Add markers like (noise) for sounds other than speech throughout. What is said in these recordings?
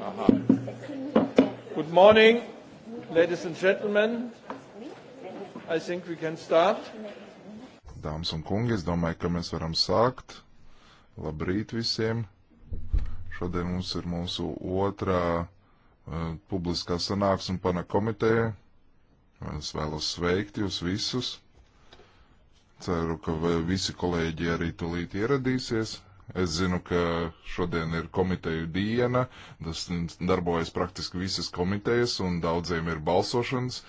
Aha. Good morning, ladies and gentlemen. I think we can start. Dāmas un kungi, es domāju, ka mēs varam sākt. Labrīt visiem. Šodien mums ir mūsu otrā uh, publiskā sanāksme pana komiteja. Es vēlos sveikt jūs visus. Ceru, ka visi kolēģi arī tulīt ieradīsies. Es zinu, ka šodien ir komiteju diena, tas darbojas praktiski visas komitejas un daudziem ir balsošanas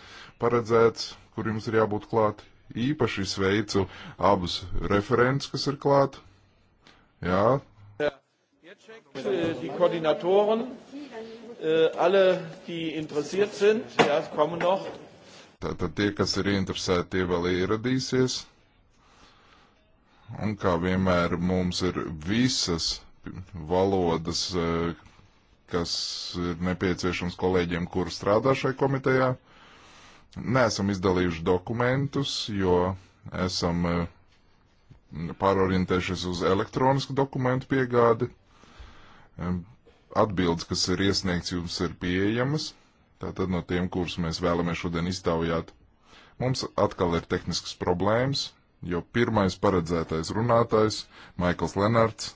paredzēts, kur jums ir jābūt klāt. Īpaši sveicu abus referents, kas ir klāt. Jā. Die Koordinatoren, äh, alle, die interessiert sind, ja, kommen noch. Tātad tie, kas ir interesēti, tie vēl ieradīsies un kā vienmēr mums ir visas valodas, eh, kas ir nepieciešams kolēģiem, kur strādā šai komitejā. Nesam izdalījuši dokumentus, jo esam eh, pārorientējušies uz elektronisku dokumentu piegādi. Atbildes, kas ir iesniegts, jums ir pieejamas. Tātad no tiem, kurus mēs vēlamies šodien iztaujāt. Mums atkal ir tehniskas problēmas, jo pirmais paredzētais runātājs Maikls Lenards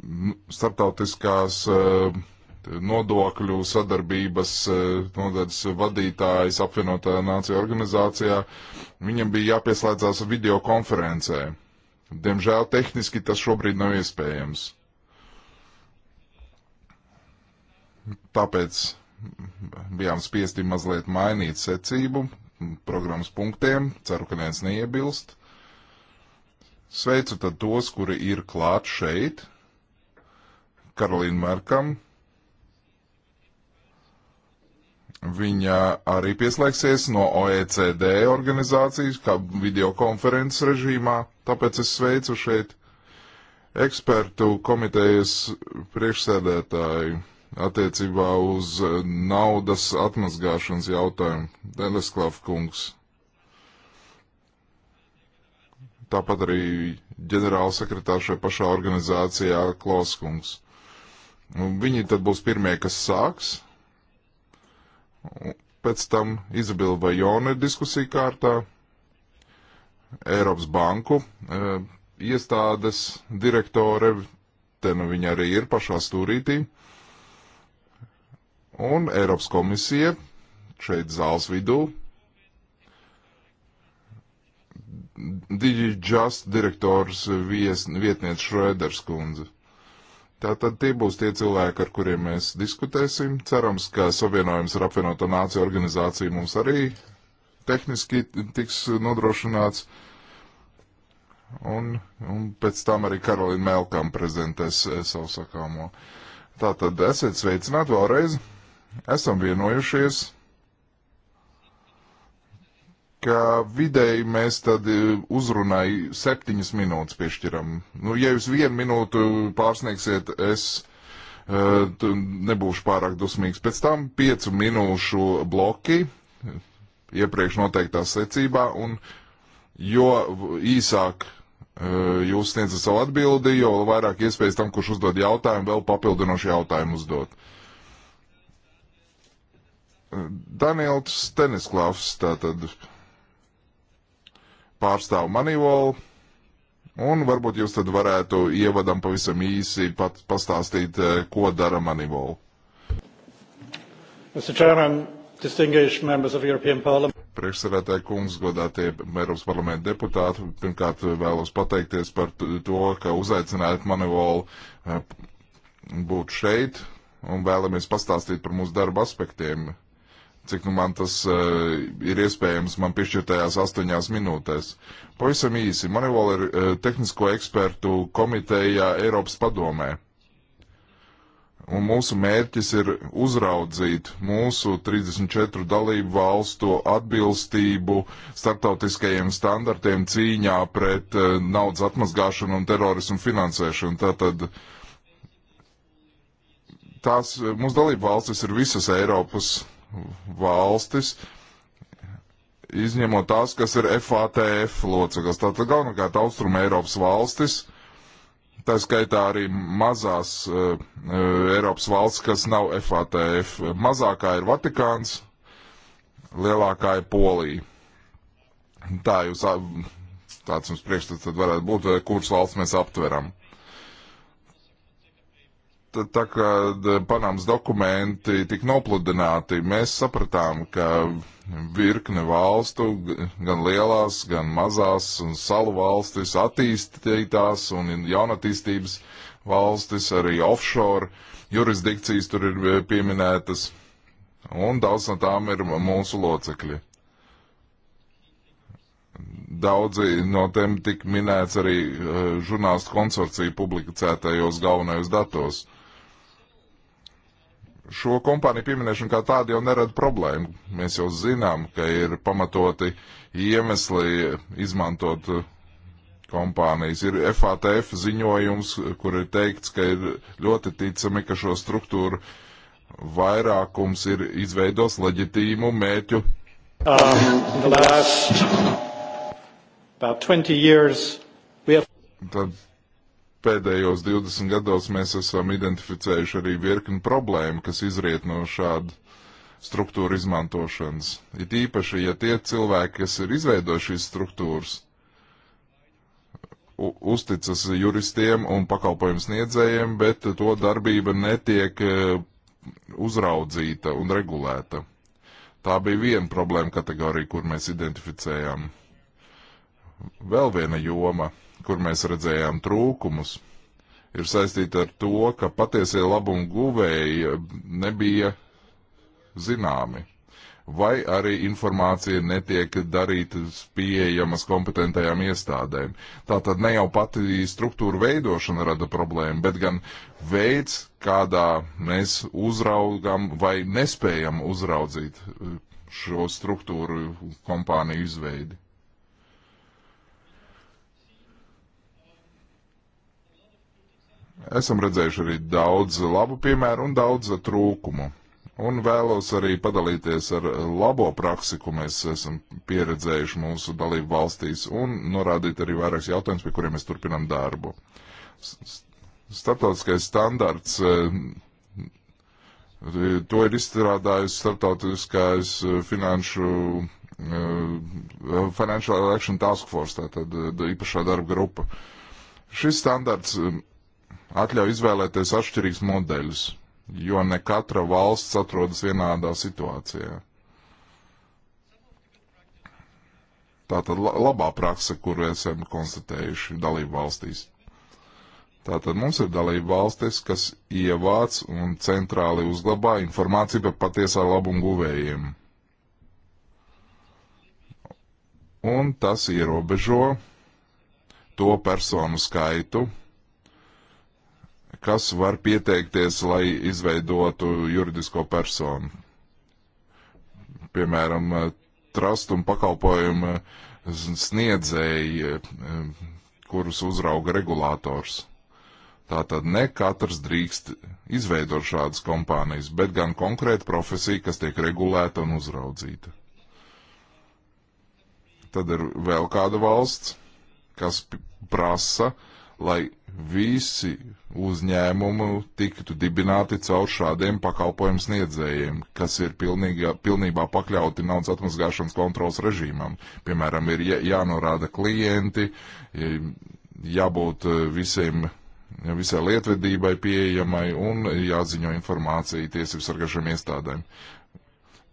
nu, starptautiskās eh, nodokļu sadarbības eh, nodaļas vadītājs apvienotā nācija organizācijā. Viņam bija jāpieslēdzās video konferencē. Diemžēl tehniski tas šobrīd nav iespējams. Tāpēc bijām spiesti mazliet mainīt secību, programmas punktiem. Ceru, ka neviens neiebilst. Sveicu tad tos, kuri ir klāt šeit. Karolīna Merkam. Viņa arī pieslēgsies no OECD organizācijas, kā videokonferences režīmā, tāpēc es sveicu šeit ekspertu komitejas priekšsēdētāju attiecībā uz eh, naudas atmazgāšanas jautājumu. Delesklav kungs. Tāpat arī ģenerālsekretārs šajā pašā organizācijā Klauskungs. Nu, viņi tad būs pirmie, kas sāks. Pēc tam Izabila Vajone diskusija kārtā. Eiropas banku eh, iestādes direktore, te nu viņa arī ir pašā stūrītī. Un Eiropas komisija šeit zāles vidū DigiJust direktors vies, vietniec Šrēders kundze. Tātad tie būs tie cilvēki, ar kuriem mēs diskutēsim. Cerams, ka savienojums ar apvienoto nāciju organizāciju mums arī tehniski tiks nodrošināts. Un, un pēc tam arī Karolina Melkam prezentēs eh, savu sakāmo. Tātad esiet sveicināti vēlreiz! esam vienojušies, ka vidēji mēs tad e, uzrunai septiņas minūtes piešķiram. Nu, ja jūs vienu minūtu pārsniegsiet, es e, nebūšu pārāk dusmīgs. Pēc tam piecu minūšu bloki iepriekš noteiktā secībā, un jo īsāk e, jūs sniedzat savu atbildi, jo vairāk iespējas tam, kurš uzdod jautājumu, vēl papildinošu jautājumu uzdot. Daniels Tenisklaus tātad pārstāv Manivolu. Un varbūt jūs tad varētu ievadam pavisam īsi pat pastāstīt, eh, ko dara Manivolu. Mr. Chairman, distinguished members of European Parliament priekšsarētāji kungs, godātie Eiropas parlamenta deputāti. Pirmkārt vēlos pateikties par to, ka uzaicinājāt mani vēl eh, būt šeit un vēlamies pastāstīt par mūsu darba aspektiem cik nu man tas uh, ir iespējams man piešķirtajās astoņās minūtēs. Pavisam īsi, man vēl ir uh, tehnisko ekspertu komiteja Eiropas padomē. Un mūsu mērķis ir uzraudzīt mūsu 34 dalību valstu atbilstību starptautiskajiem standartiem cīņā pret uh, naudas atmazgāšanu un terorismu finansēšanu. Tātad tās mūsu dalību valstis ir visas Eiropas valstis, izņemot tās, kas ir FATF loceklis. Tātad galvenokārt Austrum Eiropas valstis, tā skaitā arī mazās uh, Eiropas valsts, kas nav FATF. Mazākā ir Vatikāns, lielākā ir Polija. Tā jūs, tāds jums priekšstats tad varētu būt, kuras valsts mēs aptveram tā kā Panamas dokumenti tika nopludināti, mēs sapratām, ka virkne valstu, gan lielās, gan mazās un salu valstis, attīstītās un jaunatīstības valstis, arī offshore jurisdikcijas tur ir e, pieminētas, un daudz no tām ir mūsu locekļi. Daudzi no tiem tik minēts arī e, žurnālistu konsorcija publicētajos galvenajos datos šo kompāniju pieminēšana kā tāda jau nerada problēmu. Mēs jau zinām, ka ir pamatoti iemesli izmantot uh, kompānijas. Ir FATF ziņojums, kur ir teikts, ka ir ļoti ticami, ka šo struktūru vairākums ir izveidos leģitīmu mēķu. Um, Tad pēdējos 20 gados mēs esam identificējuši arī virkni problēmu, kas izriet no šāda struktūra izmantošanas. It īpaši, ja tie cilvēki, kas ir izveidojuši šīs struktūras, uzticas juristiem un pakalpojumu sniedzējiem, bet to darbība netiek e, uzraudzīta un regulēta. Tā bija viena problēma kategorija, kur mēs identificējām. Vēl viena joma kur mēs redzējām trūkumus, ir saistīta ar to, ka patiesie labumu guvēji eh, nebija zināmi. Vai arī informācija netiek darītas pieejamas kompetentajām iestādēm. Tā tad ne jau pati struktūra veidošana rada problēmu, bet gan veids, kādā mēs uzraugam vai nespējam uzraudzīt eh, šo struktūru kompāniju izveidi. Esam redzējuši arī daudz labu piemēru un daudz trūkumu. Un vēlos arī padalīties ar labo praksi, ko mēs esam pieredzējuši mūsu dalību valstīs, un norādīt arī vairākus jautājumus, pie kuriem mēs turpinam darbu. Startautiskais standarts, e, to ir izstrādājis Startautiskais finanšu e, Financial Action Task Force, tātad e, īpašā darba grupa. Šis standarts atļauj izvēlēties atšķirīgus modeļus, jo ne katra valsts atrodas vienādā situācijā. Tātad labā praksa, kuru esam konstatējuši dalību valstīs. Tātad mums ir dalība valstis, kas ievāc un centrāli uzglabā informāciju par patiesā labumu guvējiem. Un tas ierobežo to personu skaitu, kas var pieteikties, lai izveidotu juridisko personu. Piemēram, trust un pakalpojumu sniedzēji, kurus uzrauga regulators. Tātad ne katrs drīkst izveidot šādas kompānijas, bet gan konkrēta profesija, kas tiek regulēta un uzraudzīta. Tad ir vēl kāda valsts, kas prasa, lai visi uzņēmumi tiktu dibināti caur šādiem pakalpojumu sniedzējiem, kas ir pilnīga, pilnībā pakļauti naudas atmazgāšanas kontrols režīmam. Piemēram, ir jānorāda klienti, jābūt eh, visiem, visai lietvedībai pieejamai un jāziņo informācija tiesību sargašiem iestādēm.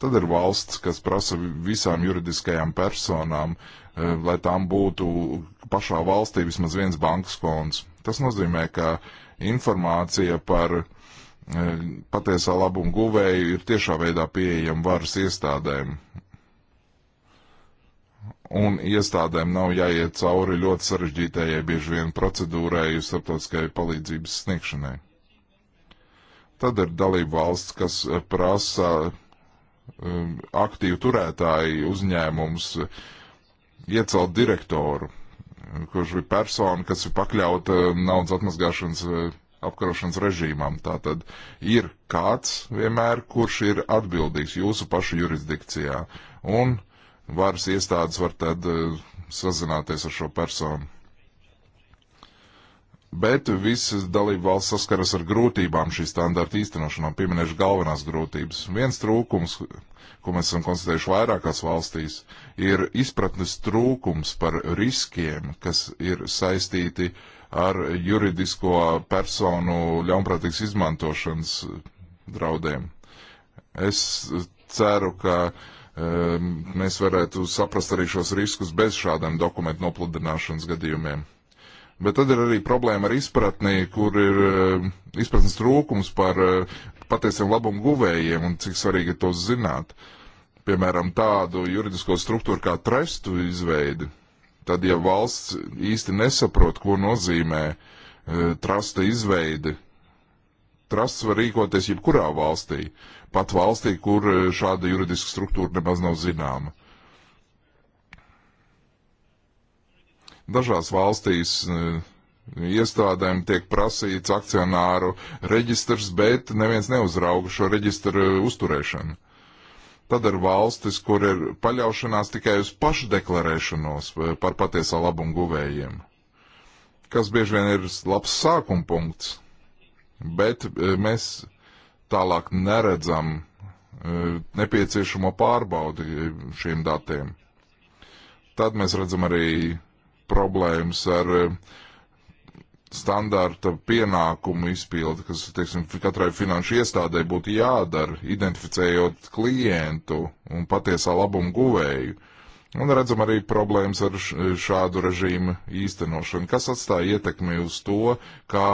Tad ir valsts, kas prasa visām juridiskajām personām, eh, lai tām būtu pašā valstī vismaz viens bankas konts. Tas nozīmē, ka informācija par e, patiesā labuma guvēju ir tiešā veidā pieejama varas iestādēm. Un iestādēm nav jāiet cauri ļoti sarežģītajai, bieži vien procedūrai, starptautiskajai palīdzības sniegšanai. Tad ir dalība valsts, kas prasa e, aktīvu turētāju uzņēmums iecelt direktoru kurš ir persona, kas ir pakļauta naudas atmazgāšanas eh, apkarošanas režīmām. Tātad ir kāds vienmēr, kurš ir atbildīgs jūsu pašu jurisdikcijā, un varas iestādes var tad eh, sazināties ar šo personu bet visas dalību valsts saskaras ar grūtībām šī standarta īstenošanā. Pieminēšu galvenās grūtības. Viens trūkums, ko mēs esam konstatējuši vairākās valstīs, ir izpratnes trūkums par riskiem, kas ir saistīti ar juridisko personu ļaunprātīgas izmantošanas draudiem. Es ceru, ka um, mēs varētu saprast arī šos riskus bez šādiem dokumentu nopludināšanas gadījumiem. Bet tad ir arī problēma ar izpratni, kur ir eh, izpratnes trūkums par eh, patiesiem labumu guvējiem un cik svarīgi ir to zināt. Piemēram, tādu juridisko struktūru kā trestu izveidi. Tad, ja valsts īsti nesaprot, ko nozīmē eh, trasta izveidi, trusts var rīkoties jebkurā valstī, pat valstī, kur šāda juridiska struktūra nemaz nav zināma. Dažās valstīs e, iestādēm tiek prasīts akcionāru reģistrs, bet neviens neuzrauga šo reģistru uzturēšanu. Tad ir valstis, kur ir paļaušanās tikai uz pašdeklarēšanos e, par patiesā labumu guvējiem, kas bieži vien ir labs sākuma punkts, bet e, mēs tālāk neredzam nepieciešamo pārbaudi šiem datiem. Tad mēs redzam arī problēmas ar eh, standarta pienākumu izpildi, kas, teiksim, katrai finanšu iestādē būtu jādara, identificējot klientu un patiesā labumu guvēju. Un redzam arī problēmas ar šādu režīmu īstenošanu, kas atstāja ietekmi uz to, kā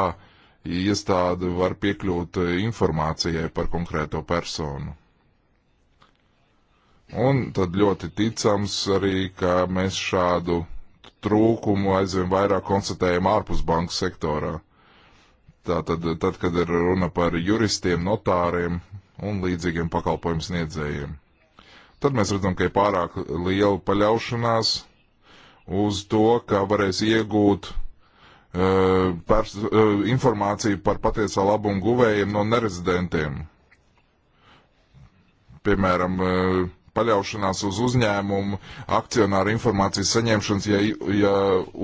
iestāde var piekļūt eh, informācijai par konkrēto personu. Un tad ļoti ticams arī, ka mēs šādu trūkumu aizvien vairāk konstatējam ārpus banku sektorā. Tātad, tad, kad ir runa par juristiem, notāriem un līdzīgiem pakalpojumu sniedzējiem. Tad mēs redzam, ka ir pārāk liela paļaušanās uz to, ka varēs iegūt uh, pers, uh, informāciju par patiesā labumu guvējiem no nerezidentiem. Piemēram, uh, paļaušanās uz uzņēmumu akcionāru informācijas saņemšanas, ja, ja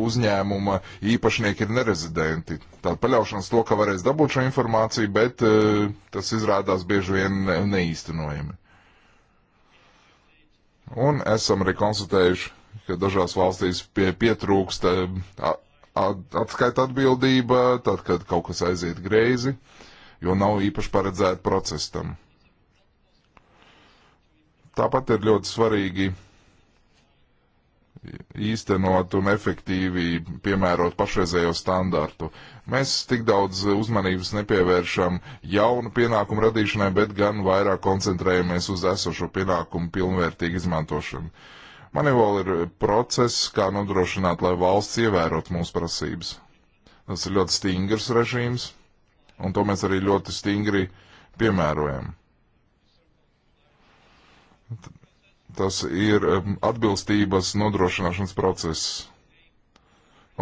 uzņēmuma īpašnieki ir nerezidenti. Tāda paļaušanās to, ka varēs dabūt šo informāciju, bet e, tas izrādās bieži vien neīstenojami. Un esam arī konstatējuši, ka dažās valstīs pie, pietrūkst e, atskaita atbildība, tad, kad kaut kas aiziet greizi, jo nav īpaši paredzēta procesam. Tāpat ir ļoti svarīgi īstenot un efektīvi piemērot pašreizējo standartu. Mēs tik daudz uzmanības nepievēršam jaunu pienākumu radīšanai, bet gan vairāk koncentrējamies uz esošo pienākumu pilnvērtīgu izmantošanu. Man jau ir process, kā nodrošināt, lai valsts ievērot mūsu prasības. Tas ir ļoti stingrs režīms, un to mēs arī ļoti stingri piemērojam. Tas ir atbilstības nodrošināšanas process.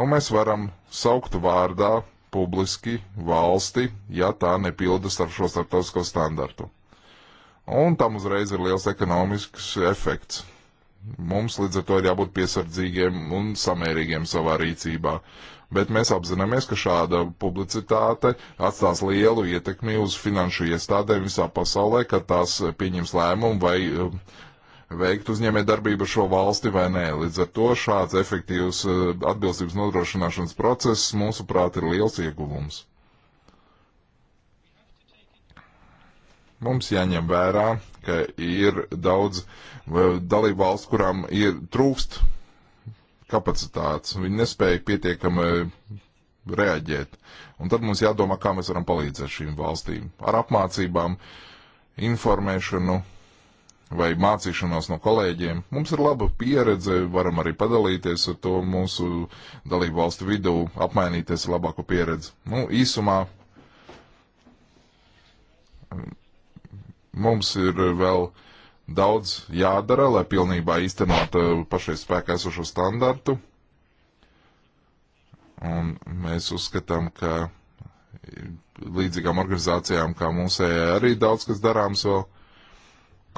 Un mēs varam saukt vārdā publiski valsti, ja tā nepilda starp šo starptautisko standartu. Un tam uzreiz ir liels ekonomisks efekts. Mums līdz ar to ir jābūt piesardzīgiem un samērīgiem savā rīcībā. Bet mēs apzināmies, ka šāda publicitāte atstās lielu ietekmi uz finanšu iestādēm visā pasaulē, kad tās pieņems lēmumu vai um, veikt uzņēmē darbību šo valsti vai nē. Līdz ar to šāds efektīvs uh, atbilstības nodrošināšanas process, mūsuprāt, ir liels ieguvums. Mums jāņem vērā ka ir daudz eh, dalību valsts, kurām ir trūkst kapacitātes, viņi nespēja pietiekami eh, reaģēt. Un tad mums jādomā, kā mēs varam palīdzēt šīm valstīm ar apmācībām, informēšanu vai mācīšanos no kolēģiem. Mums ir laba pieredze, varam arī padalīties ar to mūsu dalību valstu vidū, apmainīties ar labāko pieredzi. Nu, īsumā Mums ir eh, vēl daudz jādara, lai pilnībā īstenotu eh, pašreiz spēkā esošo standartu. Un mēs uzskatām, ka līdzīgām organizācijām kā mūsējai arī daudz kas darāms vēl.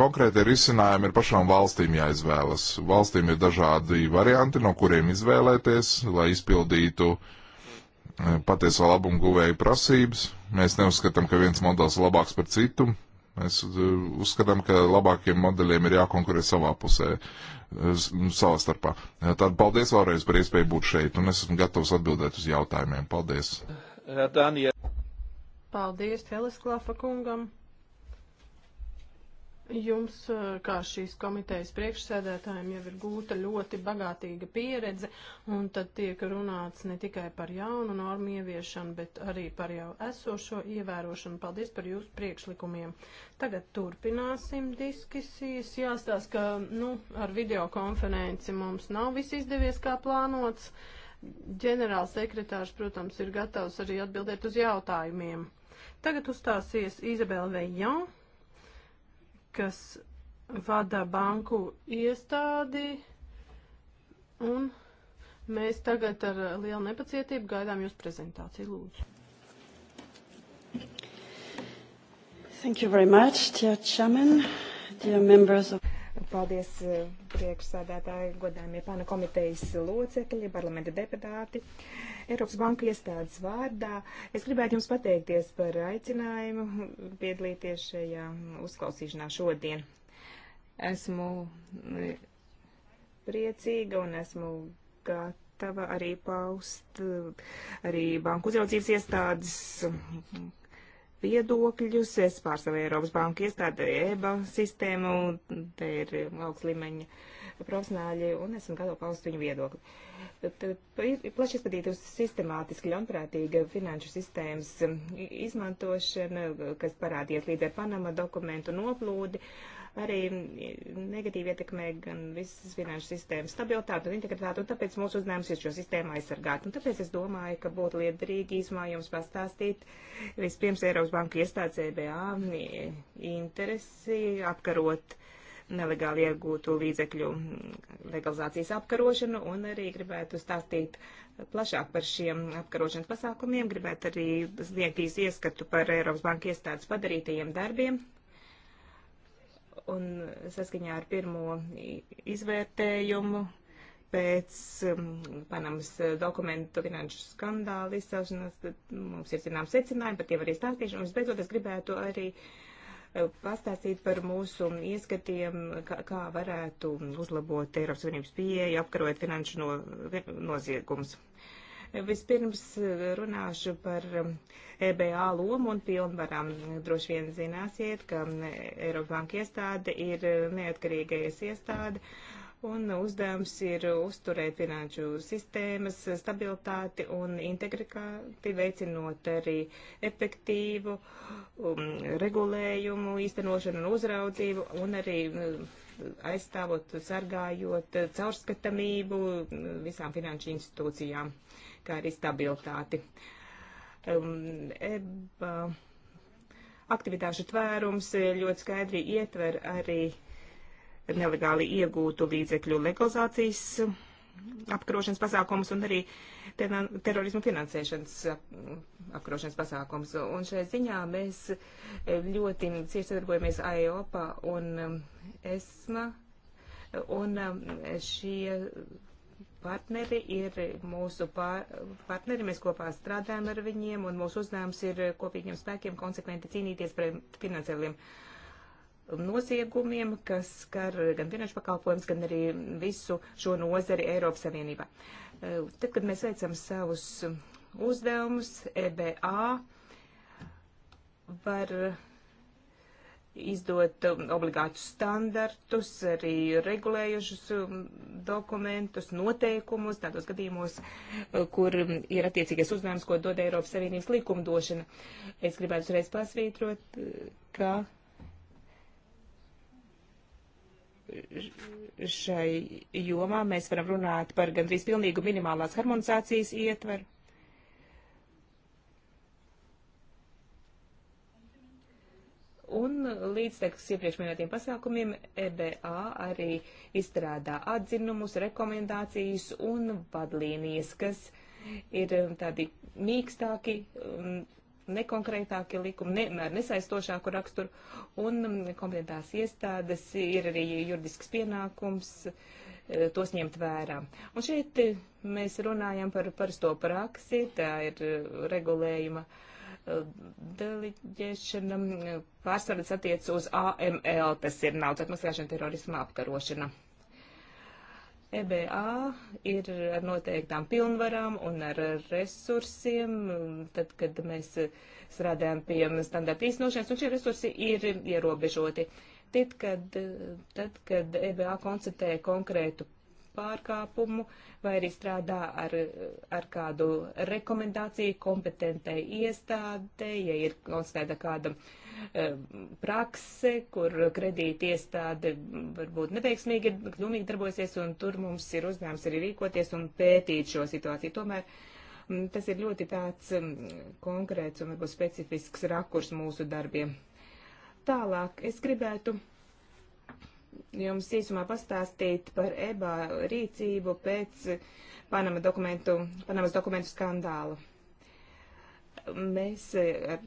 Konkrēti risinājumi ir pašām valstīm jāizvēlas. Valstīm ir dažādi varianti, no kuriem izvēlēties, lai izpildītu eh, patieso labumu guvēju prasības. Mēs neuzskatām, ka viens modelis ir labāks par citu. Mēs eh, uzskatām, ka labākiem modeļiem ir jākonkurē savā pusē, eh, savā starpā. Eh, tad paldies vēlreiz par iespēju būt šeit, un es esmu gatavs atbildēt uz jautājumiem. Paldies! Daniel. Paldies Teleslāfa kungam! Jums, eh, kā šīs komitejas priekšsēdētājiem, jau ir gūta ļoti bagātīga pieredze, un tad tiek runāts ne tikai par jaunu normu ieviešanu, bet arī par jau esošo ievērošanu. Paldies par jūsu priekšlikumiem. Tagad turpināsim diskusijas. Jāstāsta, ka nu, ar videokonferenci mums nav viss izdevies kā plānots. Ģenerālsekretārs, protams, ir gatavs arī atbildēt uz jautājumiem. Tagad uzstāsies Izabela Vejon kas vada banku iestādi, un mēs tagad ar lielu nepacietību gaidām jūs prezentāciju, lūdzu. Thank you very much, dear Chairman, dear members of... Paldies eh, priekšsādātāji, godājumie pana komitejas locekļi, parlamenta deputāti. Eiropas Banka iestādes vārdā es gribētu jums pateikties par aicinājumu piedalīties šajā uzklausīšanā šodien. Esmu eh, priecīga un esmu gatava arī paust eh, arī banku uzraudzības iestādes viedokļus. Es pārstāvēju Eiropas Banku iestādi arī e EBA sistēmu, un te ir augsts līmeņa profesionāļi, un esmu gatava paust viņu viedokli. Plaši izskatīta uz sistemātiski ļaunprātīga finanšu sistēmas izmantošana, kas parādījās līdz ar Panama dokumentu noplūdi. Uh, arī negatīvi ietekmē gan visas finanšu sistēmas stabilitāti un integritāti, un tāpēc mūsu uzņēmums ir šo sistēmu aizsargāt. Un tāpēc es domāju, ka būtu liederīgi īsumā jums pastāstīt vispirms Eiropas Banka iestādes EBA interesi apkarot nelegāli iegūtu līdzekļu legalizācijas apkarošanu un arī gribētu stāstīt plašāk par šiem apkarošanas pasākumiem, gribētu arī sniegt īsi ieskatu par Eiropas Banka iestādes padarītajiem darbiem Un saskaņā ar pirmo izvērtējumu pēc um, Panamas uh, dokumentu finanšu skandāla izcelšanas, tad mums ir zinām secinājumi, par tiem arī stāstīšu. Un visbeidzot, es gribētu arī uh, pastāstīt par mūsu ieskatiem, kā, kā varētu uzlabot Eiropas Savienības pieeju, apkarojot finanšu no, noziegums. Uh, Vispirms eh, runāšu par um, EBA lomu un pilnvarām. Droši vien zināsiet, ka mm, Eiropas Banka iestāde ir eh, neatkarīgais iestāde. Un uzdevums ir uzturēt finanšu sistēmas stabilitāti un integritāti, veicinot arī efektīvu um, regulējumu, īstenošanu un uzraudzību, un arī um, aizstāvot, sargājot eh, caurskatamību mm, visām finanšu institūcijām. Uh, kā arī stabilitāti. Um, EBA aktivitāšu tvērums ļoti skaidri ietver arī nelegāli iegūtu līdzekļu legalizācijas apkarošanas pasākumus un arī terorismu finansēšanas apkarošanas pasākumus. Un šajā ziņā mēs ļoti cieši sadarbojamies AEOPA e un um, ESMA. Un um, šie partneri ir mūsu partneri, mēs kopā strādājam ar viņiem, un mūsu uzdevums ir kopīgiem spēkiem konsekventi cīnīties pret finansiāliem noziegumiem, kas skar gan finanšu pakalpojums, gan arī visu šo nozari Eiropas Savienībā. Tad, kad mēs veicam savus uzdevumus, EBA var izdot um, obligātus standartus, arī regulējušus um, dokumentus, noteikumus, tādos gadījumos, uh, kur um, ir attiecīgais uzņēmums, ko dod Eiropas Savienības likumdošana. Es gribētu uzreiz pasvītrot, uh, ka šai jomā mēs varam runāt par gandrīz pilnīgu minimālās harmonizācijas ietveru Un līdztekus iepriekš minētiem pasākumiem EBA arī izstrādā atzinumus, rekomendācijas un vadlīnijas, kas ir um, tādi mīkstāki, um, nekonkrētāki likumi, ne, nesaistošāku raksturu, un um, kompetentās iestādes ir arī juridisks pienākums uh, tos ņemt vērā. Un šeit uh, mēs runājam par parasto praksi, tā ir uh, regulējuma uh, Deliģēšana pārsvaras attiec uz AML, tas ir naudas atmaskāšana terorisma apkarošana. EBA ir ar noteiktām pilnvarām un ar resursiem, tad, kad mēs strādājam pie standarta īstenošanas, un šie resursi ir ierobežoti. Tad, kad, tad, kad EBA koncentrē konkrētu pārkāpumu vai arī strādā ar, ar kādu rekomendāciju kompetentai iestādē, ja ir konstatēta kāda eh, prakse, kur kredīti iestāde varbūt neveiksmīgi ir domīgi darbosies, un tur mums ir uzdevums arī rīkoties un pētīt šo situāciju. Tomēr mm, tas ir ļoti tāds mm, konkrēts un varbūt specifisks rakurs mūsu darbiem. Tālāk es gribētu jums īsumā pastāstīt par EBA rīcību pēc Panama dokumentu, Panamas dokumentu skandālu. Mēs eh, ar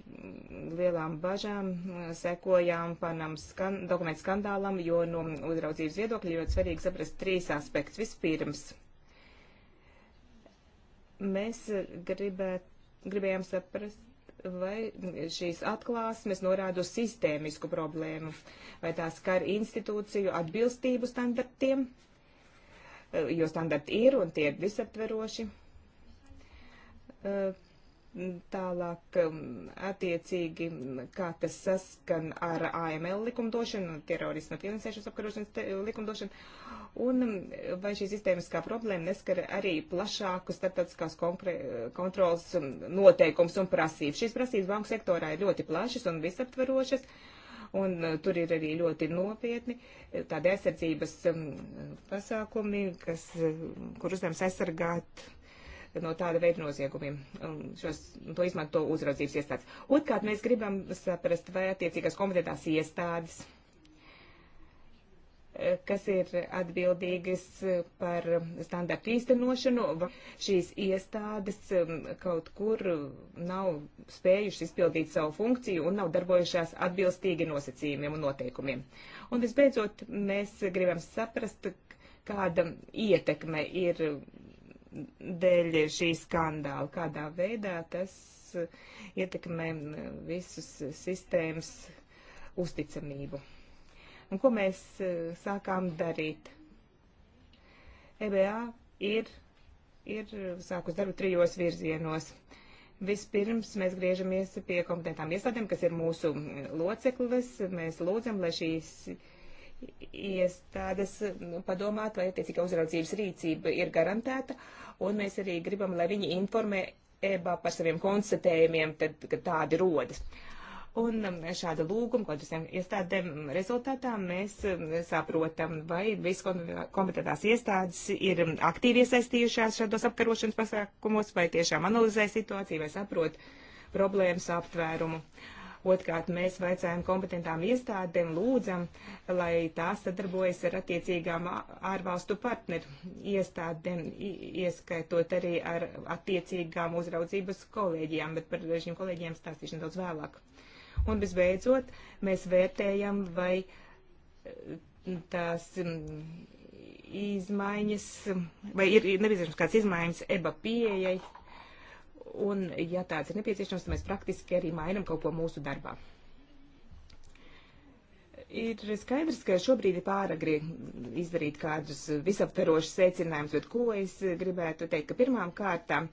lielām bažām eh, sekojām Panamas skan, dokumentu skandālam, jo no uzraudzības viedokļa ļoti svarīgi saprast trīs aspektus. Vispirms, mēs eh, gribēt, gribējām saprast, vai šīs atklāsmes norāda uz sistēmisku problēmu, vai tās skar institūciju atbilstību standartiem, jo standarti ir un tie ir visaptveroši Tālāk, um, attiecīgi, kā tas saskan ar AML likumdošanu, terorisma finansēšanas apkarošanas likumdošanu, un um, vai šī sistēmiskā problēma neskar arī plašāku starptautiskās kontrolas um, noteikums un prasības. Šīs prasības banku sektorā ir ļoti plašas un visaptverošas un uh, tur ir arī ļoti nopietni uh, tādi aizsardzības pasākumi, kas, uh, kur uzdevums aizsargāt no tāda veida noziegumiem. Šos, to izmanto uzraudzības iestādes. Otkārt, mēs gribam saprast, vai attiecīgās kompetentās iestādes, eh, kas ir atbildīgas eh, par standartu īstenošanu, šīs iestādes eh, kaut kur nav spējušas izpildīt savu funkciju un nav darbojušās atbilstīgi nosacījumiem un noteikumiem. Un visbeidzot, mēs gribam saprast, kāda ietekme ir dēļ šī skandāla, kādā veidā tas uh, ietekmē uh, visus sistēmas uzticamību. Un ko mēs uh, sākām darīt? EBA ir, ir sākus darbu trijos virzienos. Vispirms mēs griežamies pie kompetentām iestādēm, kas ir mūsu loceklis. Mēs lūdzam, lai šīs iestādes nu, padomāt, vai attiecīgā uzraudzības rīcība ir garantēta, un mēs arī gribam, lai viņi informē EBA par saviem konstatējumiem, tad, kad tādi rodas. Un um, šāda lūguma, ko visiem iestādēm rezultātā mēs um, saprotam, vai viskompetentās iestādes ir um, aktīvi iesaistījušās šādos apkarošanas pasākumos, vai tiešām analizē situāciju, vai saprot problēmas aptvērumu. Uh, Otrkārt, mēs vaicājam kompetentām iestādēm, lūdzam, lai tās sadarbojas ar attiecīgām ārvalstu partneru iestādēm, ieskaitot arī ar attiecīgām uzraudzības kolēģijām, bet par šīm kolēģijām stāstīšu nedaudz vēlāk. Un visbeidzot, mēs vērtējam, vai e, tās izmaiņas, vai ir nepieciešams kāds izmaiņas EBA pieejai un, ja tāds ir nepieciešams, mēs praktiski arī mainam kaut ko mūsu darbā. Ir skaidrs, ka šobrīd ir pāragri izdarīt kādus visaptverošus secinājumus, bet ko es gribētu teikt, ka pirmām kārtām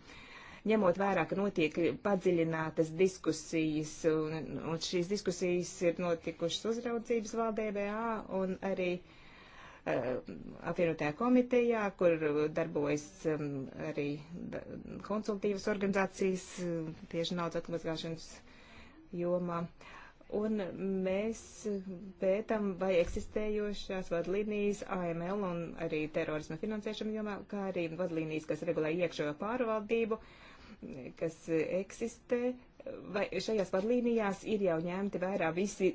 ņemot vērā, ka notiek padziļinātas diskusijas, un, un šīs diskusijas ir notikušas uzraudzības valdē BA un arī uh, Eh, apvienotajā komitejā, kur darbojas um, arī konsultīvas organizācijas um, tieši naudas atmazgāšanas jomā. Un mēs pētam, vai eksistējošās vadlīnijas AML un arī terorisma finansēšana jomā, kā arī vadlīnijas, kas regulē iekšējo pārvaldību, kas eksistē, vai šajās vadlīnijās ir jau ņemti vērā visi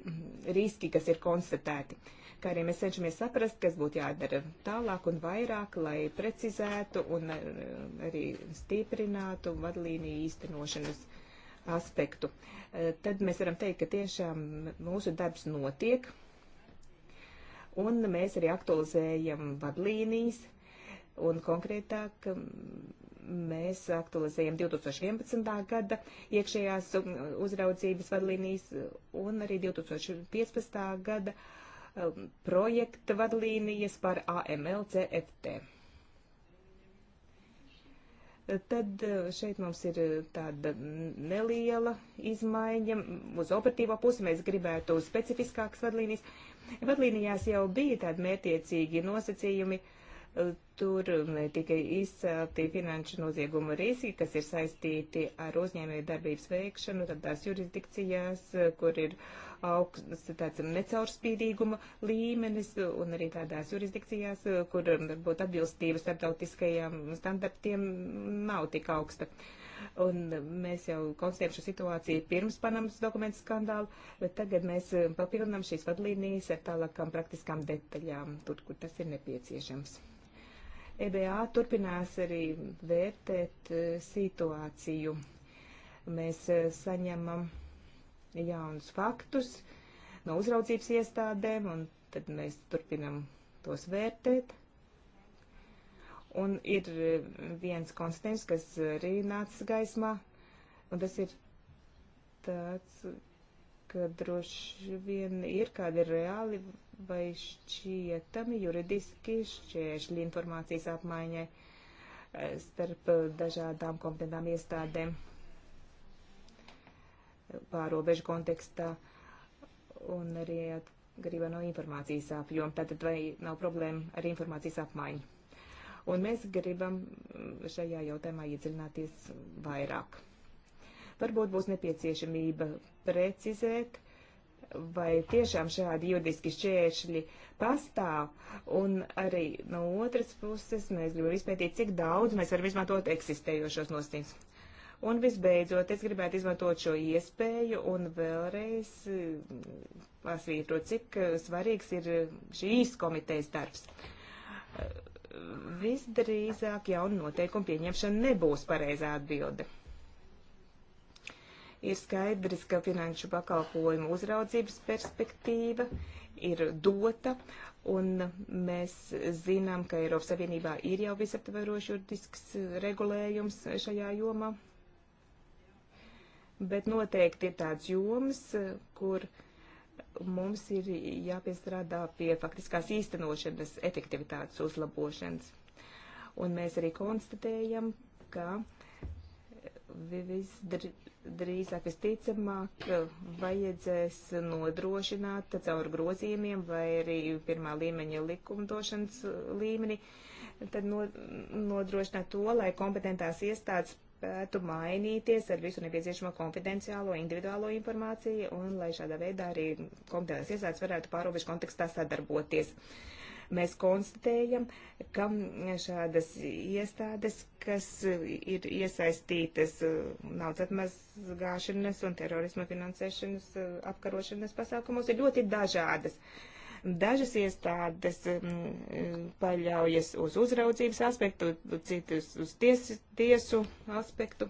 riski, kas ir konstatēti. Uh, kā arī mēs cenšamies saprast, kas būtu jādara tālāk un vairāk, lai precizētu un eh, arī stiprinātu vadlīniju īstenošanas aspektu. Eh, tad mēs varam teikt, ka tiešām mūsu darbs notiek, un mēs arī aktualizējam vadlīnijas, un konkrētāk mēs aktualizējam 2011. gada iekšējās uzraudzības vadlīnijas un arī 2015. gada uh, Um, projekta vadlīnijas par AMLCFT. Tad uh, šeit mums ir uh, tāda neliela izmaiņa. Uz operatīvo pusi mēs gribētu specifiskākas vadlīnijas. Vadlīnijās jau bija tādi mērtiecīgi nosacījumi. Uh, tur um, tika izcelti finanšu noziegumu riski, kas ir saistīti ar uzņēmēju darbības veikšanu, tad tās jurisdikcijās, kur ir uh, augsts, tāds necaurspīdīguma līmenis un arī tādās jurisdikcijās, kur varbūt atbilstība starptautiskajiem standartiem nav tik augsta. Un mēs jau konstatējam šo situāciju pirms Panamas dokumentu skandālu, bet tagad mēs papildinām šīs vadlīnijas ar tālākām praktiskām detaļām, tur, kur tas ir nepieciešams. EBA turpinās arī vērtēt e, situāciju. Mēs e, saņemam jaunus faktus no uzraudzības iestādēm, un tad mēs turpinam tos vērtēt. Un ir eh, viens konstants, kas arī nācis gaismā, un tas ir tāds, ka droši vien ir kādi reāli vai šķietami juridiski šķēršļi informācijas apmaiņai eh, starp dažādām kompetentām iestādēm pārobežu kontekstā un arī atkarībā no informācijas apjoma. Tātad vai nav problēma ar informācijas apmaiņu? Un mēs gribam šajā jautājumā iedziļināties vairāk. Varbūt būs nepieciešamība precizēt, vai tiešām šādi juridiski šķēršļi pastāv, un arī no otras puses mēs gribam izpētīt, cik daudz mēs varam izmantot eksistējošos nosacījumus. Un visbeidzot, es gribētu izmantot šo iespēju un vēlreiz pasvītrot, eh, cik eh, svarīgs ir šīs komitejas darbs. Visdrīzāk jaunu noteikumu pieņemšana nebūs pareizā atbilde ir skaidrs, ka finanšu pakalpojumu uzraudzības perspektīva ir dota, un mēs zinām, ka Eiropas Savienībā ir jau visaptverošs juridisks eh, regulējums šajā jomā bet noteikti ir tāds joms, kur mums ir jāpiestrādā pie faktiskās īstenošanas efektivitātes uzlabošanas. Un mēs arī konstatējam, ka visdrīzāk visticamāk vajadzēs nodrošināt caur grozījumiem vai arī pirmā līmeņa likumdošanas līmeni, tad nodrošināt to, lai kompetentās iestādes spētu mainīties ar visu nepieciešamo konfidenciālo, individuālo informāciju un lai šādā veidā arī kompetentās iestādes varētu pārobežu kontekstā sadarboties. Mēs konstatējam, ka šādas iestādes, kas ir iesaistītas uh, naudas atmazgāšanas un terorisma finansēšanas uh, apkarošanas pasākumos, ir ļoti dažādas. Uh, Dažas iestādes mm, paļaujas uz uzraudzības aspektu, citas uz ties, tiesu aspektu.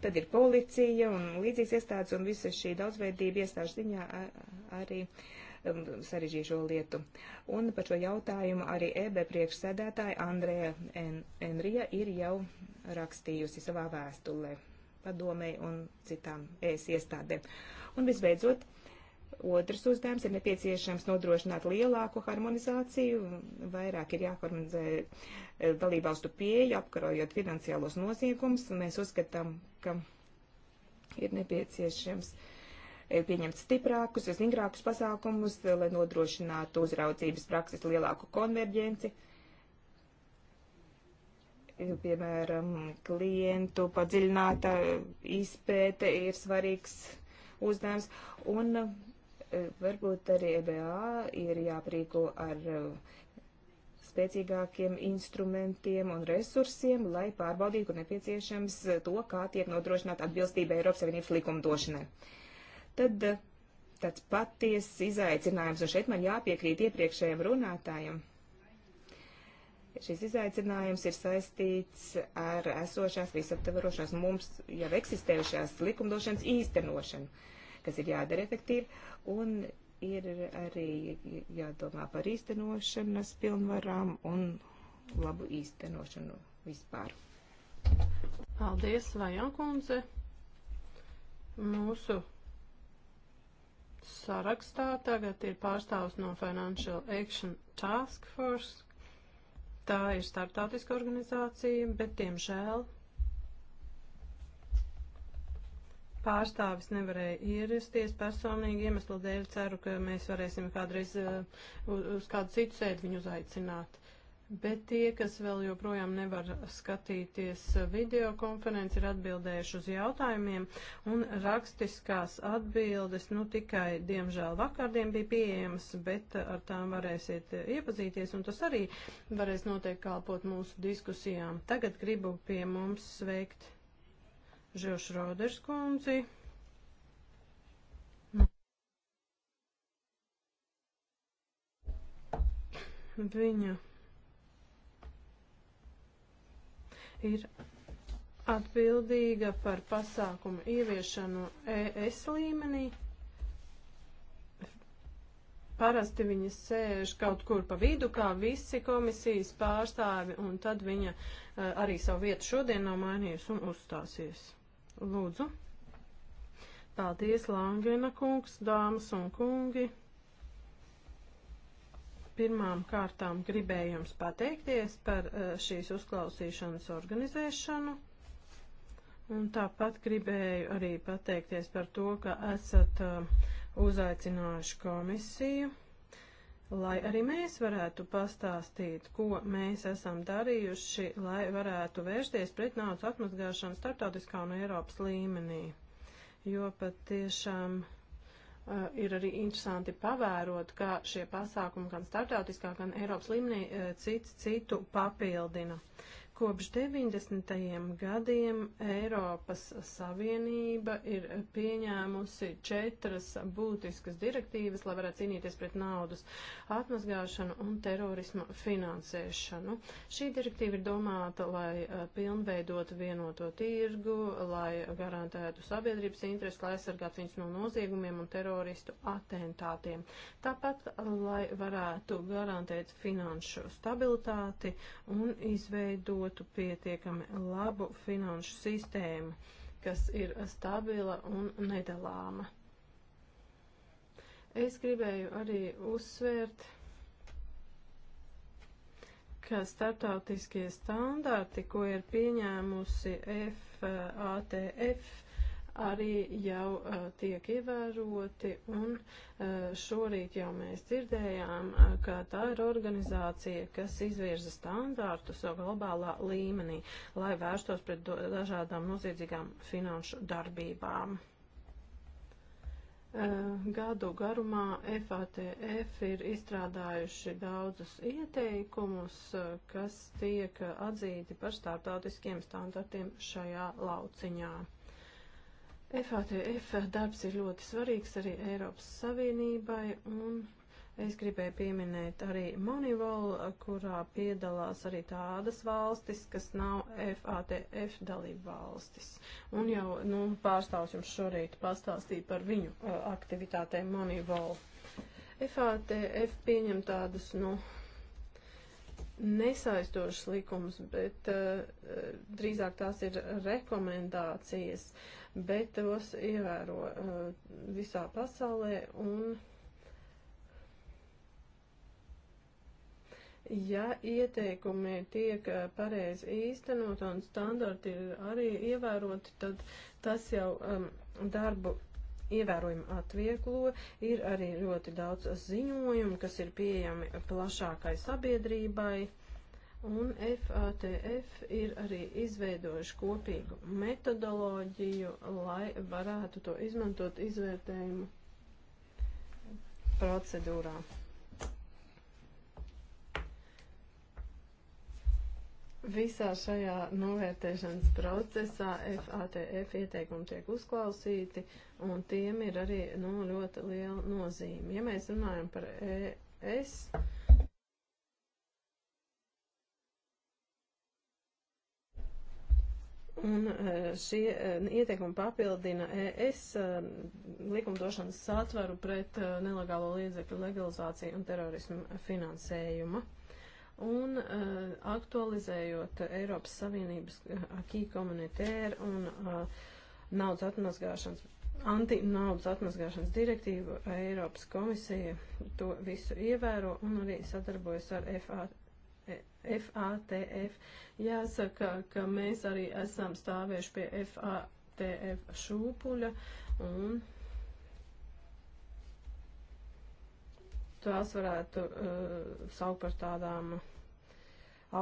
Tad ir policija un līdzīgas iestādes, un visa šī daudzveidība iestāžu ziņā arī mm, sarežģīšo lietu. Un par šo jautājumu arī EB priekšsēdētāja Andrēja en Enrija ir jau rakstījusi savā vēstulē padomē un citām ES iestādēm. Un visbeidzot, Otrs uzdevums ir nepieciešams nodrošināt lielāku harmonizāciju, vairāk ir jāharmonizē eh, dalībvalstu pieeja, apkarojot finansiālos noziegumus. Mēs uzskatām, ka ir nepieciešams eh, pieņemt stiprākus, stingrākus pasākumus, eh, lai nodrošinātu uzraudzības prakses lielāku konverģenci. Piemēram, klientu padziļināta izpēte ir svarīgs uzdevums. Un Eh, varbūt arī EBA ir jāprīko ar eh, spēcīgākiem instrumentiem un resursiem, lai pārbaudītu, kur nepieciešams eh, to, kā tiek nodrošināta atbilstība Eiropas Savienības likumdošanai. Tad tāds paties izaicinājums, un šeit man jāpiekrīt iepriekšējiem runātājiem. Šis izaicinājums ir saistīts ar esošās visaptverošās mums jau eksistējušās likumdošanas īstenošanu kas ir jādara efektīvi, un ir arī jādomā par īstenošanas pilnvarām un labu īstenošanu vispār. Paldies, Vajankundze. Mūsu sarakstā tagad ir pārstāvs no Financial Action Task Force. Tā ir starptautiska organizācija, bet, diemžēl, pārstāvis nevarēja ierasties personīgi iemeslu dēļ. Ceru, ka mēs varēsim kādreiz uh, uz kādu citu sēdi viņu uzaicināt. Bet tie, kas vēl joprojām nevar skatīties uh, video konferenci, ir atbildējuši uz jautājumiem, un rakstiskās atbildes, nu tikai, diemžēl, vakardien bija pieejamas, bet uh, ar tām varēsiet iepazīties, un tas arī varēs noteikti kalpot mūsu diskusijām. Tagad gribu pie mums sveikt Žilš Roders kundzi. Viņa ir atbildīga par pasākumu ieviešanu ES līmenī. Parasti viņa sēž kaut kur pa vidu, kā visi komisijas pārstāvi, un tad viņa eh, arī savu vietu šodien nav mainījusi un uzstāsies. Lūdzu. Paldies, Langena kungs, dāmas un kungi. Pirmām kārtām gribēju jums pateikties par eh, šīs uzklausīšanas organizēšanu. Un tāpat gribēju arī pateikties par to, ka esat eh, uzaicinājuši komisiju lai arī mēs varētu pastāstīt, ko mēs esam darījuši, lai varētu vērsties pret naudas atmazgāšanu starptautiskā un Eiropas līmenī. Jo pat tiešām uh, ir arī interesanti pavērot, kā šie pasākumi gan starptautiskā, gan Eiropas līmenī uh, cits citu papildina. Uh, Kopš 90. gadiem Eiropas Savienība ir pieņēmusi četras būtiskas direktīvas, lai varētu cīnīties pret naudas atmazgāšanu un terorisma finansēšanu. Šī direktīva ir domāta, lai eh, pilnveidotu vienoto tirgu, lai garantētu sabiedrības interesi, lai aizsargātu viņus no noziegumiem un teroristu atentātiem. Tāpat, lai varētu garantēt finanšu stabilitāti un izveidot dotu pietiekami labu finanšu sistēmu, kas ir stabila un nedalāma. Es gribēju arī uzsvērt, ka startautiskie standarti, ko ir pieņēmusi FATF, arī jau uh, tiek ievēroti, un uh, šorīt jau mēs dzirdējām, uh, ka tā ir organizācija, kas izvirza standārtus jau globālā līmenī, lai vērstos pret dažādām noziedzīgām finanšu darbībām. Uh, gadu garumā FATF ir izstrādājuši daudzus ieteikumus, uh, kas tiek atzīti par starptautiskiem standartiem šajā lauciņā. FATF darbs ir ļoti svarīgs arī Eiropas Savienībai, un es gribēju pieminēt arī Monivol, kurā piedalās arī tādas valstis, kas nav FATF dalība valstis. Un jau nu, pārstāvs jums šorīt pastāstīja par viņu uh, aktivitātēm Monivol. FATF pieņem tādus, nu, nesaistošas likumus, bet uh, drīzāk tās ir rekomendācijas. Uh, bet tos ievēro uh, visā pasaulē un. Ja ieteikumi tiek eh, pareizi īstenot un standarti ir arī ievēroti, tad tas jau um, darbu ievērojami atvieglo. Ir arī ļoti daudz ziņojumu, kas ir pieejami plašākai sabiedrībai. Un FATF ir arī izveidojuši kopīgu metodoloģiju, lai varētu to izmantot izvērtējumu procedūrā. Visā šajā novērtēšanas procesā FATF ieteikumi tiek uzklausīti, un tiem ir arī nu, ļoti liela nozīme. Ja mēs runājam par ES, Un e, šie e, ieteikumi papildina ES e, likumdošanas satvaru pret nelegālo līdzekļu legalizāciju un terorismu finansējumu. Un aktualizējot Eiropas Savienības akī komunitēru un naudas atmazgāšanas, antinaudas atmazgāšanas direktīvu Eiropas komisija to visu ievēro un arī sadarbojas ar FATF. FATF. Jāsaka, ka mēs arī esam stāvējuši pie FATF šūpuļa un tās varētu uh, saukt par tādām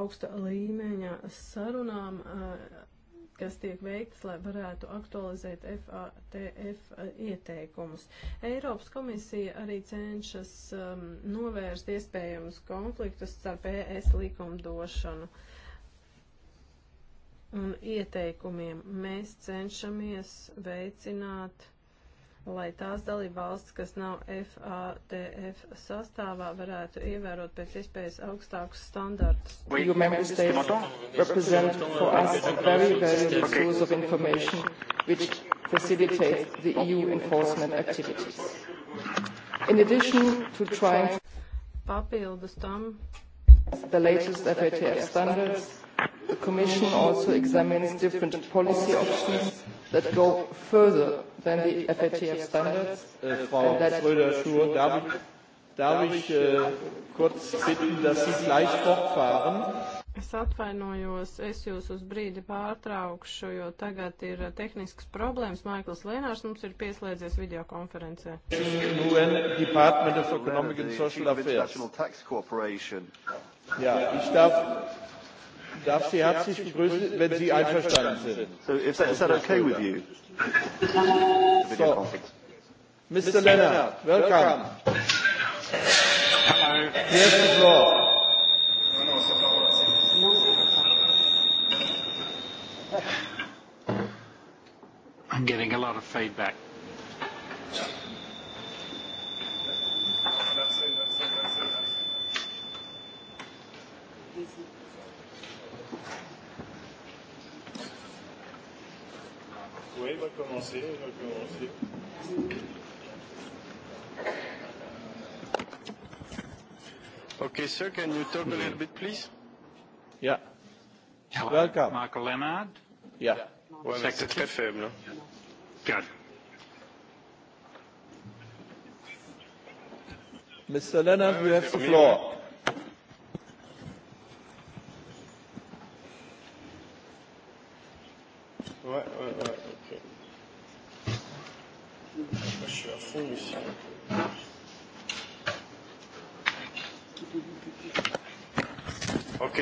augsta līmeņa sarunām. Uh, kas tiek veikts, lai varētu aktualizēt FATF eh, ieteikumus. Eiropas komisija arī cenšas um, novērst iespējamus konfliktus starp ES likumdošanu un ieteikumiem. Mēs cenšamies veicināt lai tās dalība valsts, kas nav FATF sastāvā, varētu ievērot pēc iespējas augstākus standartus. EU member states represent for us a very valuable okay. source of information which facilitates the EU enforcement activities. In addition to trying Papildus tam. The latest FATF standards, the Commission also examines different policy options that go further then the FATF standards. Äh, Frau Schröder-Schur, darf ich, darf ich äh, kurz bitten, dass Sie gleich fortfahren? Es atvainojos, es jūs uz brīdi pārtraukšu, jo tagad ir tehnisks problēmas. Maikls Lēnārs mums ir pieslēdzies videokonferencē. UN Department of Economic and Social Affairs. Ja, ich darf darf Sie herzlich begrüßen, wenn Sie einverstanden sind. So, if that, is that okay with you? (laughs) so. Mr. Leonard, welcome. Hello. Here's the floor. I'm getting a lot of feedback. Yeah. commencer, recommencer. Okay, sir, can you talk a little bit, please? Yeah. Hello, Welcome. Marco Leonard. Yeah. Ouais, mais c'est très faible. Regarde. Mr. Leonard, you have the floor.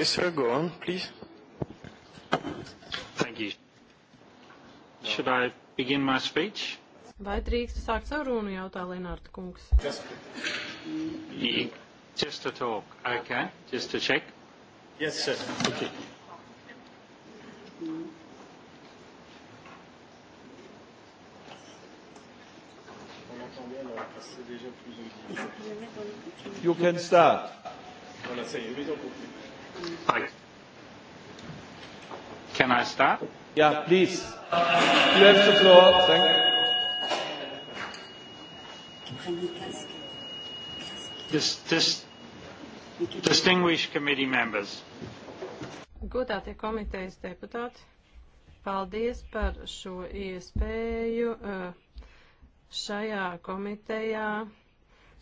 Okay, sir, go on, please. Thank you. Should I begin my speech? Vai drīkst sākt savu runu, jautā Lenārta kungs. Yes. Just to talk, okay, just to check. Yes, sir. Okay. You can start. Voilà, ça y est, mise en continu. Hi. Can I start? Yeah, please. You have the floor. Thank you. This, this, distinguished committee members. Godātie komitejas deputāti, paldies par šo iespēju uh, šajā komitejā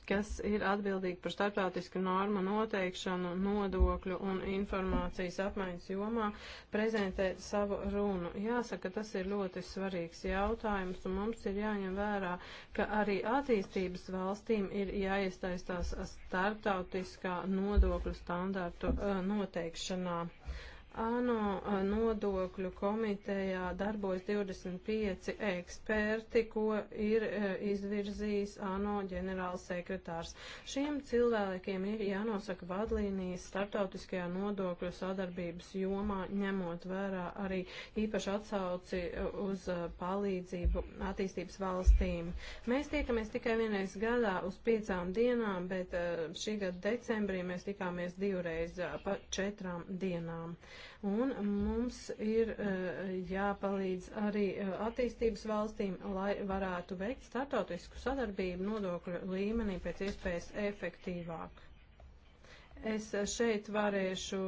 kas ir atbildīgi par starptautisku normu noteikšanu, nodokļu un informācijas apmaiņas jomā, prezentē savu runu. Jāsaka, tas ir ļoti svarīgs jautājums, un mums ir jāņem vērā, ka arī attīstības valstīm ir jāiestaistās starptautiskā nodokļu standārtu eh, noteikšanā. ANO eh, nodokļu komitejā darbojas 25 eksperti, ko ir eh, izvirzījis ANO ģenerālsekretārs. Šiem cilvēkiem ir jānosaka vadlīnijas startautiskajā nodokļu sadarbības jomā, ņemot vērā arī īpaši atsauci eh, uz palīdzību attīstības valstīm. Mēs tiekamies tikai vienreiz gadā uz piecām dienām, bet šī gada decembrī mēs tikāmies divreiz pa četrām dienām. Un mums ir eh, jāpalīdz arī eh, attīstības valstīm, lai varētu veikt startautisku sadarbību nodokļu līmenī pēc iespējas efektīvāk. Es eh, šeit varēšu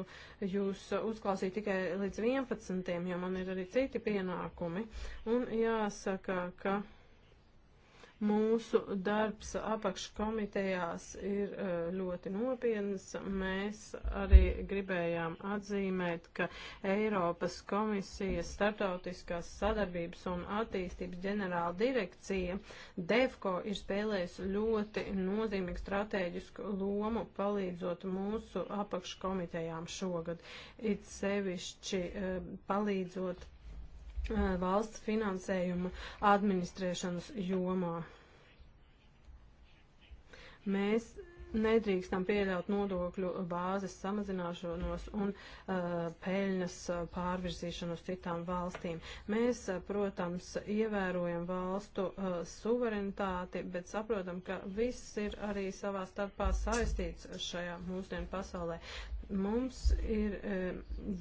jūs uzklausīt tikai līdz 11, jo man ir arī citi pienākumi. Un jāsaka, ka Mūsu darbs apakškomitejās ir e, ļoti nopietns. Mēs arī gribējām atzīmēt, ka Eiropas komisijas starptautiskās sadarbības un attīstības ģenerāla direkcija DEFCO ir spēlējusi ļoti nozīmīgu strateģisku lomu palīdzot mūsu apakškomitejām šogad. It sevišķi e, palīdzot Eh, valsts finansējuma administrēšanas jomā. Mēs nedrīkstam pieļaut nodokļu bāzes samazināšanos un uh, peļņas eh, pārvirzīšanu uz citām valstīm. Mēs, protams, ievērojam valstu uh, suverenitāti, bet saprotam, ka viss ir arī savā starpā saistīts šajā mūsdienu pasaulē. Mums ir e,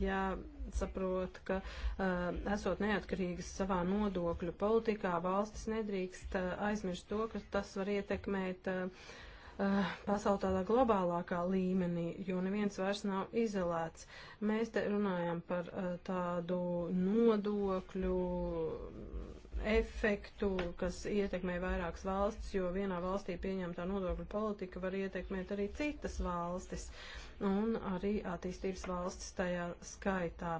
jāsaprot, ka e, esot neatkarīgas savā nodokļu politikā, valstis nedrīkst e, aizmirst to, ka tas var ietekmēt pasaulē tādā globālākā līmenī, jo neviens vairs nav izolēts. Mēs te runājam par tādu nodokļu efektu, kas ietekmē vairākas valstis, jo vienā valstī pieņemtā nodokļu politika var ietekmēt arī citas valstis un arī attīstības valstis tajā skaitā.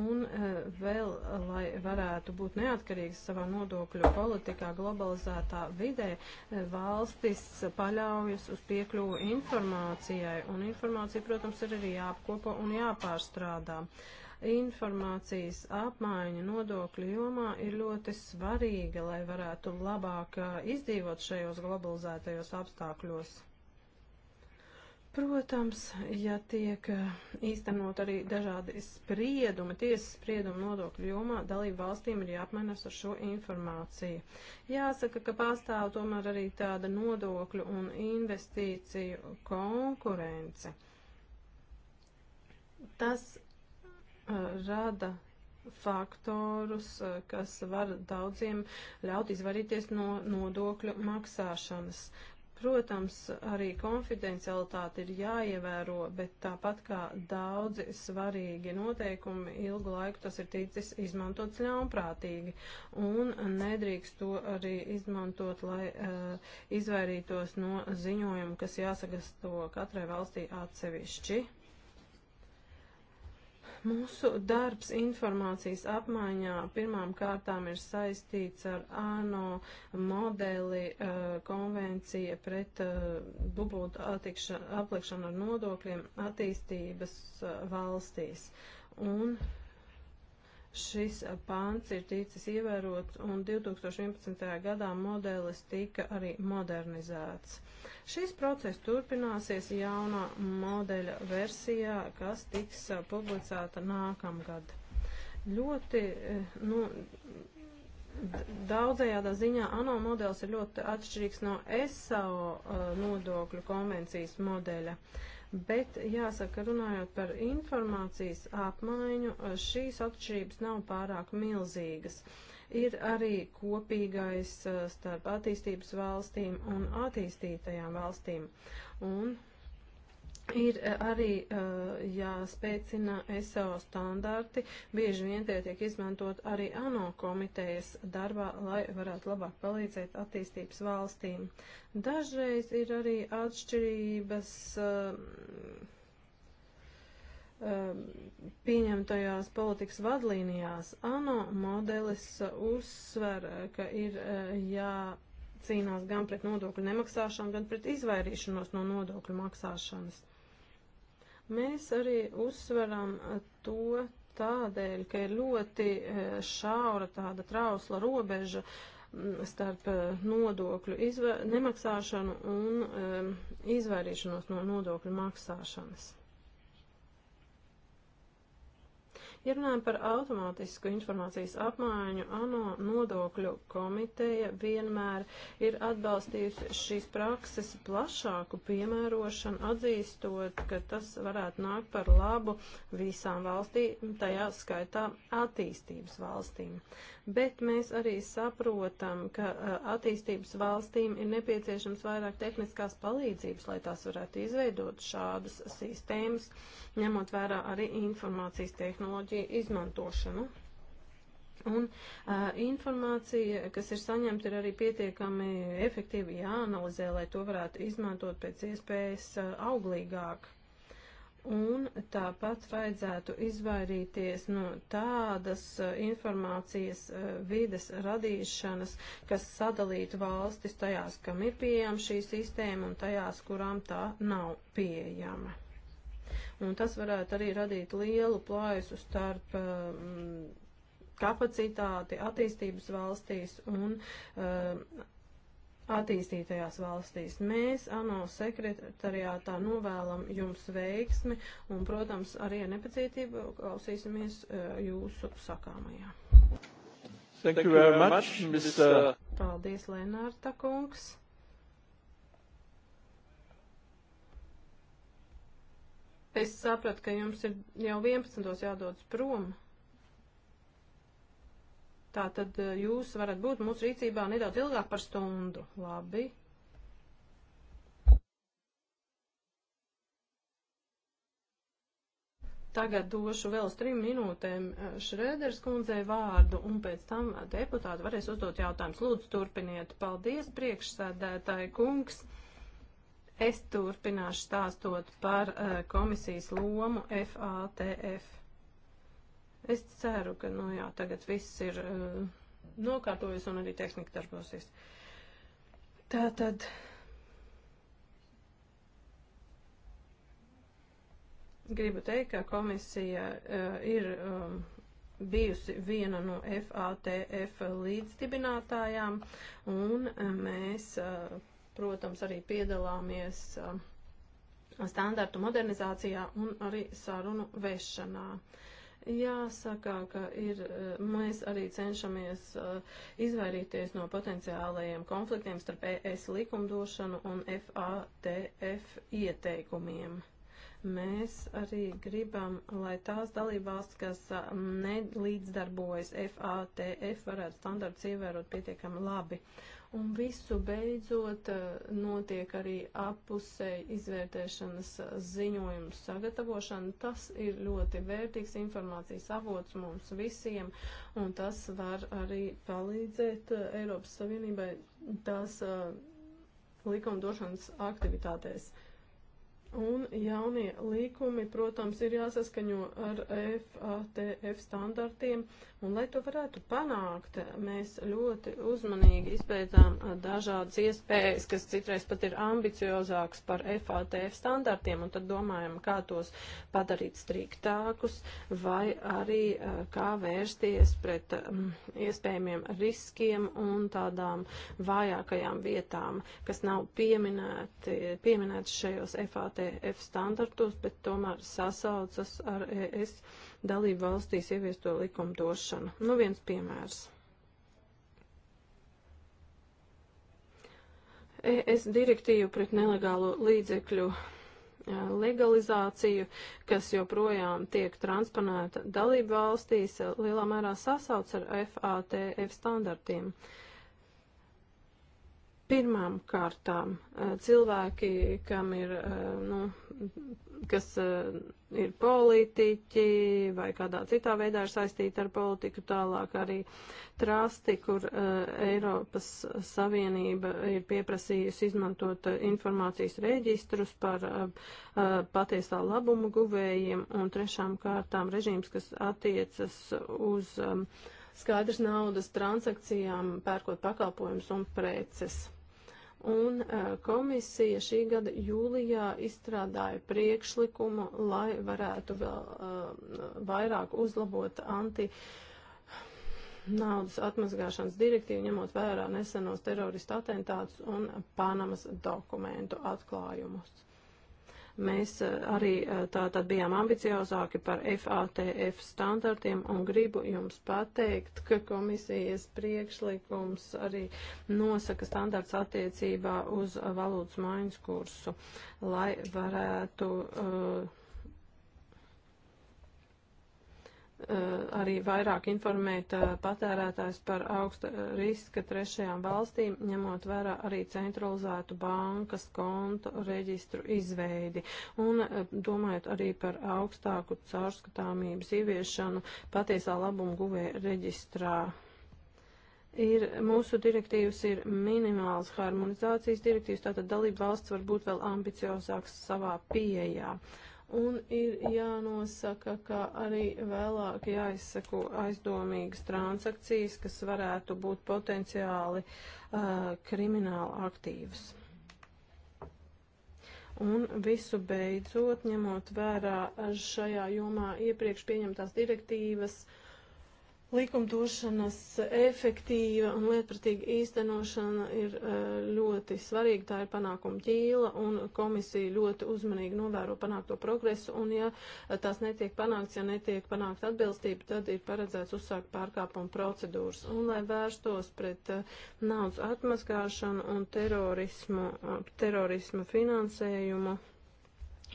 Un e, vēl, lai varētu būt neatkarīgas savā nodokļu politikā globalizētā vidē, e, valstis paļaujas uz piekļuvu informācijai, un informācija, protams, ir arī jāapkopo un jāpārstrādā informācijas apmaiņa nodokļu jomā ir ļoti svarīga, lai varētu labāk e, izdzīvot šajos globalizētajos apstākļos. Protams, ja tiek eh, īstenot arī dažādi spriedumi, tiesas spriedumi nodokļu jomā, dalību valstīm ir jāapmainas ar šo informāciju. Jāsaka, ka pastāv tomēr arī tāda nodokļu un investīciju konkurence. Tas eh, rada faktorus, eh, kas var daudziem ļaut izvarīties no nodokļu maksāšanas. Protams, arī konfidencialitāte ir jāievēro, bet tāpat kā daudzi svarīgi noteikumi, ilgu laiku tas ir ticis izmantots ļaunprātīgi. Un nedrīkst to arī izmantot, lai uh, izvairītos no ziņojuma, kas jāsagas to katrai valstī atsevišķi. Mūsu darbs informācijas apmaiņā pirmām kārtām ir saistīts ar ANO modeli uh, konvencija pret uh, eh, dubultu aplikšanu ar nodokļiem attīstības uh, valstīs. Un uh, šis pāns ir ticis ievērots un 2011. gadā modelis tika arī modernizēts. Šis process turpināsies jaunā modeļa versijā, kas tiks uh, publicēta nākamgad. Ļoti, eh, nu, daudzējādā ziņā ANO modelis ir ļoti atšķirīgs no SAO eh, nodokļu konvencijas modeļa. Uh, Bet jāsaka, runājot par informācijas apmaiņu, eh, šīs atšķirības nav pārāk milzīgas. Ir arī kopīgais eh, starp attīstības valstīm un attīstītajām valstīm. Un Ir eh, arī uh, jāspēcina SEO standarti, bieži vien tie tiek izmantot arī ANO komitejas darbā, lai varētu labāk palīdzēt attīstības valstīm. Dažreiz ir arī atšķirības uh, uh, pieņemtajās politikas vadlīnijās. ANO modelis uzsver, ka ir jā cīnās gan pret nodokļu nemaksāšanu, gan pret izvairīšanos no nodokļu maksāšanas. Mēs arī uzsveram eh, to tādēļ, ka ir ļoti eh, šaura tāda trausla robeža mm, starp eh, nodokļu nemaksāšanu un izvairīšanos no nodokļu maksāšanas. Ja runājam par automātisku informācijas apmaiņu, ANO nodokļu komiteja vienmēr ir atbalstījusi šīs prakses plašāku piemērošanu, atzīstot, ka tas varētu nākt par labu visām valstīm, tajā skaitā attīstības valstīm. Bet mēs arī saprotam, ka attīstības valstīm ir nepieciešams vairāk tehniskās palīdzības, lai tās varētu izveidot šādas sistēmas, ņemot vērā arī informācijas tehnoloģiju tehnoloģiju izmantošanu. Un uh, informācija, kas ir saņemta, ir arī pietiekami efektīvi jāanalizē, lai to varētu izmantot pēc iespējas uh, auglīgāk. Un tāpat vajadzētu izvairīties no tādas informācijas vides radīšanas, kas sadalītu valstis tajās, kam ir pieejama šī sistēma un tajās, kurām tā nav pieejama un tas varētu arī radīt lielu plājusu starp um, kapacitāti attīstības valstīs un um, attīstītajās valstīs. Mēs ANO sekretariātā novēlam jums veiksmi un, protams, arī ar nepacietību klausīsimies uh, jūsu sakāmajā. Thank you very much, Mr. Paldies, Lenārta kungs. Es sapratu, ka jums ir jau 11. jādodas prom. Tā tad eh, jūs varat būt mūsu rīcībā nedaudz ilgāk par stundu. Labi. Tagad došu vēl uz trim minūtēm eh, Šrēders kundzei vārdu, un pēc tam deputāti varēs uzdot jautājumus. Lūdzu, turpiniet. Paldies, priekšsēdētāji kungs. Es turpināšu stāstot par uh, komisijas lomu FATF. Es ceru, ka nu, jā, tagad viss ir uh, nokārtojies un arī tehnika darbosies. Tā tad. Gribu teikt, ka komisija uh, ir um, bijusi viena no FATF līdzdibinātājām, un mēs Protams, arī piedalāmies um, standartu modernizācijā un arī sarunu vešanā. Jāsaka, ka ir, uh, mēs arī cenšamies uh, izvairīties no potenciālajiem konfliktiem starp ES likumdošanu un FATF ieteikumiem mēs arī gribam, lai tās dalībvalstis, kas uh, nelīdzdarbojas FATF, varētu standarts ievērot pietiekami labi un visu beidzot eh, notiek arī appusē izvērtēšanas eh, ziņojumu sagatavošana. Tas ir ļoti vērtīgs informācijas avots mums visiem, un tas var arī palīdzēt eh, Eiropas Savienībai tās likumdošanas aktivitātēs. Un jaunie līkumi, protams, ir jāsaskaņo ar FATF standartiem, un lai to varētu panākt, mēs ļoti uzmanīgi izpētām dažādas iespējas, kas citreiz pat ir ambiciozāks par FATF standartiem, un tad domājam, kā tos padarīt striktākus, vai arī kā vērsties pret iespējamiem riskiem un tādām vājākajām vietām, kas nav pieminēti, pieminēti šajos FATF IATF standartus, bet tomēr sasaucas ar ES dalību valstīs ieviesto likumdošanu. Nu, viens piemērs. ES direktīvu pret nelegālo līdzekļu legalizāciju, kas joprojām tiek transponēta dalību valstīs, lielā mērā sasauc ar FATF standartiem. Uh, Pirmām kārtām eh, cilvēki, kam ir, eh, nu, kas eh, ir politiķi vai kādā citā veidā ir saistīti ar politiku, tālāk arī trasti, kur Eiropas Savienība ir pieprasījusi izmantot informācijas reģistrus par patiesā labumu guvējiem, un trešām kārtām režīms, kas attiecas uz skaidrs naudas transakcijām, pērkot pakalpojumus un preces un komisija šī gada jūlijā izstrādāja priekšlikumu, lai varētu vēl vairāk uzlabot anti naudas atmazgāšanas direktīvu, ņemot vērā nesenos teroristu atentātus un Panamas dokumentu atklājumus. Mēs eh, arī eh, tātad bijām ambiciozāki par FATF standartiem un gribu jums pateikt, ka komisijas priekšlikums arī nosaka standarts attiecībā uz valūtas maiņas kursu, lai varētu uh, Eh, arī vairāk informēt eh, patērētājs par augsta eh, riska trešajām valstīm, ņemot vērā arī centralizētu bankas kontu reģistru izveidi un domājot arī par augstāku caurskatāmības ieviešanu patiesā labuma guvē reģistrā. Ir, mūsu direktīvas ir minimāls harmonizācijas direktīvas, tātad dalība valsts var būt vēl ambiciozāks savā pieejā. Uh, un ir jānosaka, ka arī vēlāk jāizsako aizdomīgas transakcijas, kas varētu būt potenciāli uh, krimināli aktīvas. Un visu beidzot, ņemot vērā šajā jomā iepriekš pieņemtās direktīvas, uh, Likumdošanas efektīva un lietpratīga īstenošana ir e, ļoti svarīga, tā ir panākuma ķīla, un komisija ļoti uzmanīgi novēro panākto progresu, un ja tās netiek panākts, ja netiek panākt atbilstība, tad ir paredzēts uzsākt pārkāpuma procedūras. Un, lai vērstos pret e, naudas atmaskāšanu un terorismu, e, terorismu finansējumu,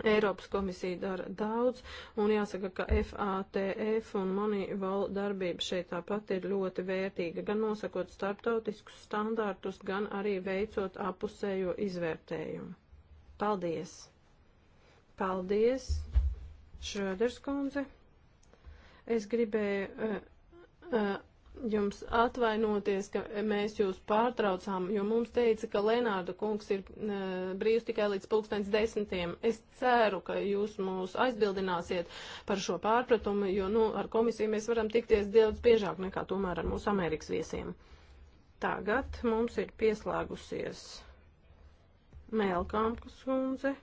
Eiropas komisija dara daudz, un jāsaka, ka FATF un Monivol darbība šeit tāpat ir ļoti vērtīga, gan nosakot starptautiskus standārtus, gan arī veicot apusējo izvērtējumu. Paldies! Paldies, Šröders kundze! Es gribēju. Uh, uh, jums atvainoties, ka mēs jūs pārtraucām, jo mums teica, ka Lenārda kungs ir e, brīvs tikai līdz pulkstens desmitiem. Es ceru, ka jūs mūs aizbildināsiet par šo pārpratumu, jo, nu, ar komisiju mēs varam tikties daudz biežāk nekā tomēr ar mūsu Amerikas viesiem. Tagad mums ir pieslēgusies Mēlkāmkas kundze.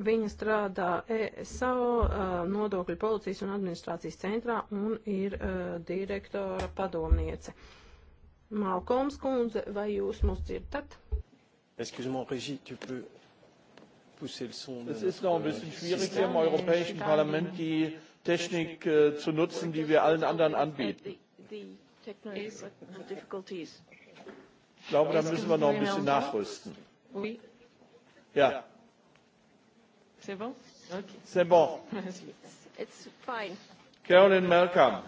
Viņa strādā ESO nodokļu policijas un administrācijas centrā un ir uh, direktora padomniece. Malkoms kundze, vai jūs mūs dzirdat? Excuse-moi, Régie, tu peux pousser le son. Es ist noch ein bisschen schwierig hier im Europäischen Parlament die Technik äh, zu nutzen, die wir allen anderen anbieten. Ich glaube, da müssen wir noch ein bisschen nachrüsten. Ja. C'est bon okay. C'est bon. (laughs) It's fine. Caroline Malcolm,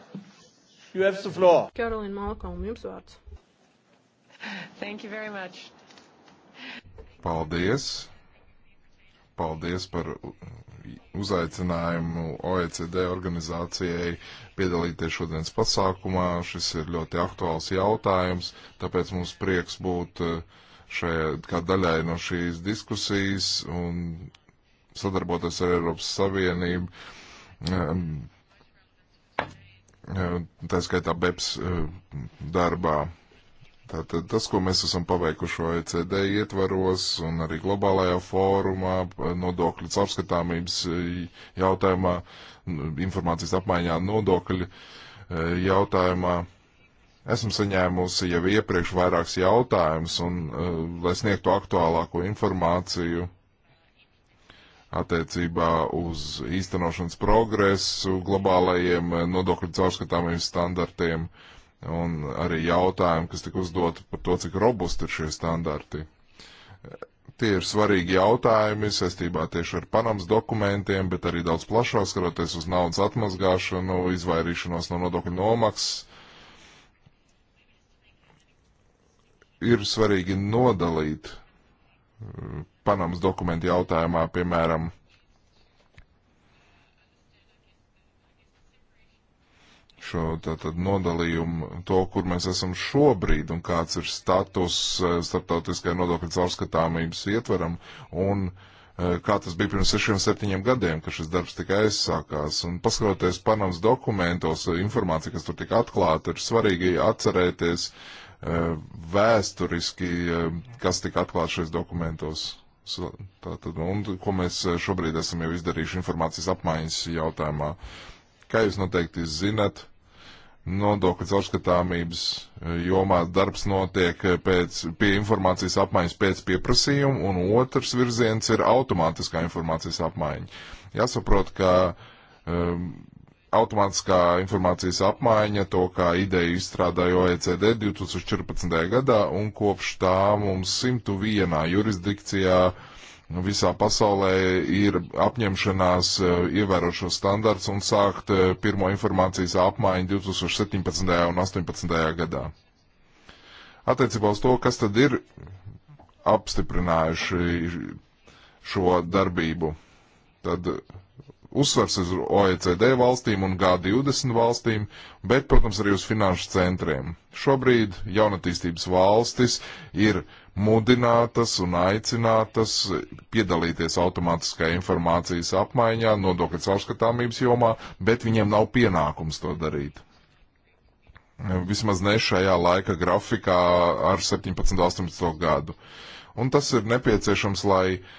you have the floor. Caroline Malcolm, jums vārds. Thank you very much. Paldies. Paldies par uzaicinājumu OECD organizācijai piedalīties šodienas pasākumā. Šis ir ļoti aktuāls jautājums, tāpēc mums prieks būt eh, šajā, kā daļai no šīs diskusijas un sadarboties ar Eiropas Savienību, um, um, tā skaitā BEPS um, darbā. Tātad tas, ko mēs esam paveikuši OECD ietvaros un arī globālajā fórumā, nodokļu apskatāmības uh, jautājumā, informācijas apmaiņā nodokļu uh, jautājumā, esam saņēmusi jau iepriekš vairākus jautājumus un, uh, lai sniegtu aktuālāko informāciju attiecībā uz īstenošanas progresu, globālajiem nodokļu caurskatāmiem standartiem un arī jautājumi, kas tika uzdoti par to, cik robusti ir šie standarti. Tie ir svarīgi jautājumi saistībā tieši ar Panamas dokumentiem, bet arī daudz plašāk skatoties uz naudas atmazgāšanu, izvairīšanos no nodokļu nomaksas. Ir svarīgi nodalīt Panamas dokumentu jautājumā, piemēram, šo tātad nodalījumu, to, kur mēs esam šobrīd un kāds ir status e, starptautiskajā nodokļu caurskatāmības ietveram un e, kā tas bija pirms sešiem, septiņiem gadiem, kad šis darbs tikai aizsākās. Un paskatoties Panamas dokumentos, e, informācija, kas tur tika atklāta, ir svarīgi atcerēties vēsturiski, kas tika atklāts šajos dokumentos. Tātad, un, ko mēs eh, šobrīd esam jau izdarījuši informācijas apmaiņas jautājumā. Kā jūs noteikti zinat, nodokļu caurskatāmības eh, jomā darbs notiek eh, pēc, pie informācijas apmaiņas pēc pieprasījuma, un otrs virziens ir automātiskā informācijas apmaiņa. Jāsaprot, ka um, automātiskā informācijas apmaiņa, to kā ideju izstrādāja OECD 2014. gadā, un kopš tā mums 101 jurisdikcijā nu, visā pasaulē ir apņemšanās eh, ievērot šos standarts un sākt eh, pirmo informācijas apmaiņu 2017. un 2018. gadā. Attiecībā uz to, kas tad ir apstiprinājuši šo darbību, tad Uzsvars ir OECD valstīm un G20 valstīm, bet, protams, arī uz finanšu centriem. Šobrīd jaunatīstības valstis ir mudinātas un aicinātas piedalīties automātiskā informācijas apmaiņā, nodokļu caurskatāmības jomā, bet viņiem nav pienākums to darīt. Vismaz ne šajā laika grafikā ar 17, 18 gadu. Un tas ir nepieciešams, lai uh,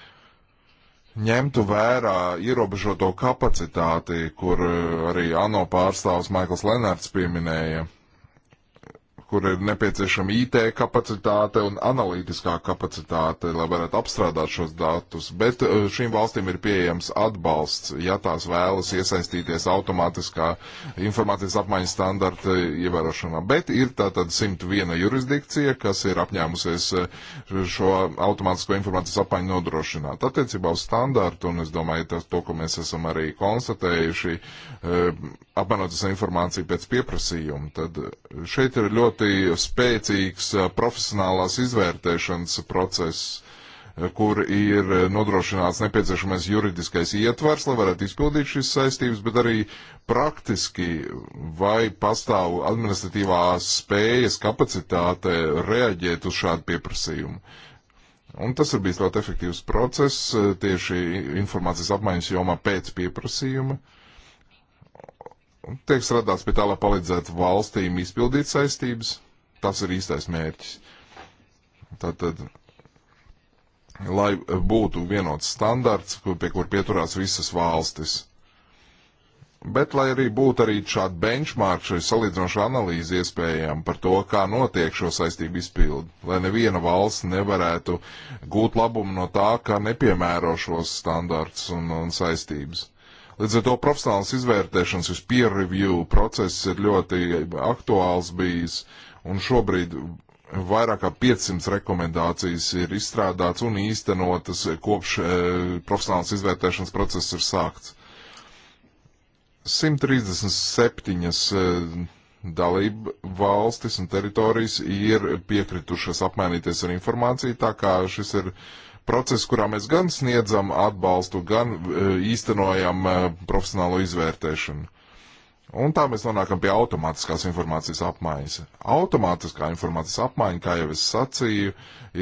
ņemtu vērā ierobežoto kapacitāti, kur eh, arī ANO pārstāvs Maikls Lenārds pieminēja kur ir nepieciešama IT kapacitāte un analītiskā kapacitāte, lai varētu apstrādāt šos datus. Bet eh, šīm valstīm ir pieejams atbalsts, ja tās vēlas iesaistīties automātiskā informācijas apmaiņas standarta ievērošanā. Bet ir tātad 101 jurisdikcija, kas ir apņēmusies eh, šo automātisko informācijas apmaiņu nodrošināt. Attiecībā uz standartu, un es domāju, tas to, ko mēs esam arī konstatējuši, eh, apmainoties informāciju pēc pieprasījuma, tad šeit ir ļoti ļoti spēcīgs profesionālās izvērtēšanas process, kur ir nodrošināts nepieciešamais juridiskais ietvars, lai varētu izpildīt šīs saistības, bet arī praktiski vai pastāv administratīvā spējas kapacitāte reaģēt uz šādu pieprasījumu. Un tas ir bijis ļoti efektīvs process tieši informācijas apmaiņas jomā pēc pieprasījuma. Uh, tiek strādāts pie tā, lai palīdzētu valstīm izpildīt saistības. Tas ir īstais mērķis. Tātad, lai būtu vienots standarts, pie kur pieturās visas valstis. Bet, lai arī būtu arī šāda benchmark, šai salīdzinoša analīze iespējama par to, kā notiek šo saistību izpildi, lai neviena valsts nevarētu gūt labumu no tā, ka nepiemēro šos standarts un, un saistības. Līdz ar to profesionāls izvērtēšanas, šis peer review process ir ļoti aktuāls bijis, un šobrīd vairāk kā 500 rekomendācijas ir izstrādāts un īstenotas kopš e, profesionāls izvērtēšanas process ir sākts. 137 e, dalību valstis un teritorijas ir piekritušas apmainīties ar informāciju, tā kā šis ir e, process, kurā mēs gan sniedzam atbalstu, gan e, īstenojam e, profesionālo izvērtēšanu. Un tā mēs nonākam pie automātiskās informācijas apmaiņas. Automātiskā informācijas apmaiņa, kā jau es sacīju,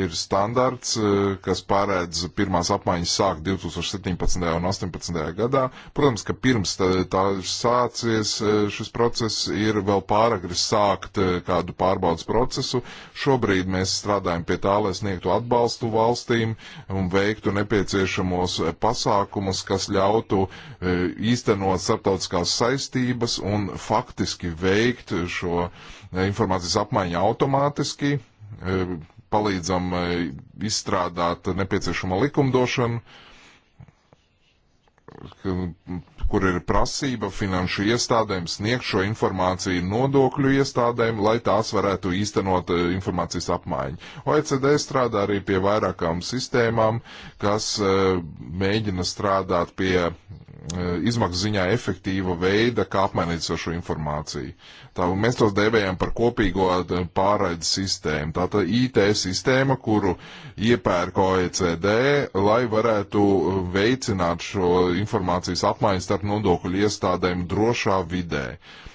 ir standarts, eh, kas pārēdz pirmās apmaiņas sākt 2017. un 2018. gadā. Protams, ka pirms tā, tā sācies eh, šis process, ir vēl pāragri sākt eh, kādu pārbaudas procesu. Šobrīd mēs strādājam pie tā, lai sniegtu atbalstu valstīm un veiktu nepieciešamos pasākumus, kas ļautu īstenot starptautiskās saistības un faktiski veikt šo eh, informācijas apmaiņu automātiski, eh, palīdzam eh, izstrādāt nepieciešamo likumdošanu, kur ir prasība finanšu iestādēm sniegt šo informāciju nodokļu iestādēm, lai tās varētu īstenot informācijas apmaiņu. OECD strādā arī pie vairākām sistēmām, kas mēģina strādāt pie Eh, izmaksu ziņā efektīva veida, kā apmainīties ar šo informāciju. Tā, mēs tos dēvējam par kopīgo eh, pārraides sistēmu. Tā ir IT sistēma, kuru iepērk OECD, lai varētu eh, veicināt šo informācijas apmaiņu starp nodokļu iestādēm drošā vidē. Uh,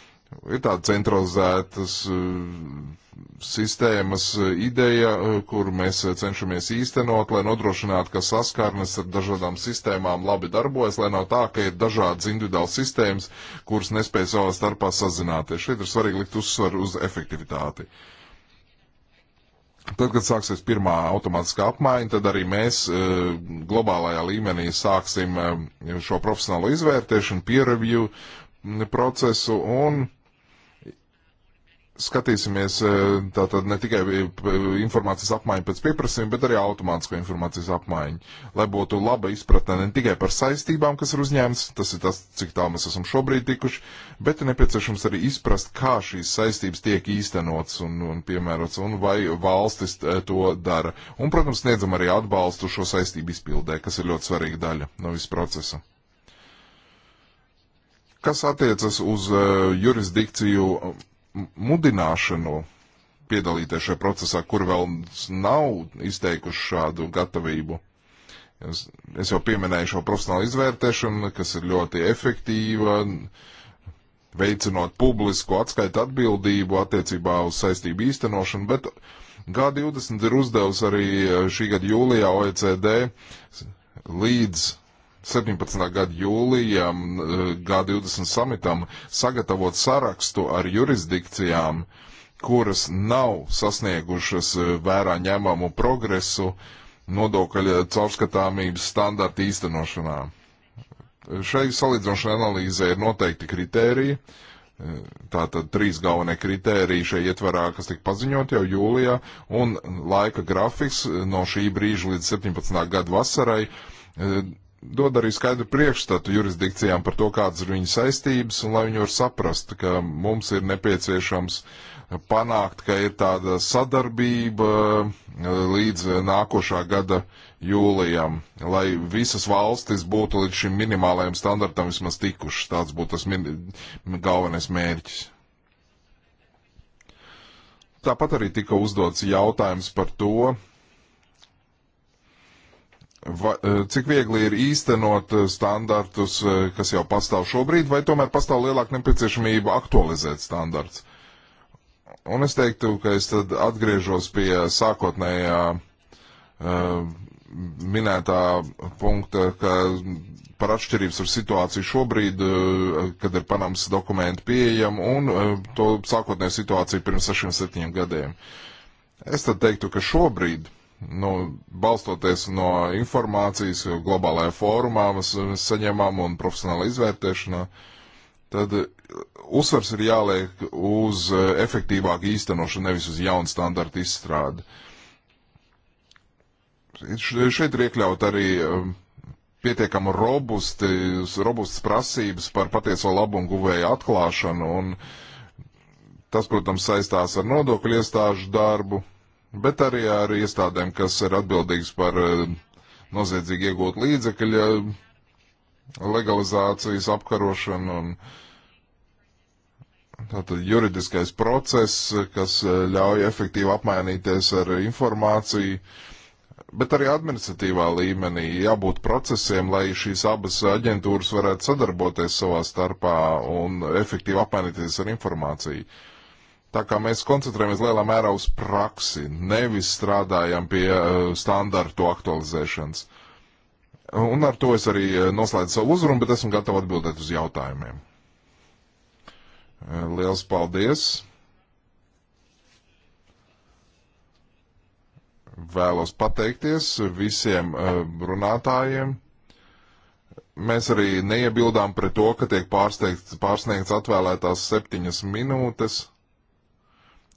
Ir tāda centralizētas eh, sistēmas eh, ideja, eh, kur mēs cenšamies īstenot, lai nodrošinātu, ka saskarnes ar dažādām sistēmām labi darbojas, lai nav tā, ka ir dažādas individuālas sistēmas, kuras nespēj savā starpā sazināties. Šeit ir svarīgi likt uzsvaru uz efektivitāti. Tad, kad sāksies pirmā automātiskā apmaiņa, tad arī mēs globālajā līmenī sāksim šo profesionālo izvērtēšanu, peer review mm, procesu un skatīsimies e, tātad ne tikai e, informācijas apmaiņu pēc pieprasījuma, bet arī automātisko informācijas apmaiņu, lai būtu laba izpratne ne tikai par saistībām, kas ir uzņēmts, tas ir tas, cik tālu mēs esam šobrīd tikuši, bet ir nepieciešams arī izprast, kā šīs saistības tiek īstenots un, un piemērots, un vai valstis e, to dara. Un, protams, sniedzam arī atbalstu šo saistību izpildē, kas ir ļoti svarīga daļa no visu procesu kas attiecas uz uh, jurisdikciju mudināšanu piedalīties šajā procesā, kur vēl nav izteikuši šādu gatavību. Es, es jau pieminēju šo profesionālu izvērtēšanu, kas ir ļoti efektīva, veicinot publisku atskaitu atbildību attiecībā uz saistību īstenošanu, bet G20 ir uzdevusi arī šī gada jūlijā OECD līdz 17. gada jūlijam eh, G20 samitam sagatavot sarakstu ar jurisdikcijām, kuras nav sasniegušas eh, vērā ņemamu progresu nodokļa caurskatāmības standarta īstenošanā. Šai salīdzinošai analīzē ir noteikti kritēriji, eh, Tātad trīs galvenie kriteriji šeit ietvarā, kas tika paziņot jau jūlijā, un laika grafiks no šī brīža līdz 17. gada vasarai dod arī skaidru priekšstatu jurisdikcijām par to, kādas ir viņu saistības, un lai viņi var saprast, ka mums ir nepieciešams panākt, ka ir tāda sadarbība e, līdz nākošā gada jūlijam, lai visas valstis būtu līdz šim minimālajam standartam vismaz tikušas. Tāds būtu tas galvenais mērķis. Tāpat arī tika uzdots jautājums par to, va, eh, cik viegli ir īstenot eh, standartus, eh, kas jau pastāv šobrīd, vai tomēr pastāv lielāka nepieciešamība aktualizēt standarts? Un es teiktu, ka es tad atgriežos pie sākotnējā uh, minētā punkta, ka par atšķirības ar situāciju šobrīd, uh, kad ir Panamas dokumenti pieejami, un uh, to sākotnēju situāciju pirms 6-7 gadiem. Es tad teiktu, ka šobrīd nu, balstoties no informācijas globālajā fórumā, mēs, mēs eh, saņemam un profesionāla izvērtēšanā, tad eh, uzsvars ir jāliek uz eh, efektīvāku īstenošanu, nevis uz jaunu standartu izstrādi. Šeit ir iekļaut arī pietiekami robusti, robustas prasības par patieso labumu guvēju atklāšanu, un tas, protams, saistās ar nodokļu iestāžu darbu bet arī ar iestādēm, kas ir atbildīgas par eh, noziedzīgi iegūt līdzekļu eh, legalizācijas apkarošanu un tātad juridiskais process, kas eh, ļauj efektīvi apmainīties ar informāciju, bet arī administratīvā līmenī jābūt procesiem, lai šīs abas aģentūras varētu sadarboties savā starpā un efektīvi apmainīties ar informāciju. Uh, Tā kā mēs koncentrējamies lielā mērā uz praksi, nevis strādājam pie uh, standartu aktualizēšanas. Un ar to es arī eh, noslēdzu savu uzrunu, bet esmu gatavs atbildēt uz jautājumiem. Eh, liels paldies! Vēlos pateikties visiem runātājiem mēs arī neiebildām pret to, ka tiek pārsniegts atvēlētās septiņas minūtes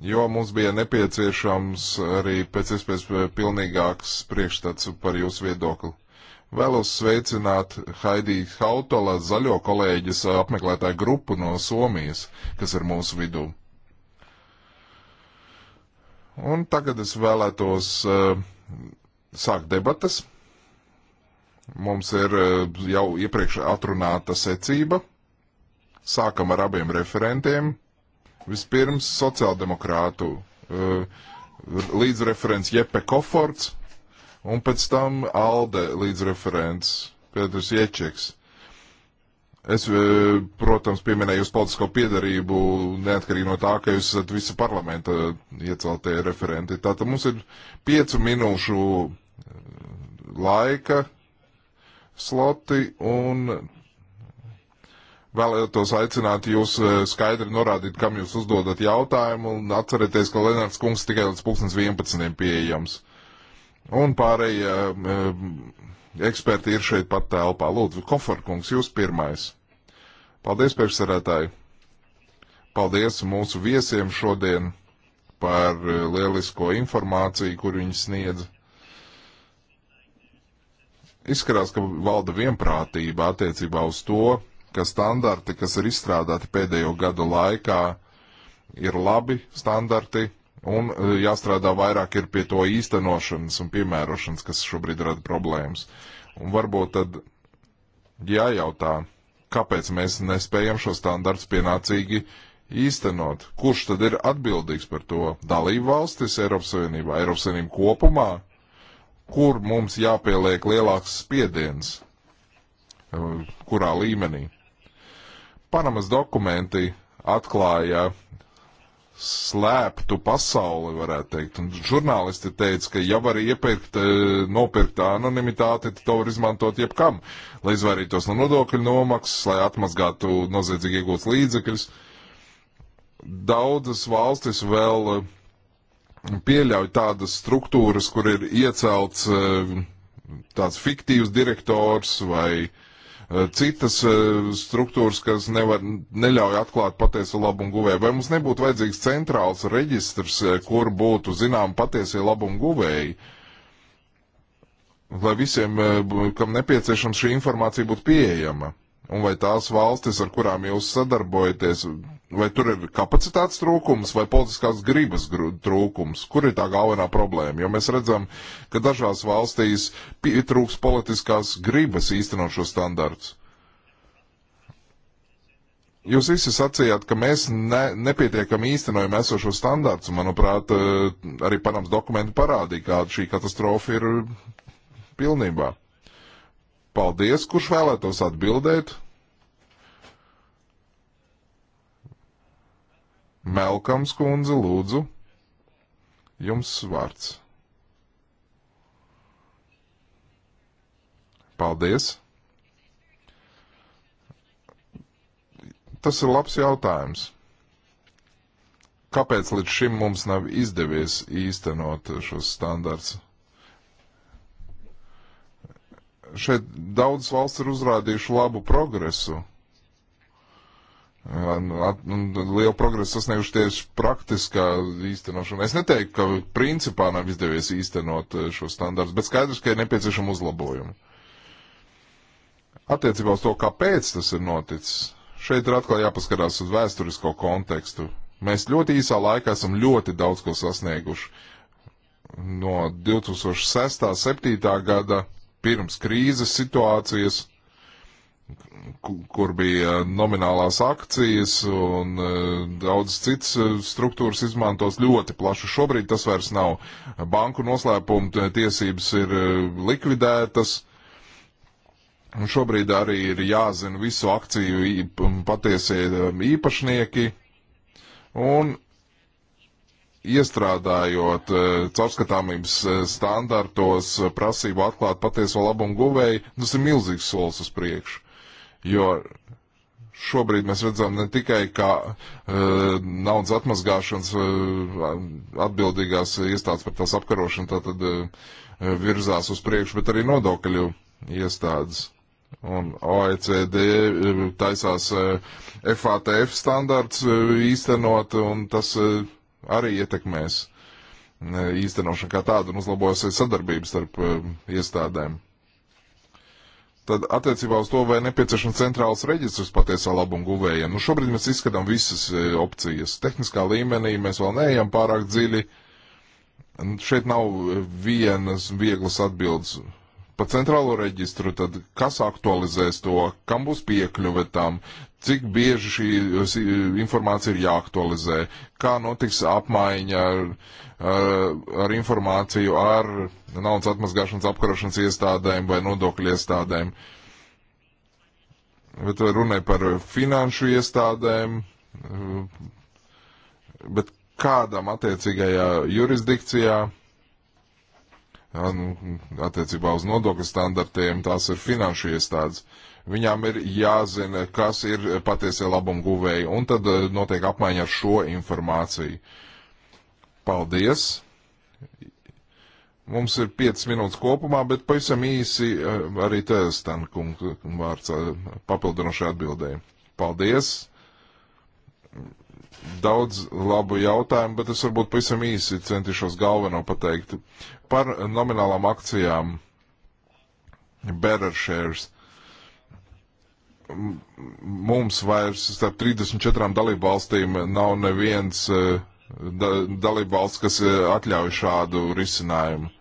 jo mums bija nepieciešams arī pēc iespējas pilnīgāks priekšstats par jūsu viedokli. Vēlos sveicināt Haidī Hautola zaļo kolēģis apmeklētāju grupu no Somijas, kas ir mūsu vidū. Un tagad es vēlētos uh, sākt debatas. Mums ir uh, jau iepriekš atrunāta secība. Sākam ar abiem referentiem Vispirms sociāldemokrātu eh, līdzreferents Jepe Koforts un pēc tam Alde līdzreferents Pēters Ječeks. Es, eh, protams, pieminēju jūsu politisko piedarību, neatkarīgi no tā, ka jūs esat visa parlamenta ieceltie referenti. Tātad mums ir piecu minūšu eh, laika sloti, un vēlētos aicināt jūs eh, skaidri norādīt, kam jūs uzdodat jautājumu, un atcerieties, ka Lenārds kungs tikai līdz 2011. pieejams. Un pārējie eh, eksperti ir šeit pat telpā. Lūdzu, Kofarkungs, jūs pirmais. Paldies, priekšsarētāji! Paldies mūsu viesiem šodien par eh, lielisko informāciju, kur viņi sniedz. Izskatās, ka valda vienprātība attiecībā uz to, ka standarti, kas ir izstrādāti pēdējo gadu laikā, ir labi standarti, un e, jāstrādā vairāk ir pie to īstenošanas un piemērošanas, kas šobrīd rada problēmas. Un varbūt tad jājautā, kāpēc mēs nespējam šo standarts pienācīgi īstenot. Kurš tad ir atbildīgs par to? Dalību valstis Eiropas Savienībā, Eiropas Savienība kopumā? Kur mums jāpieliek lielāks spiediens? E, kurā līmenī? Panamas dokumenti atklāja slēptu pasauli, varētu teikt. Un žurnālisti teica, ka ja var iepirkt, eh, nopirkt anonimitāti, tad to var izmantot jebkam, lai izvairītos no nodokļu nomaksas, lai atmazgātu noziedzīgi iegūtas līdzekļus. Daudzas valstis vēl eh, pieļauj tādas struktūras, kur ir iecelts eh, tāds fiktīvs direktors vai uh, Eh, citas eh, struktūras, kas nevar, neļauj atklāt patieso labumu guvēju. Vai mums nebūtu vajadzīgs centrāls reģistrs, eh, kur būtu zinām patiesie labumu guvēji? Lai visiem, kam nepieciešams šī informācija, būtu pieejama. Un vai tās valstis, ar kurām jūs sadarbojaties, Vai tur ir kapacitātes trūkums vai politiskās gribas trūkums? Kur ir tā galvenā problēma? Jo mēs redzam, ka dažās valstīs pietrūks politiskās gribas īstenot šo standartu. Jūs visi sacījāt, ka mēs ne, nepietiekam īstenojam esošo standārtu. Manuprāt, eh, arī Panamas dokumenti parādīja, kā šī katastrofa ir pilnībā. Paldies, kurš vēlētos atbildēt? Melkams kundze, lūdzu, jums vārds. Paldies! Tas ir labs jautājums. Kāpēc līdz šim mums nav izdevies īstenot šos standarts? Šeit daudz valsts ir uzrādījuši labu progresu, At, nu, nu, lielu progresu sasnieguši tieši praktiskā īstenošana. Es neteiktu, ka principā nav izdevies īstenot eh, šo standārdu, bet skaidrs, ka ir nepieciešama uzlabojuma. Attiecībā uz to, kāpēc tas ir noticis, šeit ir atkal jāpaskatās uz vēsturisko kontekstu. Mēs ļoti īsā laikā esam ļoti daudz ko sasnieguši. No 2006. 7. gada pirms krīzes situācijas kur bija nominālās akcijas un e, daudz cits e, struktūras izmantos ļoti plašu. Šobrīd tas vairs nav. Banku noslēpuma tiesības ir e, likvidētas. Un šobrīd arī ir jāzina visu akciju patiesie īpašnieki. Un iestrādājot caurskatāmības standartos prasību atklāt patieso labumu guvēju, tas ir milzīgs solis uz priekšu jo šobrīd mēs redzam ne tikai, ka e, naudas atmazgāšanas e, atbildīgās iestādes par tās apkarošanu tātad e, virzās uz priekšu, bet arī nodokļu iestādes. Un OECD e, taisās FATF e, standarts e, īstenot, un tas arī ietekmēs īstenošanu kā tādu un uzlabosies sadarbības starp iestādēm. Tad attiecībā uz to, vai nepieciešams centrāls reģistrs patiesā labuma guvējiem. Nu, šobrīd mēs izskatām visas e, opcijas. Tehniskā līmenī mēs vēl neejam pārāk dziļi. Šeit nav e, vienas vieglas atbildes pa centrālo reģistru, tad kas aktualizēs to, kam būs piekļuve tam, cik bieži šī informācija ir jāaktualizē, kā notiks apmaiņa ar, ar, ar informāciju ar naudas atmazgāšanas apkarošanas iestādēm vai nodokļu iestādēm. Bet runai par finanšu iestādēm, eh, bet kādam attiecīgajā jurisdikcijā Nu, attiecībā uz nodokļu standartiem, tās ir finanšu iestādes. Viņām ir jāzina, kas ir patiesie labumu guvēji, un tad eh, notiek apmaiņa ar šo informāciju. Paldies! Mums ir 5 minūtes kopumā, bet pavisam īsi eh, arī Tēstan vārds eh, papildinošai atbildēji. Paldies! Daudz labu jautājumu, bet es varbūt pavisam īsi centīšos galveno pateikt. Par nominālām akcijām Better Shares mums vairs starp 34 dalību valstīm nav neviens e, da, dalību valsts, kas e, atļauj šādu risinājumu.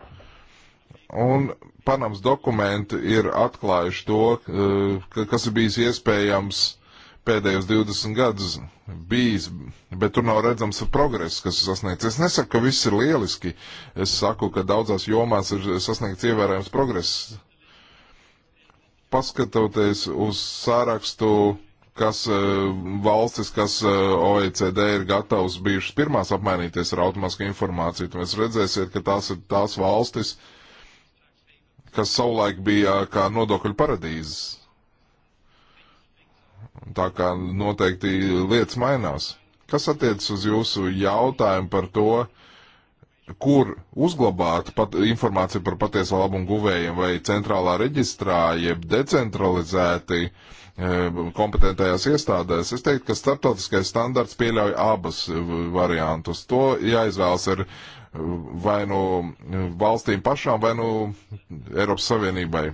Un Panamas dokumenti ir atklājuši to, e, ka, kas ir bijis iespējams pēdējos 20 gadus bijis, bet tur nav redzams progress, kas ir sasniegts. Es nesaku, ka viss ir lieliski. Es saku, ka daudzās jomās ir sasniegts ievērējams progress. Paskatoties uz sārakstu, kas eh, valstis, kas eh, OECD ir gatavs bijušas pirmās apmainīties ar automātisku informāciju, tad mēs redzēsiet, ka tās ir tās valstis, kas savulaik bija kā nodokļu paradīzes Tā kā noteikti lietas mainās. Kas attiecas uz jūsu jautājumu par to, kur uzglabāt pat, informāciju par patieso labumu guvējiem vai centrālā reģistrā, jeb decentralizēti e, kompetentajās iestādēs, es teiktu, ka starptautiskais standarts pieļauj abas eh, variantus. To jāizvēlas ir eh, vai nu no valstīm pašām, vai nu no Eiropas Savienībai.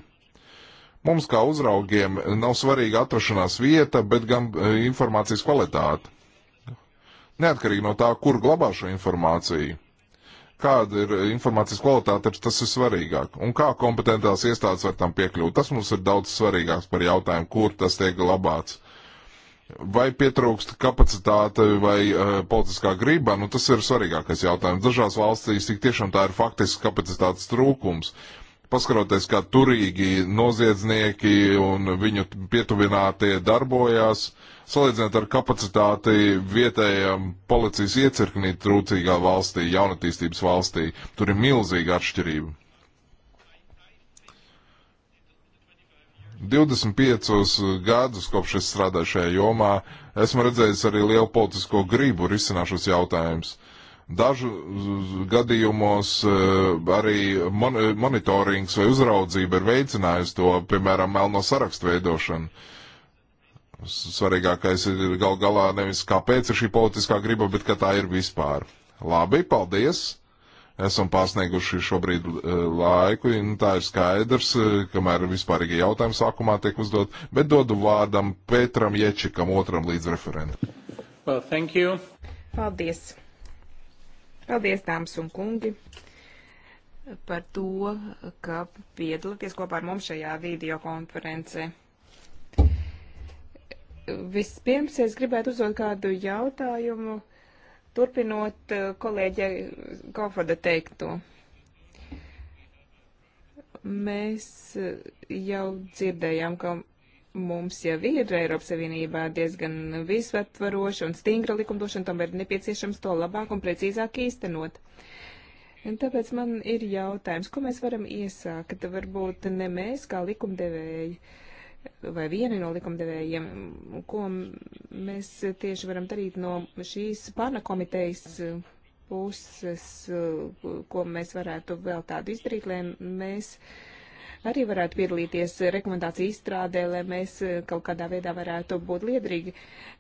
Mums kā uzraugiem nav svarīga atrašanās vieta, bet gan e, informācijas kvalitāte. Neatkarīgi no tā, kur glabā šo informāciju, kāda ir e, informācijas kvalitāte, tas ir svarīgāk. Un kā kompetentās iestādes var tam piekļūt, tas mums ir daudz svarīgāks par jautājumu, kur tas tiek glabāts. Vai pietrūkst kapacitāte vai uh, politiskā griba, nu tas ir svarīgākais jautājums. Dažās valstīs tik tiešām tā ir faktisks kapacitātes trūkums. Uh, paskaroties, kā turīgi noziedznieki un viņu pietuvinātie darbojās, salīdzinot ar kapacitāti vietējam policijas iecirknī trūcīgā valstī, jaunatīstības valstī. Tur ir milzīga atšķirība. 25 gadus kopš es strādāju šajā jomā, esmu redzējis arī lielu politisko gribu risināt šos jautājumus. Dažu gadījumos eh, arī eh, monitorings vai uzraudzība ir veicinājusi to, piemēram, melno sarakstu veidošanu. Svarīgākais ir gal galā nevis kāpēc ir šī politiskā griba, bet ka tā ir vispār. Labi, paldies! esam pārsnieguši šobrīd eh, laiku, un tā ir skaidrs, kamēr vispārīgi jautājumi sākumā tiek uzdot, bet dodu vārdam Pētram Ječikam, otram līdz referentam. Well, thank you. Paldies. Paldies, dāmas un kungi, par to, ka piedalāties kopā ar mums šajā videokonferencē. Vispirms es gribētu uzdot kādu jautājumu, turpinot eh, kolēģe Kofoda teikto. Mēs eh, jau dzirdējām, ka mums jau ir Eiropas Savienībā diezgan visaptvaroša un stingra likumdošana, tomēr ir nepieciešams to labāk un precīzāk īstenot. Un tāpēc man ir jautājums, ko mēs varam iesākt? Varbūt ne mēs kā likumdevēji vai vieni no likumdevējiem, ko mēs tieši varam darīt no šīs pana komitejas puses, ko mēs varētu vēl tādu izdarīt, lai mēs uh, arī varētu piedalīties rekomendāciju izstrādē, lai mēs eh, kaut kādā veidā varētu būt liedrīgi.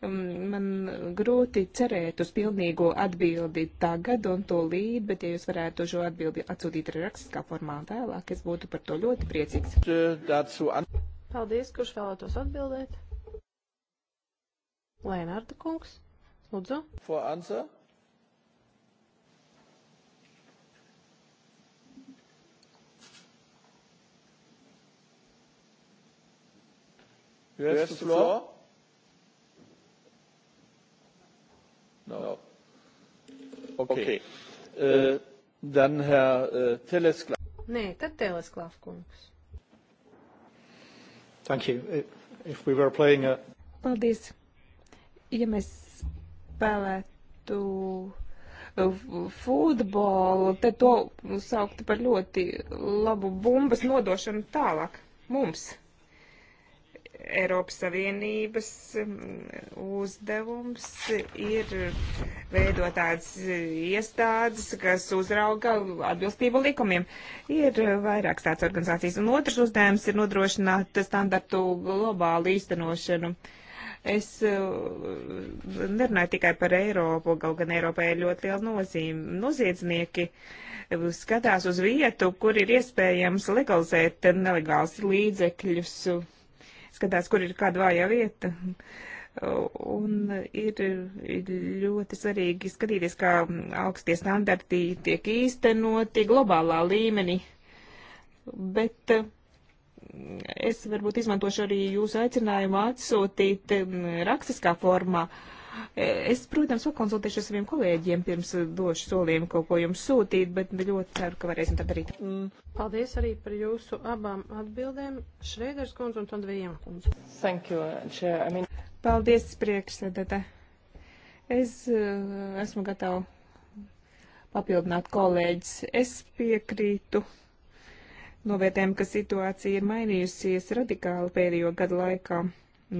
Mm, man grūti cerēt uz pilnīgu atbildi tagad un to līd, bet ja jūs varētu šo atbildi atsūtīt arī rakstiskā formā vēlāk, es būtu par to ļoti priecīgs. Paldies, kurš vēlētos atbildēt? Lēnārda kungs, lūdzu. For answer. You have, you have the, the floor? floor? No. Okay. okay. Uh, dann Herr uh, Telesklav. Nē, tad Telesklav kungs. Thank you. If we were playing a... Paldies. Ja mēs spēlētu uh, futbolu, te to sauktu par ļoti labu bumbas nodošanu tālāk mums. Eiropas Savienības mm, uzdevums ir veidot tādas iestādes, kas uzrauga atbilstību likumiem. Ir vairākas tādas organizācijas. Un otrs uzdevums ir nodrošināt standartu globālu īstenošanu. Es mm, nerunāju tikai par Eiropu, kaut gan Eiropai ir ļoti liela nozīme. Noziedznieki skatās uz vietu, kur ir iespējams legalizēt nelegāls līdzekļus skatās, kur ir kāda vājā vieta. Un ir ļoti svarīgi skatīties, kā augstie standarti tiek īstenoti globālā līmenī. Bet eh, es varbūt izmantošu arī jūsu aicinājumu atsūtīt mm, rakstiskā formā uh, Es, protams, pakonsultēšu ar saviem kolēģiem pirms došu solījumu kaut ko jums sūtīt, bet ļoti ceru, ka varēsim tā darīt. Mm. Paldies arī par jūsu abām atbildēm, Šreiders kundze un Tondvijam kundze. Thank you, uh, Chair. I mean... Paldies, priekšsēdētāji. Es uh, esmu gatava papildināt kolēģis. Es piekrītu novērtējumu, ka situācija ir mainījusies radikāli pēdējo gadu laikā.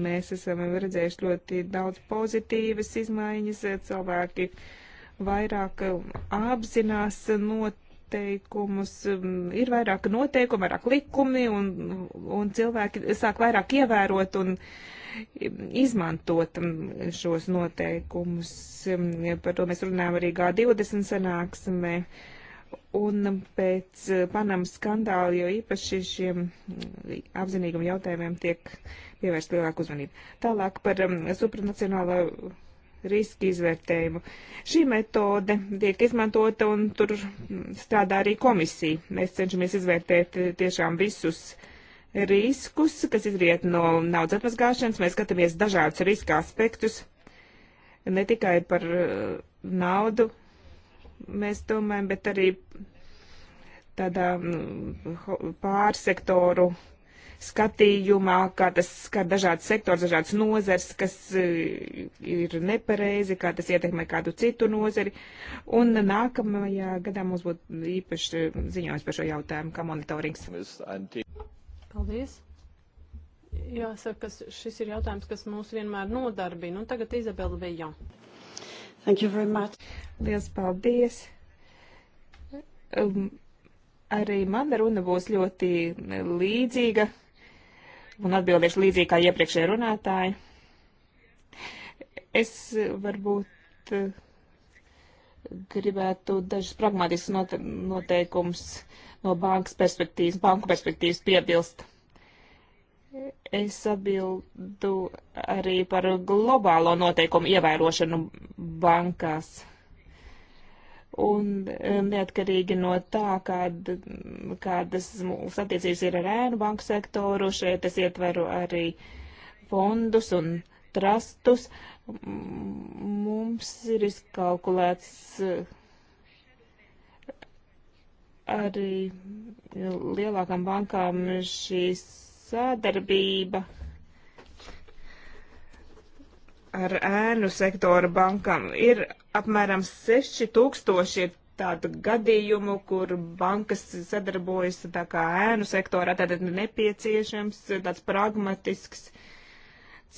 Mēs esam redzējuši ļoti daudz pozitīvas izmaiņas, cilvēki vairāk apzinās noteikumus, ir vairāk noteikumi, vairāk likumi, un, un cilvēki sāk vairāk ievērot un izmantot šos noteikumus. Par to mēs runājam arī G20 sanāksmē. Un pēc Panamas skandāla, jo īpaši šiem apzinīguma jautājumiem tiek uh, pievērst lielāku uzmanību. Tālāk par um, supranacionālo riska izvērtējumu. Šī metode tiek izmantota un tur strādā arī komisija. Mēs cenšamies izvērtēt eh, tiešām visus riskus, kas izriet no naudas atmazgāšanas. Mēs skatāmies dažādus riska aspektus, ne tikai par eh, naudu mēs domājam, bet arī tādā mm, pārsektoru skatījumā, kā tas skar dažādas sektors, dažādas nozars, kas eh, ir nepareizi, kā tas ietekmē kādu citu nozari. Un nākamajā gadā mums būtu īpaši eh, ziņojums par šo jautājumu, kā monitorings. Paldies. Jāsaka, šis ir jautājums, kas mūs vienmēr nodarbina. Un tagad Izabela Vejo. Thank you very much. Liels paldies. Um, arī mana runa būs ļoti eh, līdzīga un atbildēšu līdzīgi kā iepriekšējie runātāji. Es varbūt eh, gribētu dažus pragmatiskus noteikumus no bankas perspektīvas, banku perspektīvas piebilst. Es atbildu arī par globālo noteikumu ievērošanu bankās Un eh, neatkarīgi no tā, kāda, kādas mūsu attiecības ir ar ēnu banku sektoru, šeit es ietveru arī fondus un trastus, mums ir izkalkulēts eh, arī lielākām bankām šī sadarbība ar ēnu sektoru bankām ir apmēram 6000 ir tādu gadījumu, kur bankas sadarbojas tā kā ēnu sektorā, tātad nepieciešams tāds pragmatisks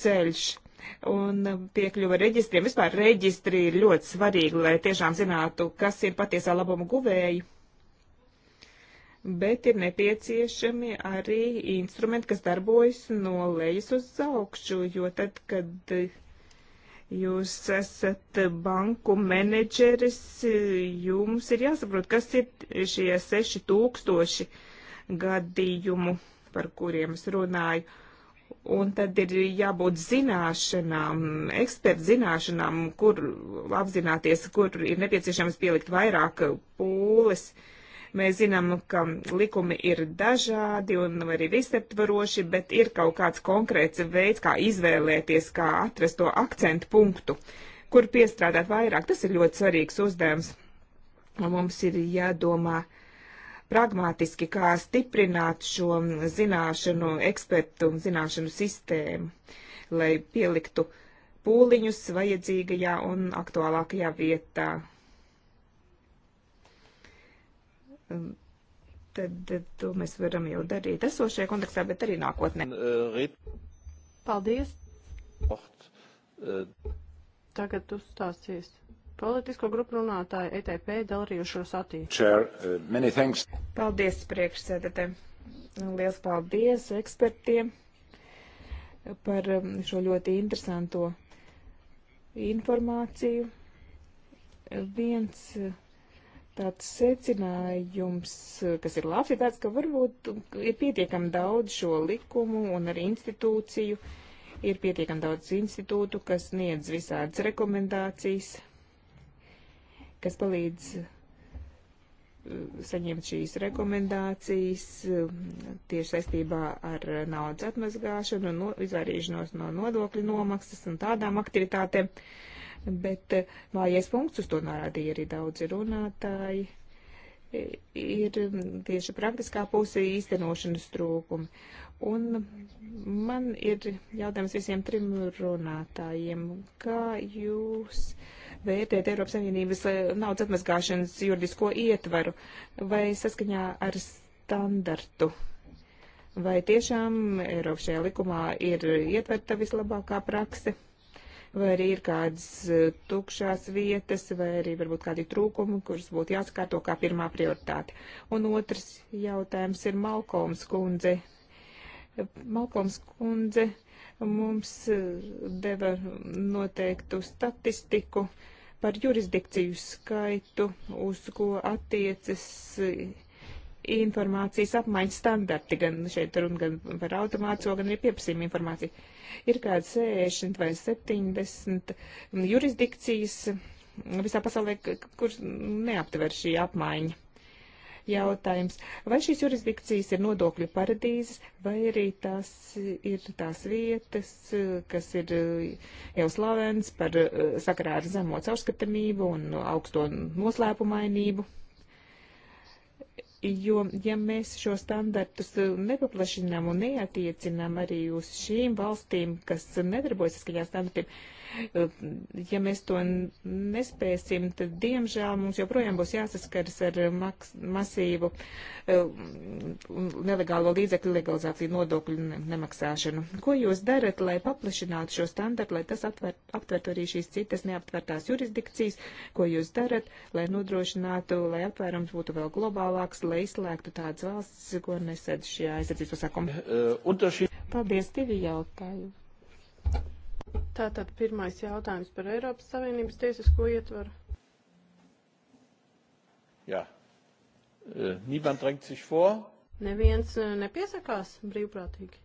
ceļš. Un piekļuva reģistriem. Vispār reģistri ir ļoti svarīgi, lai tiešām zinātu, kas ir patiesā labuma guvēji. Bet ir nepieciešami arī instrumenti, kas darbojas no lejas uz augšu, jo tad, kad Jūs esat banku menedžeris, jums ir jāsaprot, kas ir šie 6000 gadījumu, par kuriem es runāju. Un tad ir jābūt zināšanām, ekspertu zināšanām, kur apzināties, kur ir nepieciešams pielikt vairāk pūles. Uh, Mēs zinām, ka likumi ir dažādi un arī visaptvaroši, bet ir kaut kāds konkrēts veids, kā izvēlēties, kā atrast to akcentu punktu, kur piestrādāt vairāk. Tas ir ļoti svarīgs uzdevums. Un mums ir jādomā pragmatiski, kā stiprināt šo zināšanu, ekspertu zināšanu sistēmu, lai pieliktu pūliņus vajadzīgajā un aktuālākajā vietā. Ehm, tad to mēs varam jau darīt esošajā kontekstā, bet arī nākotnē. Eh, paldies! Eh, Tagad uzstāsies politisko grupu runātāja ETP Delrijušo Satī. Chair, uh, many thanks. Paldies priekšsēdētē. Liels paldies ekspertiem par ehm, šo ļoti interesanto informāciju. Viens tāds secinājums, kas ir labs, ir tāds, ka varbūt ir pietiekami daudz šo likumu un arī institūciju, ir pietiekami daudz institūtu, kas sniedz visādas rekomendācijas, kas palīdz uh, saņemt šīs rekomendācijas um, tieši saistībā ar naudas atmazgāšanu un no, izvairīšanos no nodokļu nomaksas un tādām aktivitātēm. Uh, bet eh, vājais punkts, uz to norādīja arī daudzi runātāji, e, ir mm, tieši praktiskā puse īstenošanas trūkumi. Un man ir jautājums visiem trim runātājiem, kā jūs vērtēt Eiropas Savienības e, naudas atmazgāšanas juridisko ietvaru vai saskaņā ar standartu? Vai tiešām Eiropas šajā likumā ir ietverta vislabākā praksa? vai arī ir kādas e, tukšās vietas, vai arī varbūt kādi trūkumi, kurus būtu jāskārto kā pirmā prioritāte. Un otrs jautājums ir Malkoms kundze. Malkoms kundze mums e, deva noteiktu statistiku par jurisdikciju skaitu, uz ko attiecas e, informācijas apmaiņas standarti, gan šeit runa gan par automāco, gan arī pieprasījumu informāciju. Ir kāda 60 vai 70 jurisdikcijas visā pasaulē, kur neaptver šī apmaiņa. Jautājums, vai šīs jurisdikcijas ir nodokļu paradīzes, vai arī tās ir tās vietas, kas ir eh, jau slavenas par eh, sakarā ar zemo caurskatamību un augsto noslēpumainību? Jo, ja mēs šo standartus eh, nepaplašinām un neatiecinām arī uz šīm valstīm, kas nedarbojas saskaņā standartiem, Ja mēs to nespēsim, tad diemžēl mums joprojām būs jāsaskaras ar maks, masīvu um, nelegālo līdzekļu legalizāciju nodokļu nemaksāšanu. Ko jūs darat, lai paplašinātu šo standartu, lai tas aptver, aptvertu arī šīs citas neaptvērtās jurisdikcijas? Ko jūs darat, lai nodrošinātu, lai aptvērums būtu vēl globālāks, lai izslēgtu tādas valstis, ko nesēd šajā aizsardzības pasākumā? Uh, Paldies, divi jautājumi. Tātad pirmais jautājums par Eiropas Savienības tiesisko ietvaru. Jā. Niemand drängt sich vor. Neviens nepiesakās brīvprātīgi.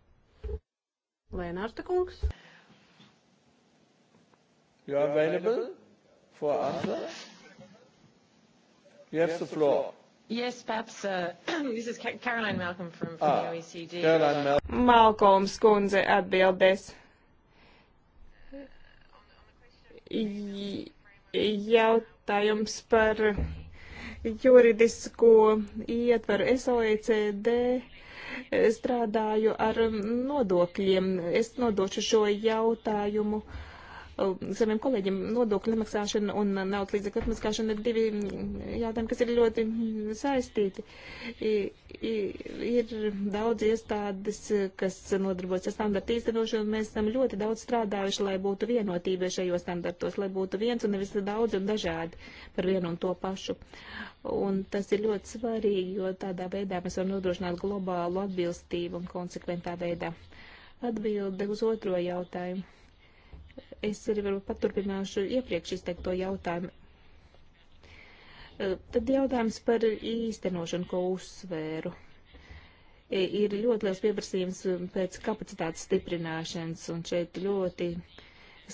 Lēnārta kungs. You are available for answer? You have the floor. Yes, perhaps uh, (clears throat) this is Caroline Malcolm from, from ah, the OECD. Caroline Malcolm. Malcolm skundze atbildēs jautājums par juridisko ietvaru. Es OECD strādāju ar nodokļiem. Es nodošu šo jautājumu uh, saviem kolēģiem. Nodokļu nemaksāšana un naudas līdzekļu atmaskāšana ir divi jautājumi, kas ir ļoti saistīti. Ir daudz iestādes, kas nodarbojas ar standartu īstenošanu, un mēs esam ļoti daudz strādājuši, lai būtu vienotība šajos standartos, lai būtu viens un nevis daudz un dažādi par vienu un to pašu. Un tas ir ļoti svarīgi, jo tādā veidā mēs varam nodrošināt globālu atbilstību un konsekventā veidā. Atbilde uz otro jautājumu Es arī varbūt paturpināšu iepriekš izteikto jautājumu. Tad jautājums par īstenošanu, ko uzsvēru. Ir ļoti liels pieprasījums pēc kapacitātes stiprināšanas, un šeit ļoti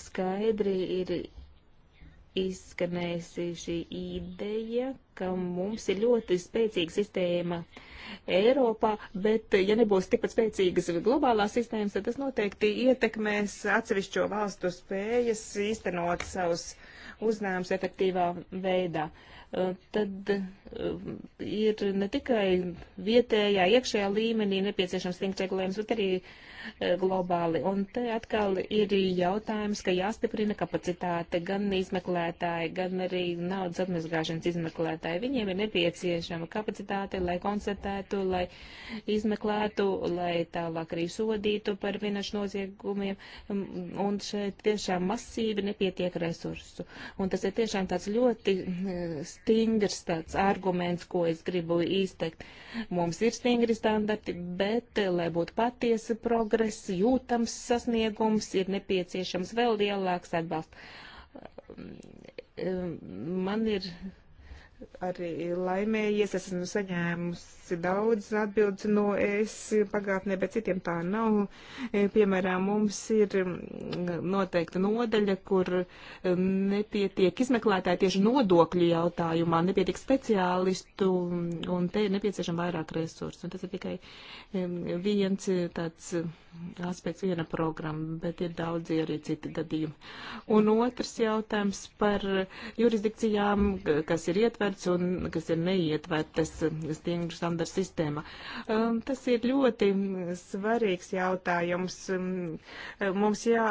skaidri ir izskanējusi šī ideja, ka mums ir ļoti spēcīga sistēma Eiropā, bet ja nebūs tikpat spēcīgas globālās sistēmas, tad tas noteikti ietekmēs atsevišķo valstu spējas īstenot savus uzņēmumus efektīvā veidā. Uh, tad uh, ir ne tikai vietējā, iekšējā līmenī nepieciešams stingts regulējums, bet arī uh, E, globāli. Un te atkal ir jautājums, ka jāstiprina kapacitāte gan izmeklētāji, gan arī naudas atmazgāšanas izmeklētāji. Viņiem ir nepieciešama kapacitāte, lai konstatētu, lai izmeklētu, lai tālāk arī sodītu par vienašu noziegumiem. Un šeit tiešām masīvi nepietiek resursu. Un tas ir tiešām tāds ļoti e, stingrs tāds arguments, ko es gribu izteikt. Mums ir stingri standarti, bet, e, lai būtu patiesa progresa, progress, jūtams sasniegums, ir nepieciešams vēl lielāks atbalsts. Ehm, ehm, man ir arī laimējies. Esmu saņēmusi daudz atbildes no es pagātnē, bet citiem tā nav. E, piemēram, mums ir noteikta nodaļa, kur nepietiek izmeklētāji tieši nodokļu jautājumā, nepietiek speciālistu, un te ir nepieciešama vairāk resursu. Un tas ir tikai viens tāds aspekts viena programma, bet ir daudzi arī citi gadījumi. Un otrs jautājums par jurisdikcijām, kas ir ietverts un kas ir neietvertas stingru standartu sistēmā. Um, tas ir ļoti svarīgs jautājums. Um, mums jā,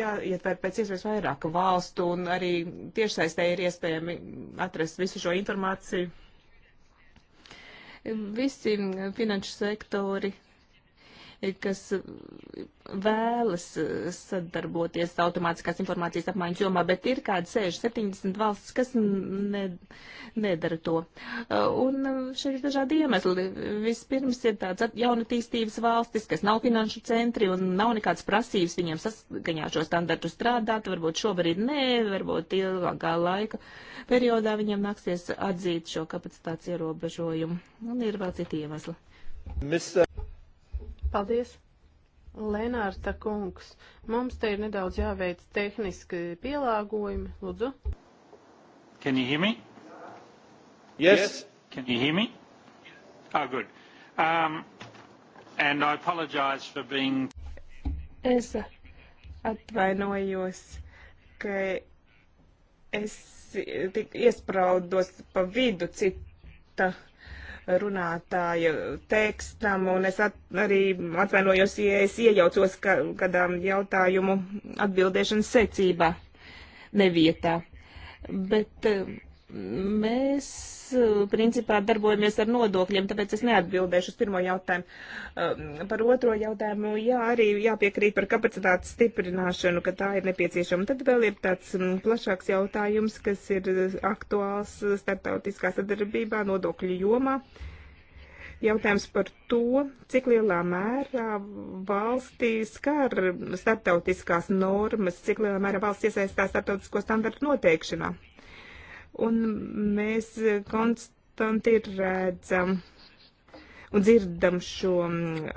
jāietver pēc iespējas vairāk valstu un arī tiešsaistē ir iespējami atrast visu šo informāciju. Visi finanšu sektori kas uh, vēlas uh, sadarboties automātiskās informācijas apmaiņas jomā, bet ir kādi 60-70 valstis, kas ne, nedara to. Uh, un šeit ir dažādi iemesli. Vispirms ir tāds jaunatīstības valstis, kas nav finanšu centri un nav nekādas prasības viņiem saskaņā šo standartu strādāt. Varbūt šobrīd nē, varbūt ilgākā laika periodā viņiem nāksies atzīt šo kapacitātes ierobežojumu. Un ir vēl citi iemesli. Mr. Paldies! Lenārta kungs, mums te ir nedaudz jāveic tehniski pielāgojumi. Lūdzu! Can you hear me? Yes. yes. Can you hear me? Oh, good. Um, and I apologize for being... Es atvainojos, ka es iespraudos pa vidu cita runātāja tekstam, un es at, arī atvainojos, ja es iejaucos ka, kādām jautājumu atbildēšanas secībā nevietā. Bet eh, Mēs, eh, principā, darbojamies ar nodokļiem, tāpēc es neatbildēšu uz pirmo jautājumu. Eh, par otro jautājumu, jā, arī jāpiekrīt par kapacitātes stiprināšanu, ka tā ir nepieciešama. Tad vēl ir tāds mm, plašāks jautājums, kas ir aktuāls starptautiskā sadarbībā nodokļu jomā. Jautājums par to, cik lielā mērā valstī skar starptautiskās normas, cik lielā mērā valsts iesaistās starptautisko standartu noteikšanā Un mēs konstanti redzam un dzirdam šo mm,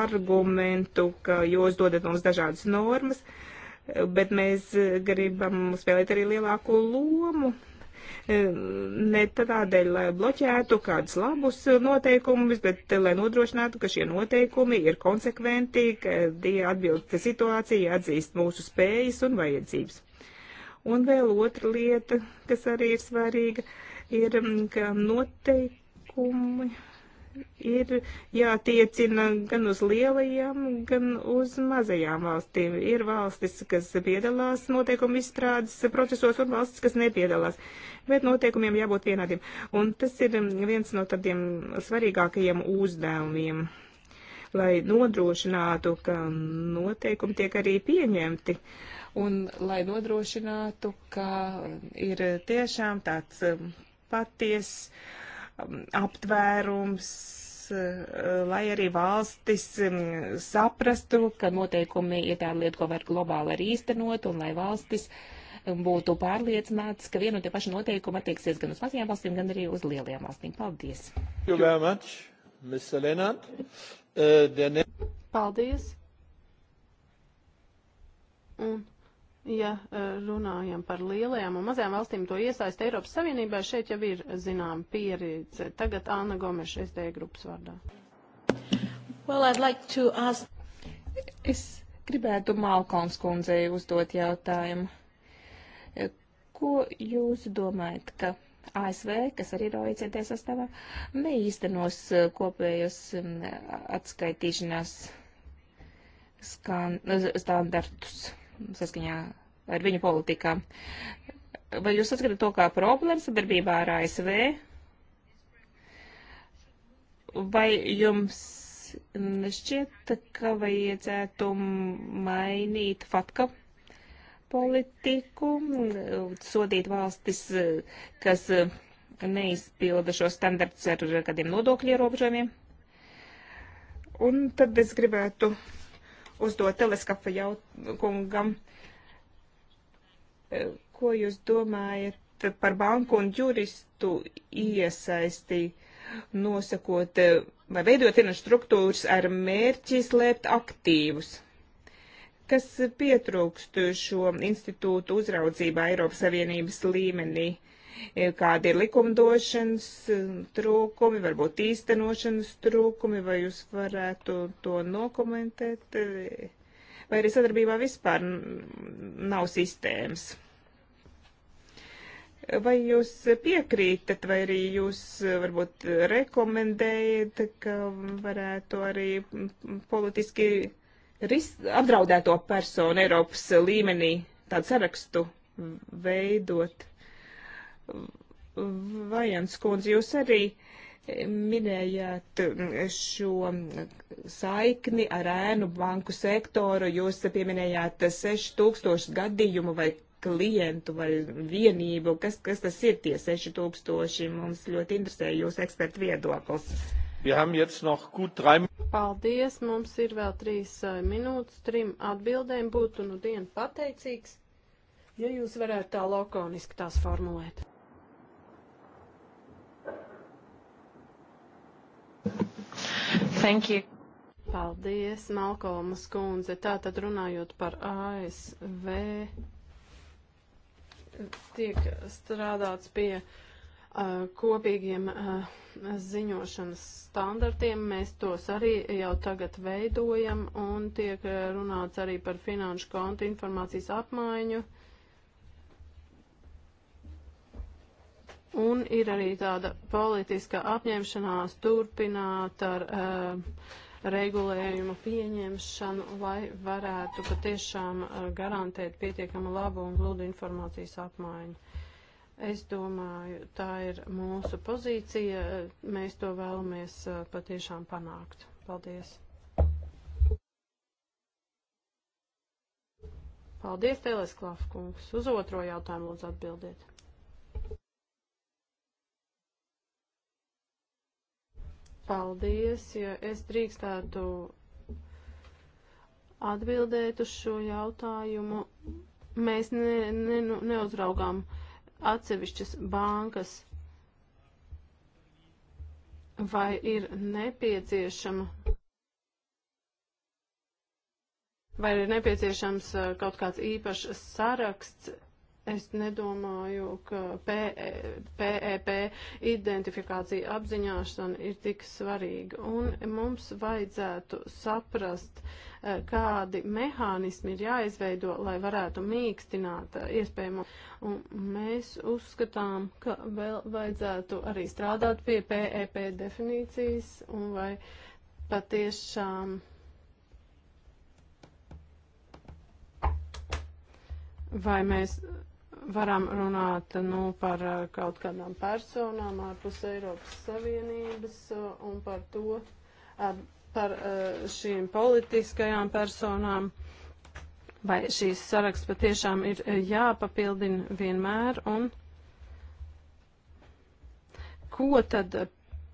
argumentu, ka jūs dodat mums dažādas normas, bet mēs gribam spēlēt arī lielāko lomu e, ne tādēļ, lai bloķētu kādus labus noteikumus, bet lai nodrošinātu, ka šie noteikumi ir konsekventi, ka tie atbilst situācijai, atzīst mūsu spējas un vajadzības. Un vēl otra lieta, kas arī ir svarīga, ir, mm, ka noteikumi ir jātiecina gan uz lielajām, gan uz mazajām valstīm. Ir valstis, kas piedalās noteikumu izstrādes procesos, un valstis, kas nepiedalās. Bet noteikumiem jābūt vienādiem. Un tas ir mm, viens no tādiem svarīgākajiem uzdevumiem, lai nodrošinātu, ka noteikumi tiek arī pieņemti. Uh, un lai nodrošinātu, ka ir tiešām tāds um, paties um, aptvērums, uh, lai arī valstis um, saprastu, ka noteikumi ir tāda lieta, ko var globāli arī īstenot, un lai valstis būtu pārliecināts, ka viena un tie paši noteikumi attieksies gan uz mazajām valstīm, gan arī uz lielajām valstīm. Paldies! Uh, Paldies! Un Ja e, runājam par lielajām un mazajām valstīm, to iesaist Eiropas Savienībā, šeit jau ir zinām pieredze. Tagad Anna Gomeša SD grupas vārdā. Well, I'd like to ask... Es gribētu Malkoms kundzei uzdot jautājumu. E, ko jūs domājat, ka ASV, kas arī ir OECD sastāvā, neīstenos e, kopējos atskaitīšanās skan... standartus? saskaņā ar viņu politikām. Vai jūs uzskatāt to kā problēmu sadarbībā ar ASV? Vai jums šķiet, ka vajadzētu mainīt fatka politiku, sodīt valstis, kas neizpilda šo standarts ar kādiem nodokļu ierobežojumiem? Un tad es gribētu uzdot teleskafa jautājumam. E, ko jūs domājat par banku un juristu iesaisti nosakot e, vai veidot finanšu struktūras ar mērķi slēpt aktīvus? Kas pietrūkst šo institūtu uzraudzībā Eiropas Savienības līmenī? Uh, E, kādi ir likumdošanas e, trūkumi, varbūt īstenošanas trūkumi, vai jūs varētu to nokomentēt, e, vai arī sadarbībā vispār nav sistēmas. Vai jūs piekrītat, vai arī jūs varbūt rekomendējat, ka varētu arī politiski ris, apdraudēto personu Eiropas līmenī tādu sarakstu veidot? Vajans kundze, jūs arī minējāt šo saikni ar ēnu banku sektoru, jūs pieminējāt 6000 gadījumu vai klientu vai vienību, kas, kas tas ir tie 6000, mums ļoti interesē jūs ekspertu viedoklis. Paldies, mums ir vēl trīs minūtes, trim atbildēm būtu nu dienu pateicīgs, ja jūs varētu tā lokoniski tās formulēt. Thank you. Paldies, Malkolmas kundze. Tātad runājot par ASV, tiek strādāts pie uh, kopīgiem uh, ziņošanas standartiem. Mēs tos arī jau tagad veidojam un tiek runāts arī par finanšu kontu informācijas apmaiņu. Uh, Un ir arī tāda politiska apņemšanās turpināt ar uh, regulējumu pieņemšanu, lai varētu patiešām uh, garantēt pietiekama labu un gludu informācijas apmaiņu. Es domāju, tā ir mūsu pozīcija. Mēs to vēlamies uh, patiešām panākt. Paldies! Paldies, Telesklāf kungs. Uz otro jautājumu lūdzu atbildiet. Paldies, ja es drīkstētu atbildēt uz šo jautājumu. Mēs ne, ne, nu, neuzraugām atsevišķas bankas, vai ir nepieciešama. Vai ir nepieciešams uh, kaut kāds īpašs saraksts Es nedomāju, ka PEP e identifikācija apziņāšana ir tik svarīga. Un mums vajadzētu saprast, eh, kādi mehānismi ir jāizveido, lai varētu mīkstināt eh, iespējamo. Un mēs uzskatām, ka vēl vajadzētu arī strādāt pie PEP e definīcijas un vai patiešām. Vai mēs varam runāt nu, par eh, kaut kādām personām ārpus Eiropas Savienības eh, un par to, eh, par šīm politiskajām personām. Vai šīs saraksts patiešām ir jāpapildina vienmēr un ko tad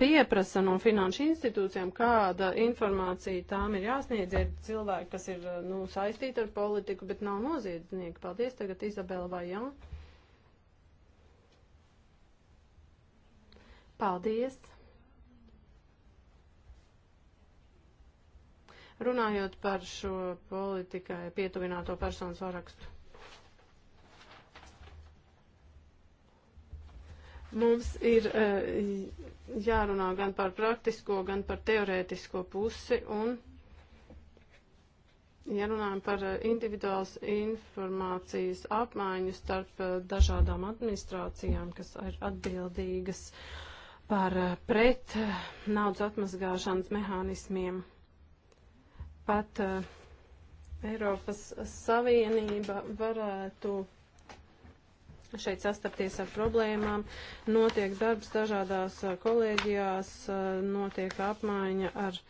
pieprasa no finanšu institūcijām, kāda informācija tām ir jāsniedz, ir cilvēki, kas ir eh, nu, saistīti ar politiku, bet nav noziedznieki. Paldies, tagad Izabela Vajan. Paldies! Runājot par šo politikai pietuvināto personu sarakstu. Mums ir eh, jārunā gan par praktisko, gan par teorētisko pusi un Ja runājam par eh, individuālas informācijas apmaiņu starp eh, dažādām administrācijām, kas ir atbildīgas par pret naudas atmazgāšanas mehānismiem, pat Eiropas Savienība varētu šeit sastapties ar problēmām. Notiek darbs dažādās eh, kolēģijās, eh, notiek apmaiņa ar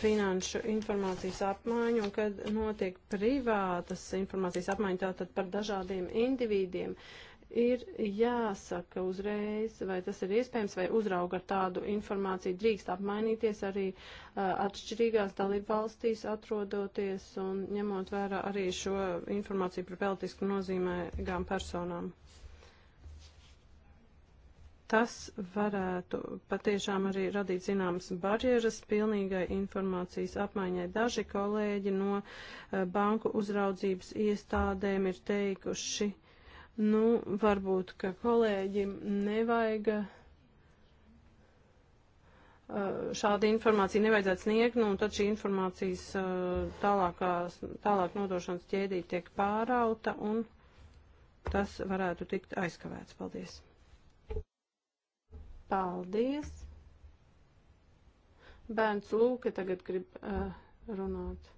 finanšu informācijas apmaiņu, un kad notiek privātas informācijas apmaiņa tātad par dažādiem individiem, uh, ir jāsaka uzreiz, vai tas ir iespējams, vai uzrauga ar tādu informāciju drīkst apmainīties arī uh, atšķirīgās dalību valstīs atrodoties un ņemot vērā arī šo informāciju par politisku nozīmēgām personām. Tas varētu patiešām arī radīt zināmas barjeras pilnīgai informācijas apmaiņai. Daži kolēģi no uh, banku uzraudzības iestādēm ir teikuši, uh, Nu, varbūt, ka kolēģim nevajag uh, šāda informācija nevajadzētu sniegt, nu, un tad šī informācijas uh, tālākās, tālāk nodošanas ķēdī tiek pārauta, un tas varētu tikt aizkavēts. Paldies! Paldies! Bērns Lūke tagad grib uh, runāt.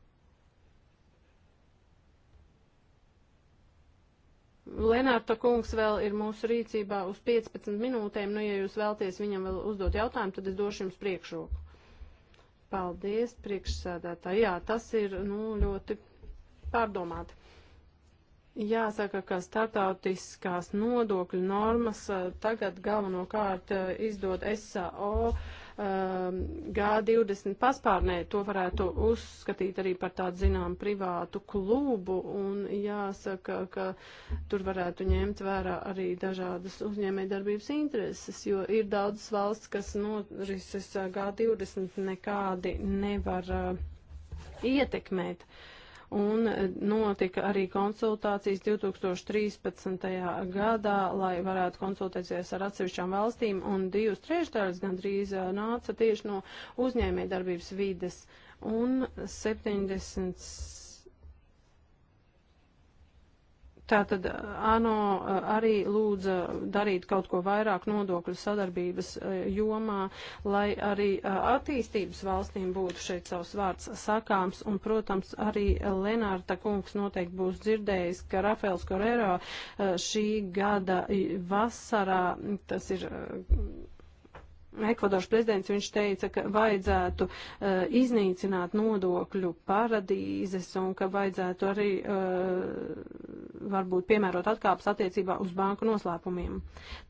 Lenārta kungs vēl ir mūsu rīcībā uz 15 minūtēm. Nu, ja jūs vēlties viņam vēl uzdot jautājumu, tad es došu jums priekšroku. Paldies, priekšsēdētāji. Jā, tas ir nu, ļoti pārdomāti. Jāsaka, ka startautiskās nodokļu normas eh, tagad galvenokārt eh, izdod SAO um, G20 paspārnē, to varētu uzskatīt arī par tādu zinām privātu klubu un jāsaka, ka tur varētu ņemt vērā arī dažādas uzņēmējdarbības intereses, jo ir daudzas valsts, kas norises uh, G20 nekādi nevar uh, ietekmēt. Uh, un e, notika arī konsultācijas 2013. gadā, lai varētu konsultēties ar atsevišķām valstīm, un divas trešdaļas gandrīz e, nāca tieši no uzņēmē darbības vides, un 70. Tātad uh, ANO uh, arī lūdza darīt kaut ko vairāk nodokļu sadarbības uh, jomā, lai arī attīstības valstīm būtu šeit savs vārds sakāms. Un, protams, arī Lenārta kungs noteikti būs dzirdējis, ka Rafēls Korero šī gada vasarā, tas ir Ekvadoras prezidents viņš teica, ka vajadzētu uh, iznīcināt nodokļu paradīzes un ka vajadzētu arī uh, varbūt piemērot atkāpes attiecībā uz banku noslēpumiem.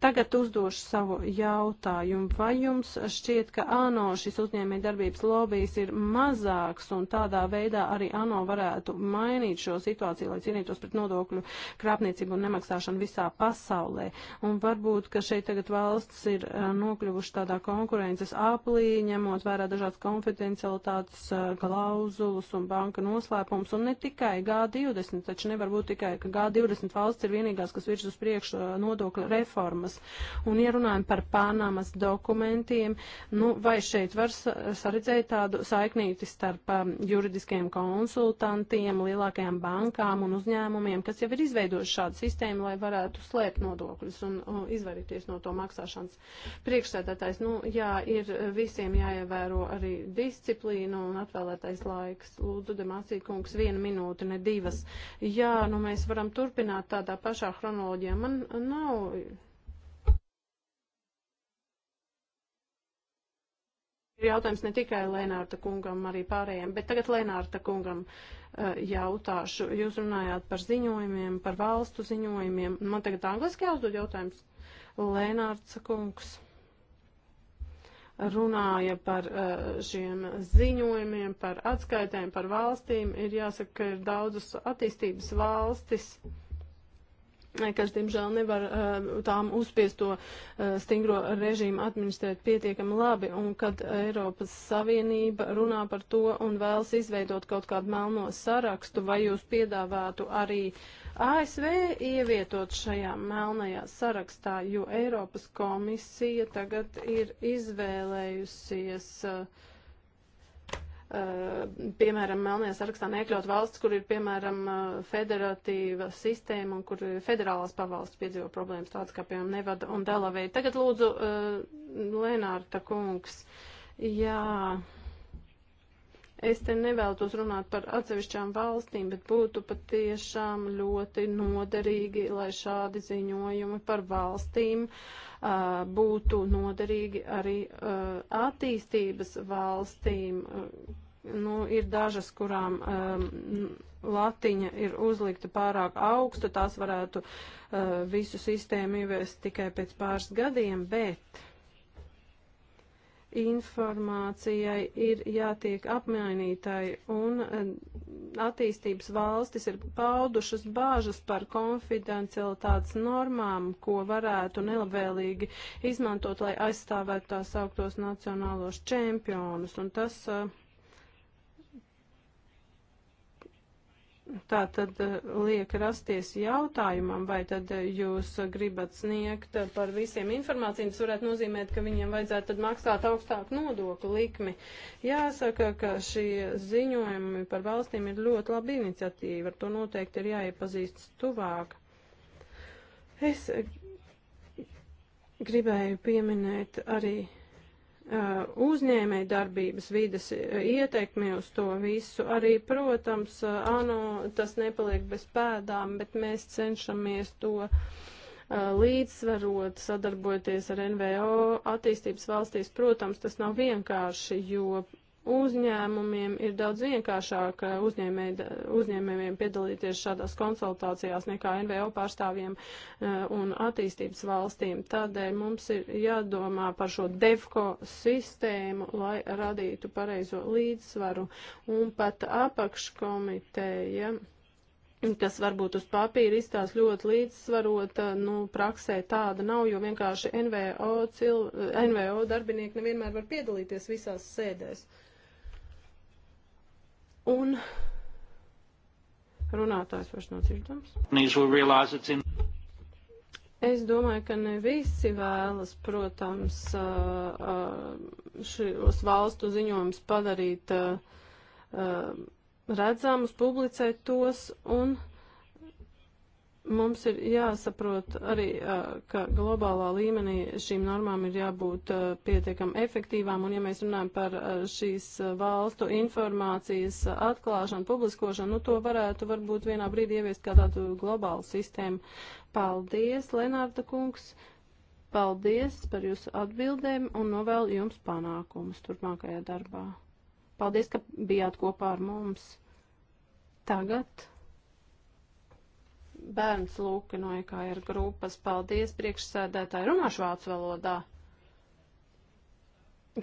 Tagad uzdošu savu jautājumu. Vai jums šķiet, ka ANO šis uzņēmē darbības lobijs ir mazāks un tādā veidā arī ANO varētu mainīt šo situāciju, lai cīnītos pret nodokļu krāpniecību un nemaksāšanu visā pasaulē? Un varbūt, ka šeit tagad valsts ir uh, nokļuvuši tādā Uh, konkurences aplī, ņemot vērā dažādas konfidencialitātes uh, klauzulas un banka noslēpums. Un ne tikai G20, taču nevar būt tikai, ka G20 valsts ir vienīgās, kas virz uz priekšu uh, nodokļa reformas. Un, ja runājam par Panamas dokumentiem, nu, vai šeit var saredzēt tādu saiknīti starp um, juridiskiem konsultantiem, lielākajām bankām un uzņēmumiem, kas jau ir izveidojuši šādu sistēmu, lai varētu slēpt nodokļus un, un izvairīties no to maksāšanas priekšsēdētājs nu, jā, ir visiem jāievēro arī disciplīna un atvēlētais laiks. Lūdzu, Demasī kungs, viena minūte, ne divas. Jā, nu mēs varam turpināt tādā pašā chronoloģijā. Man nav. Ir jautājums ne tikai Lenārta kungam, arī pārējiem, bet tagad Lenārta kungam eh, jautāšu. Jūs runājāt par ziņojumiem, par valstu ziņojumiem. Man tagad angliski jāuzdod jautājums. Lenārds kungs runāja par eh, šiem ziņojumiem, par atskaitēm, par valstīm, ir jāsaka, ka ir daudzas attīstības valstis, kas, diemžēl, nevar eh, tām uzspiest to eh, stingro režīmu administrēt pietiekami labi, un kad Eiropas Savienība runā par to un vēlas izveidot kaut kādu melno sarakstu, vai jūs piedāvātu arī ASV ievietot šajā melnajā sarakstā, jo Eiropas komisija tagad ir izvēlējusies uh, Uh, piemēram, Melnajā sarakstā neiekļaut valsts, kur ir, piemēram, uh, federatīva sistēma un kur federālās pavalsts piedzīvo problēmas tādas kā, piemēram, Nevada un Delavēja. Tagad lūdzu, uh, Lenārta kungs, jā, es te nevēlētos runāt par atsevišķām valstīm, bet būtu patiešām ļoti noderīgi, lai šādi ziņojumi par valstīm uh, būtu noderīgi arī uh, attīstības valstīm. Uh, Nu, ir dažas, kurām um, latiņa ir uzlikta pārāk augsta, tās varētu uh, visu sistēmu ieviest tikai pēc pāris gadiem, bet informācijai ir jātiek apmainītai, un eh, attīstības valstis ir paudušas bāžas par konfidencialitātes normām, ko varētu nelabvēlīgi izmantot, lai aizstāvētu tās augtos nacionālos čempionus, un tas uh, Tā tad eh, liek rasties jautājumam, vai tad eh, jūs gribat sniegt eh, par visiem informāciju. Tas varētu nozīmēt, ka viņiem vajadzētu tad maksāt augstāku nodokļu likmi. Jāsaka, ka šie ziņojumi par valstīm ir ļoti laba iniciatīva. Ar to noteikti ir jāiepazīstas tuvāk. Es gribēju pieminēt arī Uh, uzņēmē darbības vides uh, ietekmi uz to visu. Arī, protams, uh, ANO tas nepaliek bez pēdām, bet mēs cenšamies to līdzsvarot, sadarbojoties ar NVO attīstības valstīs. Protams, tas nav vienkārši, jo uzņēmumiem ir daudz vienkāršāk eh, uzņēmē, uzņēmējiem piedalīties šādās konsultācijās nekā NVO pārstāvjiem eh, un attīstības valstīm. Tādēļ mums ir jādomā par šo DEFCO sistēmu, lai radītu pareizo līdzsvaru un pat apakškomiteja kas varbūt uz papīra izstās ļoti līdzsvarota, nu, praksē tāda nav, jo vienkārši NVO, cil... NVO darbinieki nevienmēr var piedalīties visās sēdēs. Uh, Un runātājs vairs nav dzirdams. Es domāju, ka ne visi vēlas, protams, uh, uh, šos valstu ziņojumus padarīt uh, redzamus, publicēt tos un. Mums ir jāsaprot arī, ka globālā līmenī šīm normām ir jābūt pietiekam efektīvām, un ja mēs runājam par šīs valstu informācijas atklāšanu, publiskošanu, nu to varētu varbūt vienā brīdī ieviest kā tādu globālu sistēmu. Paldies, Lenārda kungs! Paldies par jūsu atbildēm un novēlu jums panākumus turpmākajā darbā. Paldies, ka bijāt kopā ar mums. Tagad Bērns Lūka no EKR grupas. Paldies, priekšsēdētāji. Runāšu vācu valodā.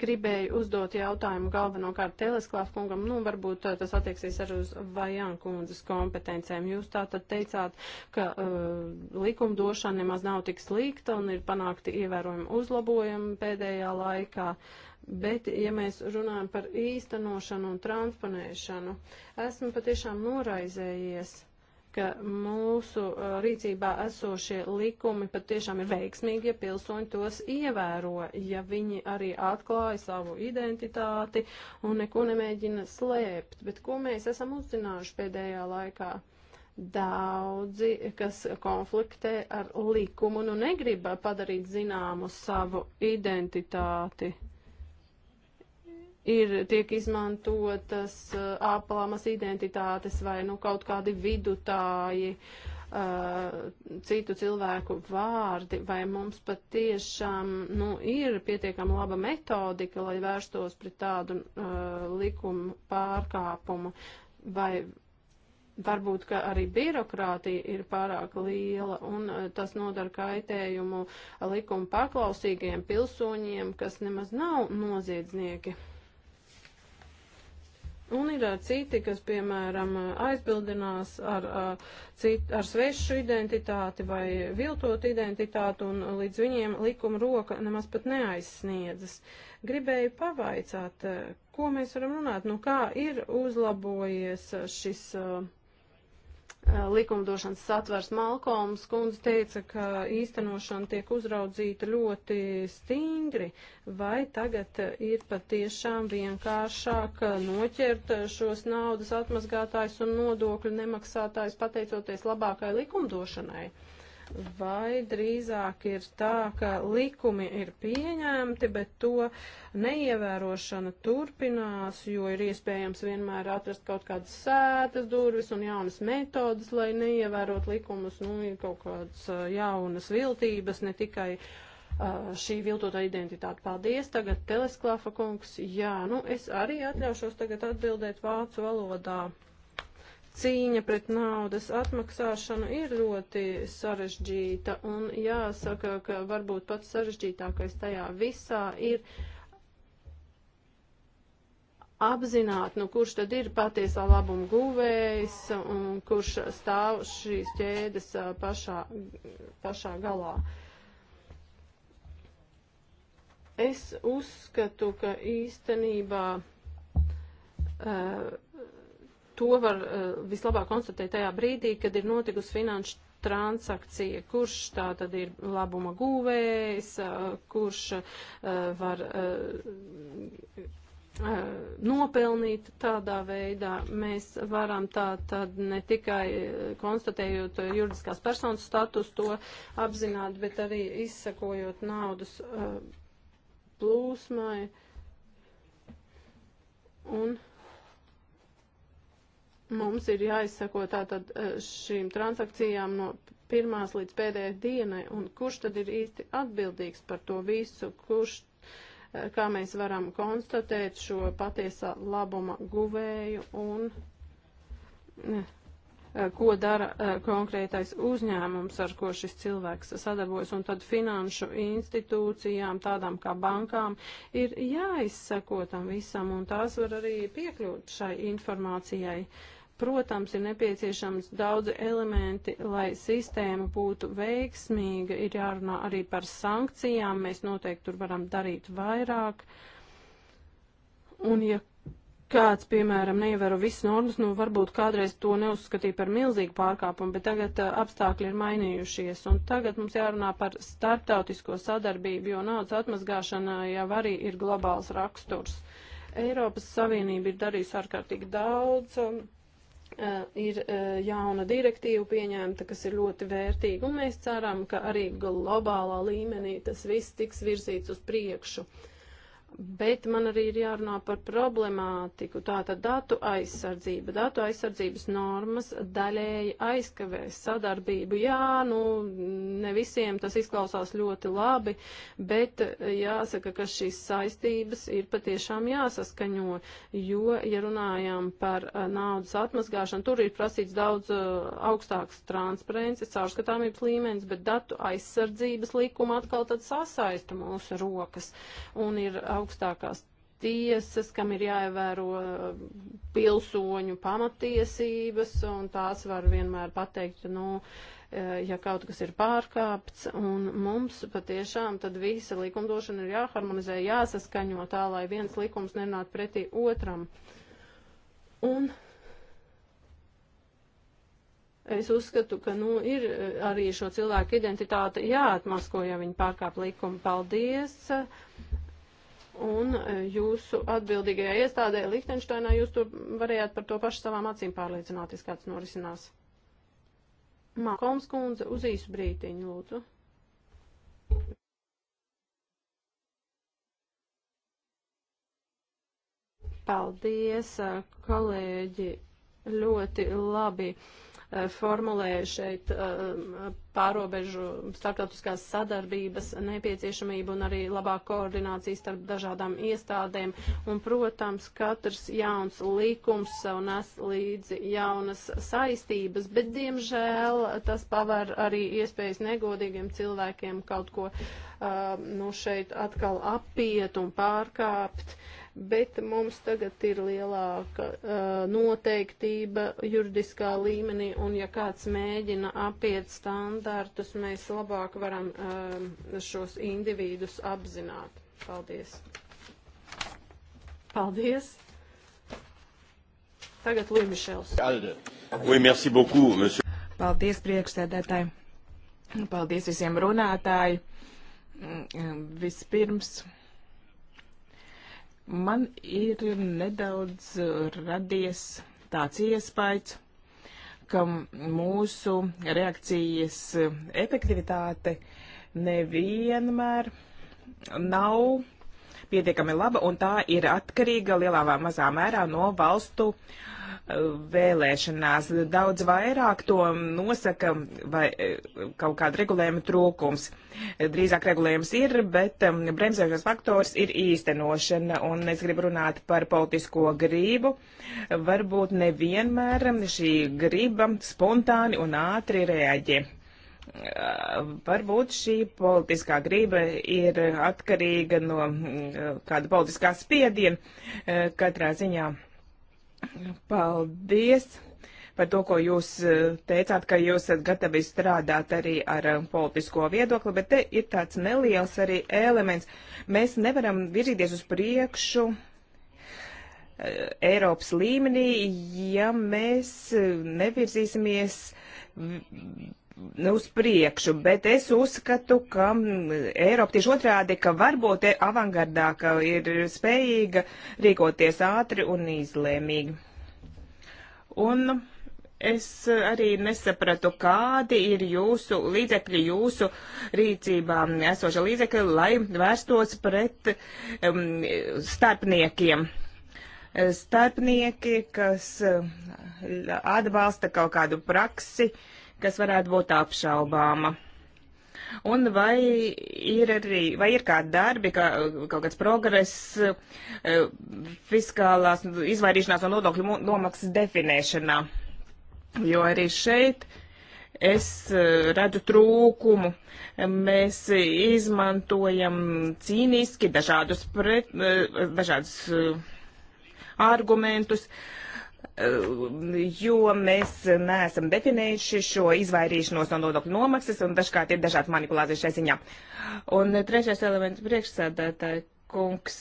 Gribēju uzdot jautājumu galvenokārt Telesklāf kungam, nu varbūt eh, tas attieksies arī uz Vajāna kundzes kompetencēm. Jūs tātad teicāt, ka uh, likumdošana nemaz nav tik slikta un ir panākti ievērojami uzlabojumi pēdējā laikā. Bet, ja mēs runājam par īstenošanu un transponēšanu, esmu patiešām noraizējies ka mūsu rīcībā esošie likumi patiešām ir veiksmīgi, ja pilsoņi tos ievēro, ja viņi arī atklāja savu identitāti un neko nemēģina slēpt. Bet ko mēs esam uzzinājuši pēdējā laikā? Daudzi, kas konfliktē ar likumu, nu negrib padarīt zināmu savu identitāti ir tiek izmantotas āpalāmas identitātes vai nu kaut kādi vidutāji, citu cilvēku vārdi, vai mums pat tiešām nu, ir pietiekama laba metodika, lai vērstos pret tādu uh, likumu pārkāpumu, vai varbūt, ka arī birokrātija ir pārāk liela un tas nodara kaitējumu likuma paklausīgiem pilsoņiem, kas nemaz nav noziedznieki. Un ir citi, kas, piemēram, aizbildinās ar, cit, ar svešu identitāti vai viltot identitāti, un līdz viņiem likuma roka nemaz pat neaizsniedzas. Gribēju pavaicāt, ko mēs varam runāt, nu kā ir uzlabojies šis. Uh, Uh, likumdošanas satvers Malkoms kundze teica, ka īstenošana tiek uzraudzīta ļoti stingri, vai tagad ir patiešām vienkāršāk noķert šos naudas atmazgātājus un nodokļu nemaksātājus pateicoties labākai likumdošanai? Uh, vai drīzāk ir tā, ka likumi ir pieņemti, bet to neievērošana turpinās, jo ir iespējams vienmēr atrast kaut kādas sētas durvis un jaunas metodas, lai neievērot likumus, nu, ir kaut kādas jaunas viltības, ne tikai uh, šī viltotā identitāte. Paldies, tagad Telesklāfa kungs. Jā, nu, es arī atļaušos tagad atbildēt vācu valodā cīņa pret naudas atmaksāšanu ir ļoti sarežģīta, un jāsaka, ka varbūt pats sarežģītākais tajā visā ir apzināt, nu kurš tad ir patiesā labuma guvējs un kurš stāv šīs ķēdes pašā, pašā galā. Es uzskatu, ka īstenībā uh, To var uh, vislabāk konstatēt tajā brīdī, kad ir notikusi finanšu transakcija, kurš tā tad ir labuma guvējs, uh, kurš uh, var uh, nopelnīt tādā veidā. Mēs varam tā tad ne tikai konstatējot juridiskās personas status to apzināt, bet arī izsakojot naudas plūsmai. Un Mums ir jāizsako tātad eh, šīm transakcijām no pirmās līdz pēdējai dienai, un kurš tad ir īsti atbildīgs par to visu, kurš, eh, kā mēs varam konstatēt šo patiesā labuma guvēju un eh, ko dara konkrētais uzņēmums, ar ko šis cilvēks sadarbojas, un tad finanšu institūcijām, tādām kā bankām, ir jāizsako tam visam, un tās var arī piekļūt šai informācijai. Uh, Protams, ir nepieciešams daudzi elementi, lai sistēma būtu veiksmīga. Ir jārunā arī par sankcijām. Mēs noteikti tur varam darīt vairāk. Un, ja kāds, piemēram, neievēro visas normas, nu varbūt kādreiz to neuzskatīja par milzīgu pārkāpumu, bet tagad uh, apstākļi ir mainījušies. Un tagad mums jārunā par startautisko sadarbību, jo naudas atmazgāšana jau arī ir globāls raksturs. Eiropas Savienība ir darījusi ārkārtīgi daudz. Um, ir jauna direktīva pieņemta, kas ir ļoti vērtīga, un mēs ceram, ka arī globālā līmenī tas viss tiks virzīts uz priekšu. Uh, Bet man arī ir jārunā par problemātiku. Tātad datu aizsardzība. Datu aizsardzības normas daļēji aizkavē sadarbību. Jā, nu, ne visiem tas izklausās ļoti labi, bet jāsaka, ka šīs saistības ir patiešām jāsaskaņo, jo, ja runājam par eh, naudas atmazgāšanu, tur ir prasīts daudz eh, augstāks transparences, caurskatāmības līmenis, bet datu aizsardzības likuma atkal tad sasaista mūsu rokas. Un ir augstākās tiesas, kam ir jāievēro eh, pilsoņu pamatiesības, un tās var vienmēr pateikt, nu, eh, ja kaut kas ir pārkāpts, un mums patiešām tad visa likumdošana ir jāharmonizē, jāsaskaņo tā, lai viens likums nenāk pretī otram. Un Es uzskatu, ka nu, ir eh, arī šo cilvēku identitāte jāatmasko, ja viņi pārkāp likumu. Paldies! Un e, jūsu atbildīgajā iestādē Lihtenšteinā jūs tur varējāt par to pašu savām acīm pārliecināties, kāds norisinās. Mākoms kundze uz īsu brītiņu, lūdzu. Paldies, e, kolēģi, ļoti labi. Uh, Eh, formulēja šeit eh, pārobežu starptautiskās sadarbības nepieciešamību un arī labāk koordināciju starp dažādām iestādēm. Un, protams, katrs jauns likums sev nes līdzi jaunas saistības, bet, diemžēl, tas paver arī iespējas negodīgiem cilvēkiem kaut ko uh, nu, šeit atkal apiet un pārkāpt. Uh, bet mums tagad ir lielāka uh, noteiktība juridiskā līmenī, un ja kāds mēģina apiet standartus, mēs labāk varam uh, šos individus apzināt. Paldies! Paldies! Tagad Louis Michels. Oui, merci beaucoup, monsieur. Paldies priekšsēdētāji. Paldies visiem runātāji. Mm, vispirms man ir nedaudz uh, radies tāds iespējas, ka mūsu reakcijas uh, efektivitāte nevienmēr nav pietiekami laba, un tā ir atkarīga lielā vai mazā mērā no valstu uh, vēlēšanās. Daudz vairāk to nosaka vai e, kaut kāda regulējuma trūkums. Drīzāk regulējums ir, bet um, bremzēšanas faktors ir īstenošana, un es gribu runāt par politisko grību. Varbūt nevienmēr šī griba spontāni un ātri reaģē. Varbūt šī politiskā grība ir atkarīga no mm, kāda politiskā spiediena e, katrā ziņā Paldies par to, ko jūs eh, teicāt, ka jūs esat gatavi strādāt arī ar eh, politisko viedokli, bet te ir tāds neliels arī elements. Mēs nevaram virzīties uz priekšu eh, Eiropas līmenī, ja mēs nevirzīsimies Nu, uz priekšu, bet es uzskatu, ka mm, Eiropa tieši otrādi, ka varbūt avangardā, ka ir spējīga rīkoties ātri un izlēmīgi. Un es arī nesapratu, kādi ir jūsu līdzekļi, jūsu rīcībā esoša līdzekļi, lai vērstos pret um, starpniekiem. Starpnieki, kas mm, atbalsta kaut kādu praksi, uh, kas varētu būt apšaubāma. Un vai ir arī, vai ir kādi darbi, kā, kaut kāds progress e, fiskālās izvairīšanās no nodokļu nomaksas definēšanā? Jo arī šeit es e, redzu trūkumu. Mēs izmantojam cīniski dažādus, pret, e, dažādus argumentus. Uh, Eh, jo mēs neesam definējuši šo izvairīšanos no nodokļu nomaksas, un dažkārt ir dažādi manipulācijas šai ziņā. Un trešais elements priekšsēdētāji, kungs,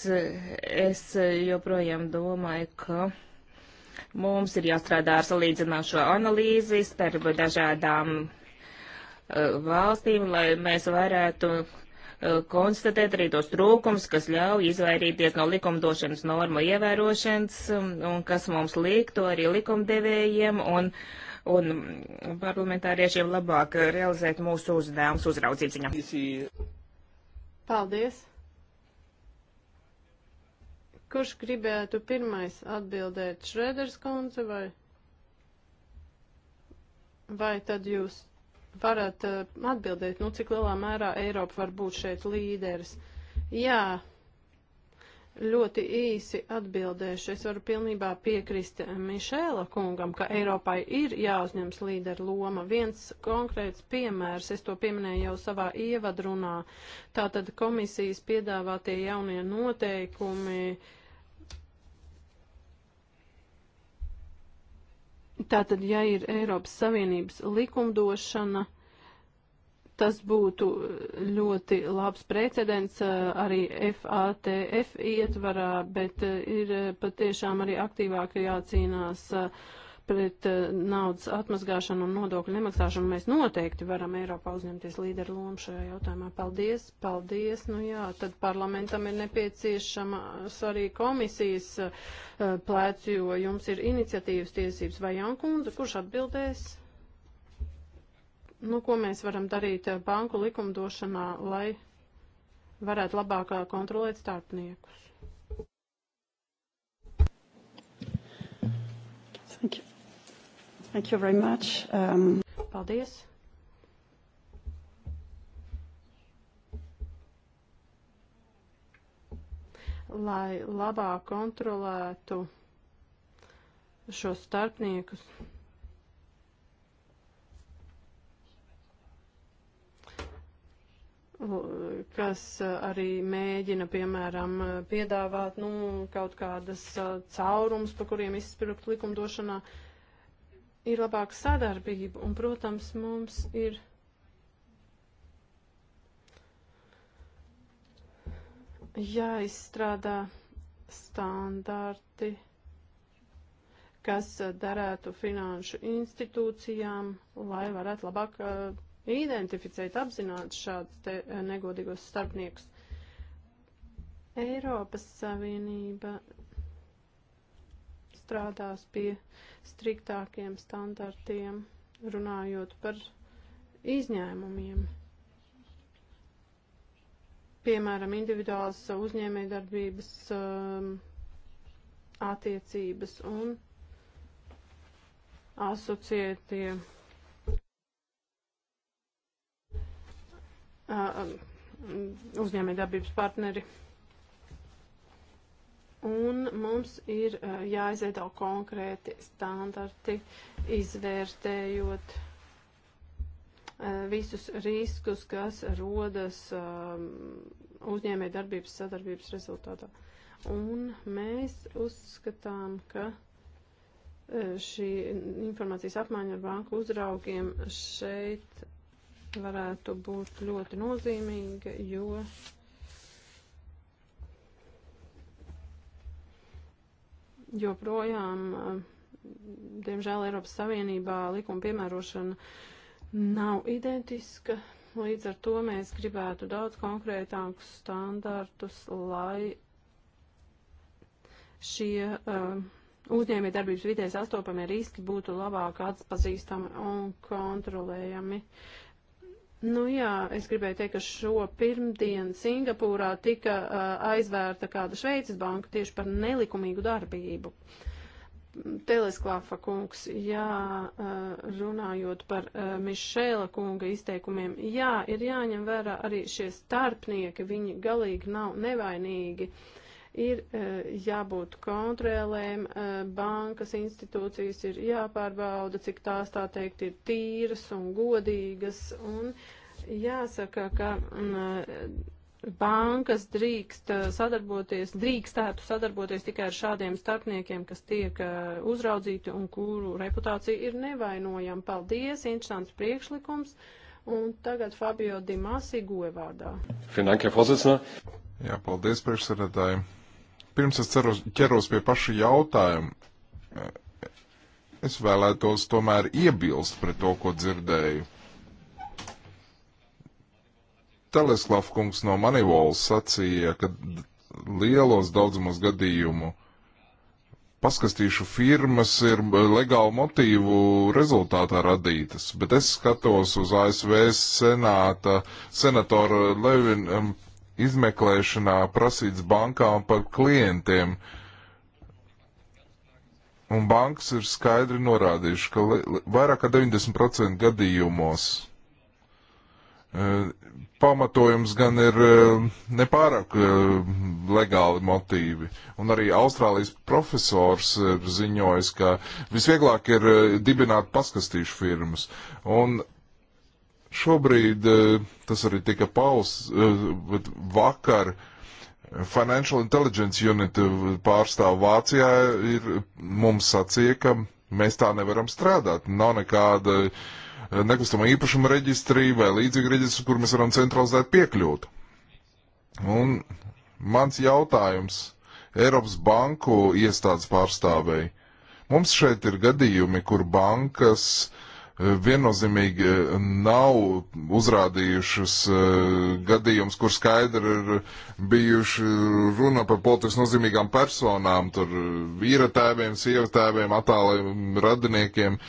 es joprojām domāju, ka mums ir jāstrādā ar salīdzināšo analīzi starp dažādām eh, valstīm, lai mēs varētu konstatēt arī tos trūkums, kas ļauj izvairīties no likumdošanas normu ievērošanas um, un kas mums liektu arī likumdevējiem un, un parlamentāriešiem labāk realizēt mūsu uzdevums uzraudzīt ziņā. Paldies! Kurš gribētu pirmais atbildēt? Šreders kundze vai? Vai tad jūs varat eh, atbildēt, nu, cik lielā mērā Eiropa var būt šeit līderis? Jā, ļoti īsi atbildēšu. Es varu pilnībā piekrist eh, Mišēla kungam, ka Eiropai ir jāuzņems līderu loma. Viens konkrēts piemērs, es to pieminēju jau savā ievadrunā, tātad komisijas piedāvātie jaunie noteikumi. Uh, Tātad, ja ir Eiropas Savienības likumdošana, tas būtu ļoti labs precedents arī FATF ietvarā, bet ir patiešām arī aktīvāk jācīnās uh, pret eh, naudas atmazgāšanu un nodokļu nemaksāšanu mēs noteikti varam Eiropā uzņemties līderu lomu šajā jautājumā. Paldies, paldies. Nu jā, tad parlamentam ir nepieciešamas arī komisijas eh, plēc, jo jums ir iniciatīvas tiesības vai Jankundze, kurš atbildēs? Nu, ko mēs varam darīt eh, banku likumdošanā, lai varētu labāk kontrolēt starpniekus? Thank you. Thank you very much. Um... Paldies. Lai labāk kontrolētu šos starpniekus, kas arī mēģina, piemēram, piedāvāt nu, kaut kādas uh, caurums, pa kuriem izspirkt likumdošanā. Uh, ir labāka sadarbība, un, protams, mums ir jāizstrādā standarti, kas darētu finanšu institūcijām, lai varētu labāk uh, identificēt, apzināt šādus te uh, negodīgos starpniekus. Eiropas Savienība strādās pie striktākiem standartiem, runājot par izņēmumiem. Piemēram, individuālas uzņēmējdarbības um, attiecības un asociētie uh, um, uzņēmējdarbības partneri un mums ir eh, jāizveido konkrēti standarti, izvērtējot eh, visus riskus, kas rodas ehm, uzņēmē darbības sadarbības rezultātā. Un mēs uzskatām, ka eh, šī informācijas apmaiņa ar banku uzraugiem šeit varētu būt ļoti nozīmīga, jo joprojām, eh, diemžēl, Eiropas Savienībā likuma piemērošana nav identiska. Līdz ar to mēs gribētu daudz konkrētākus standartus, lai šie uh, uzņēmē darbības vidē sastopamie riski būtu labāk atpazīstami un kontrolējami. Uh, Nu jā, es gribēju teikt, ka šo pirmdienu Singapūrā tika uh, aizvērta kāda Šveices banka tieši par nelikumīgu darbību. Telesklāfa kungs, jā, uh, runājot par uh, Mišēla kunga izteikumiem, jā, ir jāņem vērā arī šie starpnieki, viņi galīgi nav nevainīgi. Uh, Ir e, jābūt kontrolēm, e, bankas institūcijas ir jāpārbauda, cik tās tā teikt ir tīras un godīgas. Un jāsaka, ka. Mm, e, bankas drīkst sadarboties, drīkstētu sadarboties tikai ar šādiem starpniekiem, kas tiek uzraudzīti un kuru reputācija ir nevainojama. Paldies, interesants priekšlikums. Un tagad Fabio Dimasi goja vārdā. Jā, paldies priekšsēdētāji. Pirms es ceros, ķeros pie paša jautājuma, es vēlētos tomēr iebilst pret to, ko dzirdēju. Telesklav kungs no Manivols sacīja, ka lielos daudzumos gadījumu paskatīšu firmas ir legālu motīvu rezultātā radītas, bet es skatos uz ASV senāta, senatora Levina izmeklēšanā prasīts bankām par klientiem. Un bankas ir skaidri norādījuši, ka vairāk kā 90% gadījumos e, pamatojums gan ir e, nepārāk e, legāli motīvi. Un arī Austrālijas profesors ir ziņojis, ka visvieglāk ir dibināt paskastīšu firmas. Un Šobrīd eh, tas arī tika pausts, eh, bet vakar eh, Financial Intelligence Unit pārstāv Vācijā ir mums sacīja, ka mēs tā nevaram strādāt. Nav nekāda nekustamā īpašuma reģistrī vai līdzīga reģistra, kur mēs varam centralizēt piekļūt. Un mans jautājums Eiropas banku iestādes pārstāvēji. Mums šeit ir gadījumi, kur bankas uh, viennozīmīgi eh, nav uzrādījušas eh, gadījums, kur skaidri ir bijuši runa par politiski nozīmīgām personām, tur vīra tēviem, sievatēviem, attāliem radiniekiem.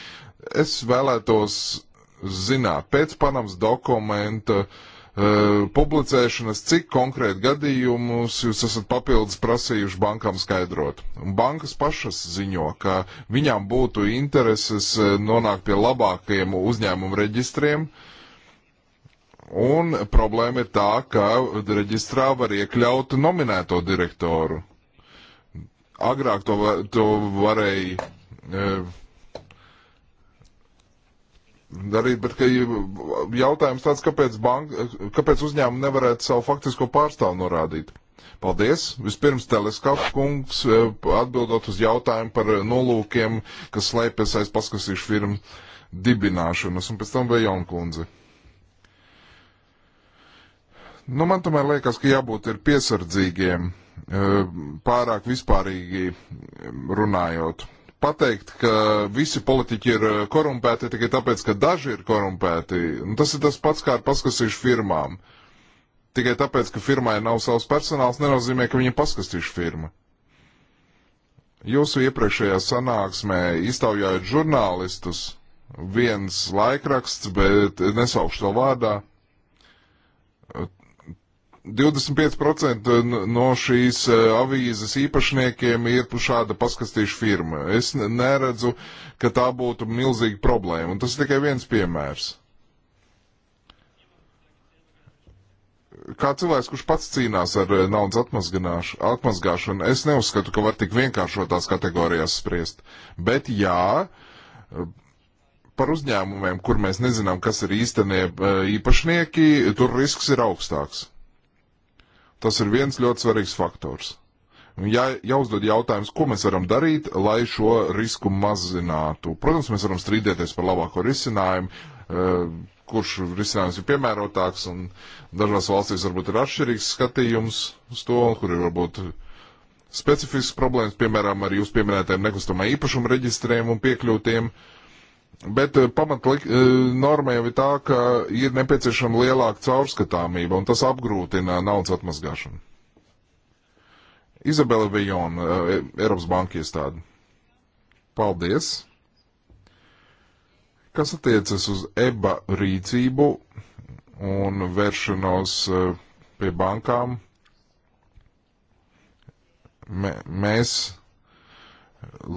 Es vēlētos zināt, pēc Panamas dokumenta uh, publicēšanas, cik konkrēti gadījumus jūs esat papildus prasījuši bankām skaidrot. Un bankas pašas ziņo, ka viņām būtu intereses nonākt pie labākajiem uzņēmumu reģistriem. Un problēma ir tā, ka reģistrā var iekļaut nominēto direktoru. Agrāk to, var, to varēja darīt, bet ka jautājums tāds, kāpēc, banka, kāpēc uzņēmumi nevarētu savu faktisko pārstāvu norādīt? Paldies! Vispirms teleskopu kungs e, atbildot uz jautājumu par nolūkiem, kas slēpjas aiz paskasīšu firmu dibināšanas, un pēc tam vēl jaunkundze. Nu, man tomēr liekas, ka jābūt ir piesardzīgiem, e, pārāk vispārīgi runājot pateikt, ka visi politiķi ir eh, korumpēti tikai tāpēc, ka daži ir korumpēti. Un nu, tas ir tas pats kā ar paskatīšu firmām. Tikai tāpēc, ka firmai nav savs personāls, nenozīmē, ka viņa paskatīšu firma. Jūsu iepriekšējā sanāksmē iztaujājot žurnālistus, viens laikraksts, bet nesaukšu to vārdā, 25% eh, no šīs eh, avīzes īpašniekiem ir šāda paskatīšu firma. Es neredzu, ka tā būtu milzīga problēma, un tas ir tikai viens piemērs. Kā cilvēks, kurš pats cīnās ar eh, naudas atmazgāšanu, es neuzskatu, ka var tik vienkāršotās kategorijās spriest. Bet jā, par uzņēmumiem, kur mēs nezinām, kas ir īstenie īpašnieki, tur risks ir augstāks. Tas ir viens ļoti svarīgs faktors. Jā, jāuzdod jautājums, ko mēs varam darīt, lai šo risku mazinātu. Protams, mēs varam strīdēties par labāko risinājumu, eh, kurš risinājums ir piemērotāks, un dažās valstīs varbūt ir atšķirīgs skatījums uz to, kur ir varbūt specifisks problēmas, piemēram, ar jūs pieminētajiem nekustamā īpašuma reģistriem un piekļūtiem. Uh, Bet eh, pamatnorma eh, jau ir tā, ka ir nepieciešama lielāka caurskatāmība, un tas apgrūtina naudas atmazgāšanu. Izabela Vijona, eh, Eiropas Banka iestāde. Paldies! Kas attiecas uz EBA rīcību un vēršanos pie bankām? Mē, mēs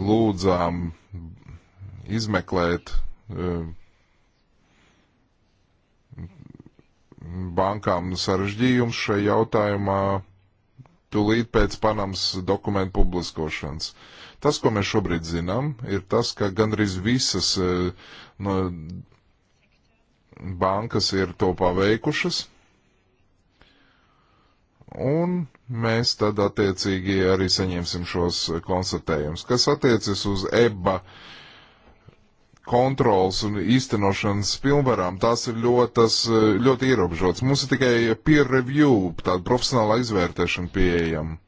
lūdzām izmeklēt eh, bankām sarežģījums šai jautājumā tūlīt pēc Panamas dokumentu publiskošanas. Tas, ko mēs šobrīd zinām, ir tas, ka gandrīz visas eh, no, bankas ir to paveikušas, un mēs tad attiecīgi arī saņemsim šos konstatējumus. Kas attiecas uz EBA uh, kontrols un īstenošanas pilnvarām, tas ir ļoti, tas, eh, ļoti ierobežots. Mums ir tikai peer review, tāda profesionāla izvērtēšana pieejama.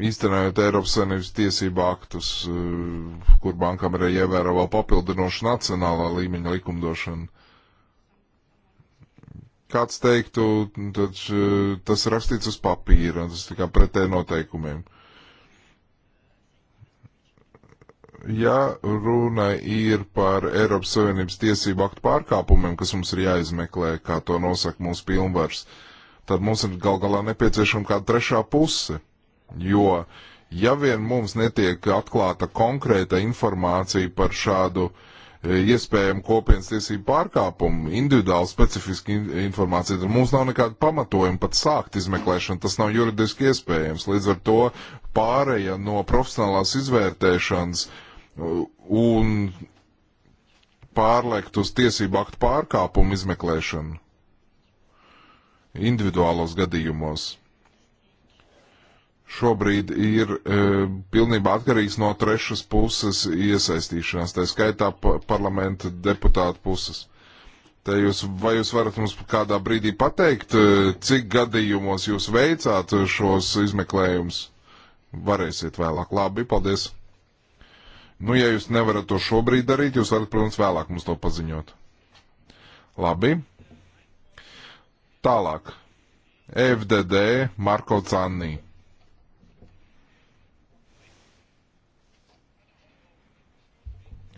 Īstenojot Eiropas Savienības tiesību aktus, eh, kur bankam ir jāievēro vēl papildinošu nacionālā līmeņa likumdošanu. Kāds teiktu, tad eh, tas ir rakstīts uz papīra, tas ir tikai pretēji noteikumiem. Ja runa ir par Eiropas Savienības tiesību aktu pārkāpumiem, kas mums ir jāizmeklē, kā to nosaka mūsu pilnvars, tad mums ir gal galā nepieciešama kāda trešā puse. Jo, ja vien mums netiek atklāta konkrēta informācija par šādu e, iespējamu kopienas tiesību pārkāpumu, individuāli specifiski informācija, tad mums nav nekāda pamatojuma pat sākt izmeklēšanu. Tas nav juridiski iespējams. Līdz ar to pāreja no profesionālās izvērtēšanas uh, un pārlekt uz tiesību aktu pārkāpumu izmeklēšanu individuālos gadījumos. Šobrīd ir e, pilnībā atkarīgs no trešas puses iesaistīšanās, tā skaitā parlamenta deputāta puses. Te jūs, vai jūs varat mums kādā brīdī pateikt, e, cik gadījumos jūs veicāt e, šos izmeklējumus? Varēsiet vēlāk. Labi, paldies! Nu, ja jūs nevarat to šobrīd darīt, jūs varat, protams, vēlāk mums to paziņot. Labi. Tālāk. FDD Marko Cannī.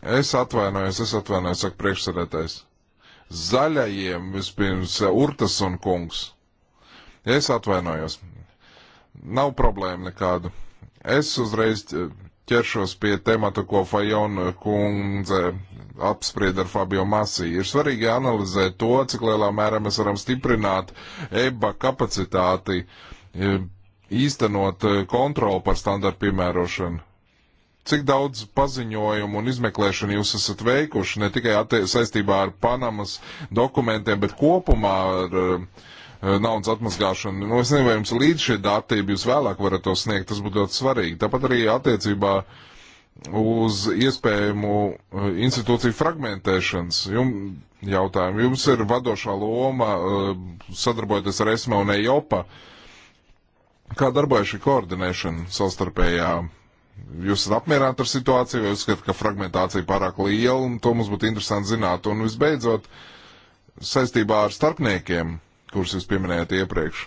Es atvainojos, es atvainojos, saka priekšsēdētājs. Zaļajiem vispirms Urtas un kungs. Es atvainojos. Nav problēma nekādu. Es uzreiz ķeršos pie temata, ko Fajona kundze apspried ar Fabio Masī. Ir svarīgi analizēt to, cik lielā mērā mēs varam stiprināt EBA kapacitāti e, īstenot e, kontroli par standartu piemērošanu. Cik daudz paziņojumu un izmeklēšanu jūs esat veikuši, ne tikai saistībā ar Panamas dokumentiem, bet kopumā ar uh, Eh, naudas atmazgāšanu. Nu, es nezinu, vai jums līdz šie dati, ja jūs vēlāk varat to sniegt, tas būtu ļoti svarīgi. Tāpat arī attiecībā uz iespējamu eh, institūciju fragmentēšanas jums, jautājumu. Jums ir vadošā loma eh, sadarbojoties ar ESMA un EIOPA. Kā darbojas šī koordinēšana savstarpējā? Jūs esat apmierināti ar situāciju, vai uzskatāt, ka fragmentācija pārāk liela, un to mums būtu interesanti zināt. Un visbeidzot, saistībā ar starpniekiem kurus jūs pieminējāt iepriekš.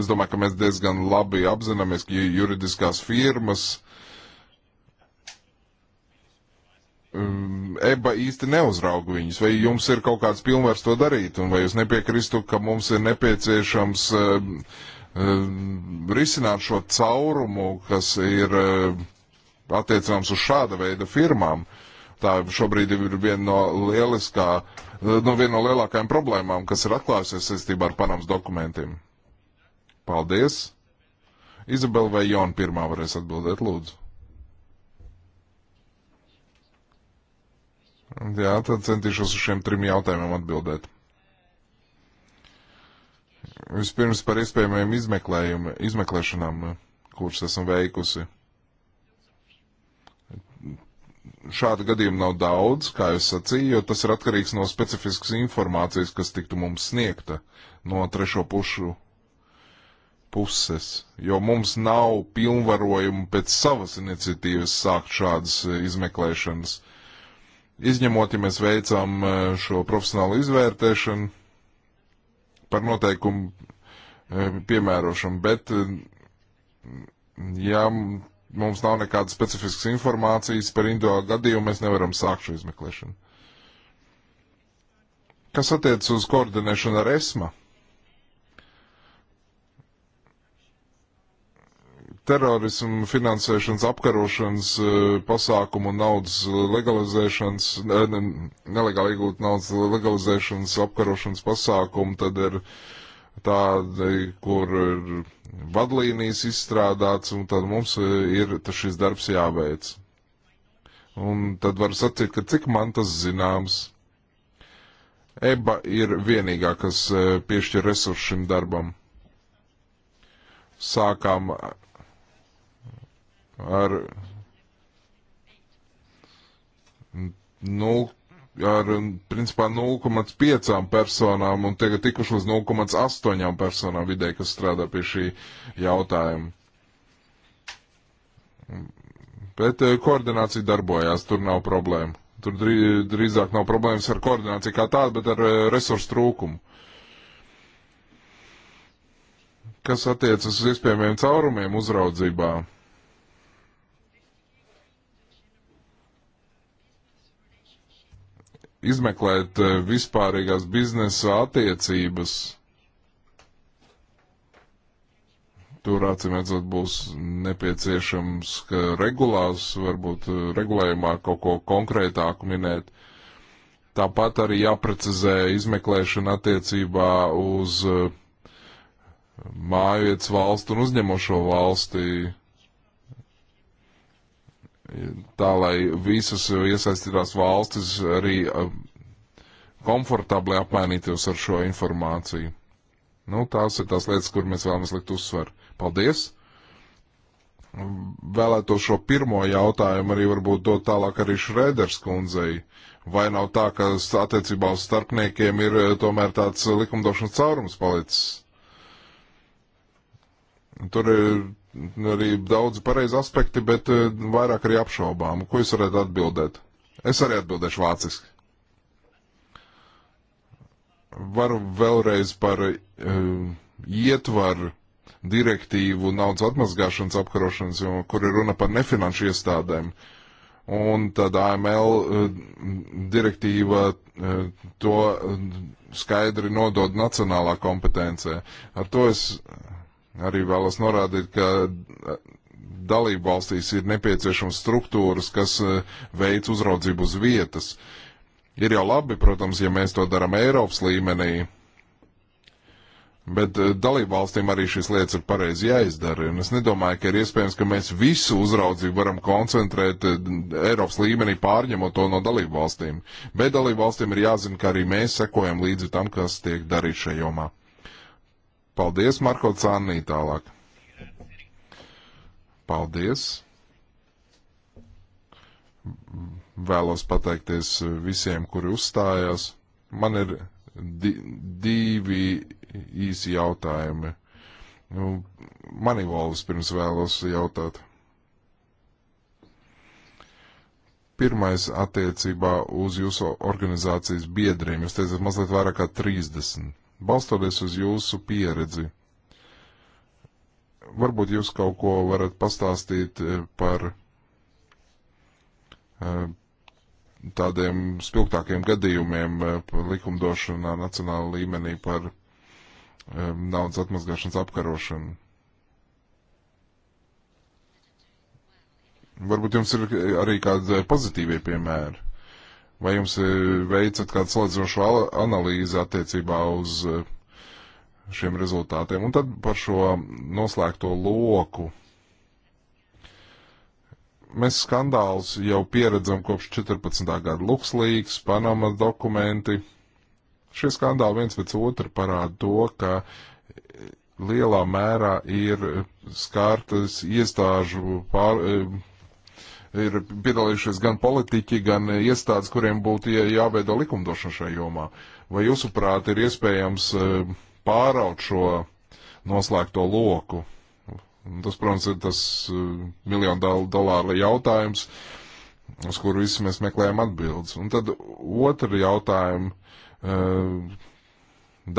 Es domāju, ka mēs diezgan labi apzināmies, ka juridiskās firmas um, EBA īsti neuzrauga viņus. Vai jums ir kaut kāds pilnvars to darīt, un vai jūs nepiekristu, ka mums ir nepieciešams um, um, risināt šo caurumu, kas ir um, attiecināms uz šāda veida firmām? Uh, Tā šobrīd ir viena no, lieliskā, no, viena no lielākajām problēmām, kas ir atklājusies saistībā ar Panamas dokumentiem. Paldies! Izabela vai Jona pirmā varēs atbildēt, lūdzu. Jā, tad centīšos uz šiem trim jautājumiem atbildēt. Vispirms par iespējamiem izmeklējumiem, izmeklēšanām, kuras esam veikusi šādu gadījumu nav daudz, kā jau sacīju, jo tas ir atkarīgs no specifiskas informācijas, kas tiktu mums sniegta no trešo pušu puses, jo mums nav pilnvarojumu pēc savas iniciatīvas sākt šādas e, izmeklēšanas. Izņemot, ja mēs veicam e, šo profesionālu izvērtēšanu par noteikumu e, piemērošanu, bet ja mums nav nekādas specifiskas informācijas par individuālu gadījumu, mēs nevaram sākt šo izmeklēšanu. Kas attiecas uz koordinēšanu ar ESMA? Terorismu finansēšanas, apkarošanas eh, pasākumu un naudas legalizēšanas, eh, ne, nelegāli iegūt naudas legalizēšanas, apkarošanas pasākumu, tad ir uh, tādi, kur ir vadlīnijas izstrādāts, un tad mums ir tad šis darbs jāveic. Un tad var sacīt, ka cik man tas zināms, EBA ir vienīgā, kas e, piešķir resursu šim darbam. Sākām ar 0,8 ar um, principā 0,5 personām un tagad tikuši līdz 0,8 personām vidē, kas strādā pie šī jautājuma. Bet uh, koordinācija darbojās, tur nav problēma. Tur drīzāk nav problēmas ar koordināciju kā tādu, bet ar uh, resursu trūkumu. Kas attiecas uz iespējamiem caurumiem uzraudzībā? izmeklēt eh, vispārīgās biznesa attiecības. Tur acīm redzot būs nepieciešams, ka regulās, varbūt eh, regulējumā kaut ko konkrētāku minēt. Tāpat arī jāprecizē izmeklēšana attiecībā uz eh, mājvietas valstu un uzņemošo valsti tā lai visas iesaistītās valstis arī komfortabli apmainītos ar šo informāciju. Nu, tās ir tās lietas, kur mēs vēlamies likt uzsvaru. Paldies! Vēlētos šo pirmo jautājumu arī varbūt dot tālāk arī Šrēders kundzei. Vai nav tā, ka attiecībā uz starpniekiem ir e, tomēr tāds likumdošanas caurums palicis? Tur ir arī daudz pareizi aspekti, bet eh, vairāk arī apšaubām. Ko jūs varētu atbildēt? Es arī atbildēšu vāciski. Varu vēlreiz par uh, ietvaru direktīvu naudas atmazgāšanas apkarošanas, jo, kur ir runa par nefinanšu iestādēm. Un tad AML uh, eh, direktīva uh, to uh, skaidri nodod nacionālā kompetencē. Ar to es uh, Arī vēlos norādīt, ka eh, dalību valstīs ir nepieciešams struktūras, kas eh, veic uzraudzību uz vietas. Ir jau labi, protams, ja mēs to darām Eiropas līmenī, bet eh, dalību valstīm arī šīs lietas ir pareizi jāizdara. Un es nedomāju, ka ir iespējams, ka mēs visu uzraudzību varam koncentrēt Eiropas līmenī, pārņemot to no dalību valstīm. Bet dalību valstīm ir jāzina, ka arī mēs sekojam līdzi tam, kas tiek darīts šajā jomā. Paldies, Marko Cānī, tālāk. Paldies. Vēlos pateikties visiem, kuri uzstājās. Man ir di divi īsi jautājumi. Nu, Manivols pirms vēlos jautāt. Pirmais attiecībā uz jūsu organizācijas biedriem. Jūs teicat mazliet vairāk kā 30 balstoties uz jūsu pieredzi. Varbūt jūs kaut ko varat pastāstīt eh, par eh, tādiem spilgtākiem gadījumiem eh, likumdošanā nacionāla līmenī par naudas atmazgāšanas apkarošanu. Varbūt jums ir arī kādi pozitīvie piemēri. Vai jums veicat kādu slēdzošu analīzi attiecībā uz eh, šiem rezultātiem? Un tad par šo noslēgto loku. Mēs skandālus jau pieredzam kopš 14. gada Luxlīks, Panamas dokumenti. Šie skandāli viens pēc otra parāda to, ka lielā mērā ir skārtas iestāžu pār, eh, ir piedalījušies gan politiķi, gan iestādes, kuriem būtu jāveido likumdošana šajā jomā. Vai jūsuprāt ir iespējams e, pāraut šo noslēgto loku? Tas, protams, ir tas e, miljonu dolāru jautājums, uz kuru visi mēs meklējam atbildes. Un tad otra jautājuma e,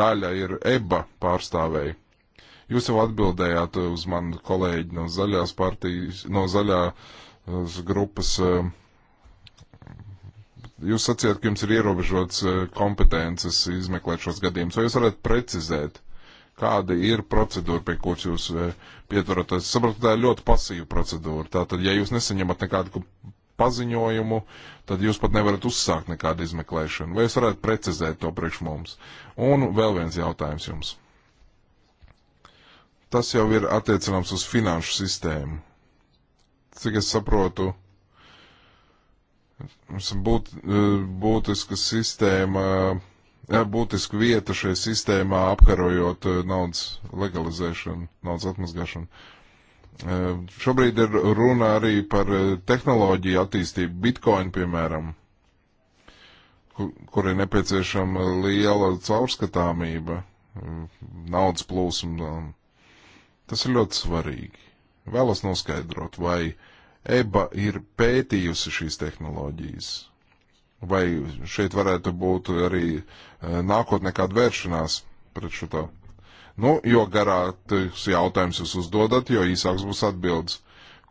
daļa ir EBA pārstāvēja. Jūs jau atbildējāt uz manu kolēģi no zaļās partijas, no zaļā uh, grupas. Eh, jūs sacījāt, ka jums ir ierobežots eh, kompetences izmeklēt šos gadījumus. Vai jūs varētu precizēt, kāda ir procedūra, pie kuras jūs eh, pieturaties? Saprotu, tā ir ļoti pasīva procedūra. Tātad, ja jūs nesaņemat nekādu paziņojumu, tad jūs pat nevarat uzsākt nekādu izmeklēšanu. Vai jūs varētu precizēt to priekš mums? Un vēl viens jautājums jums. Tas jau ir attiecināms uz finanšu sistēmu. Cik es saprotu, mums būt, e, būtiska sistēma, e, būtiska vieta šajā sistēmā apkarojot e, naudas legalizēšanu, naudas atmazgāšanu. Šobrīd ir runa arī par tehnoloģiju attīstību, bitcoin piemēram, kur ir nepieciešama liela caurskatāmība, naudas plūsma. Tas ir ļoti svarīgi. Vēlos noskaidrot, vai EBA ir pētījusi šīs tehnoloģijas, vai šeit varētu būt arī e, nākotnē kāda vēršanās pret šo tā. Nu, jo garāks jautājums jūs uzdodat, jo īsāks būs atbildes.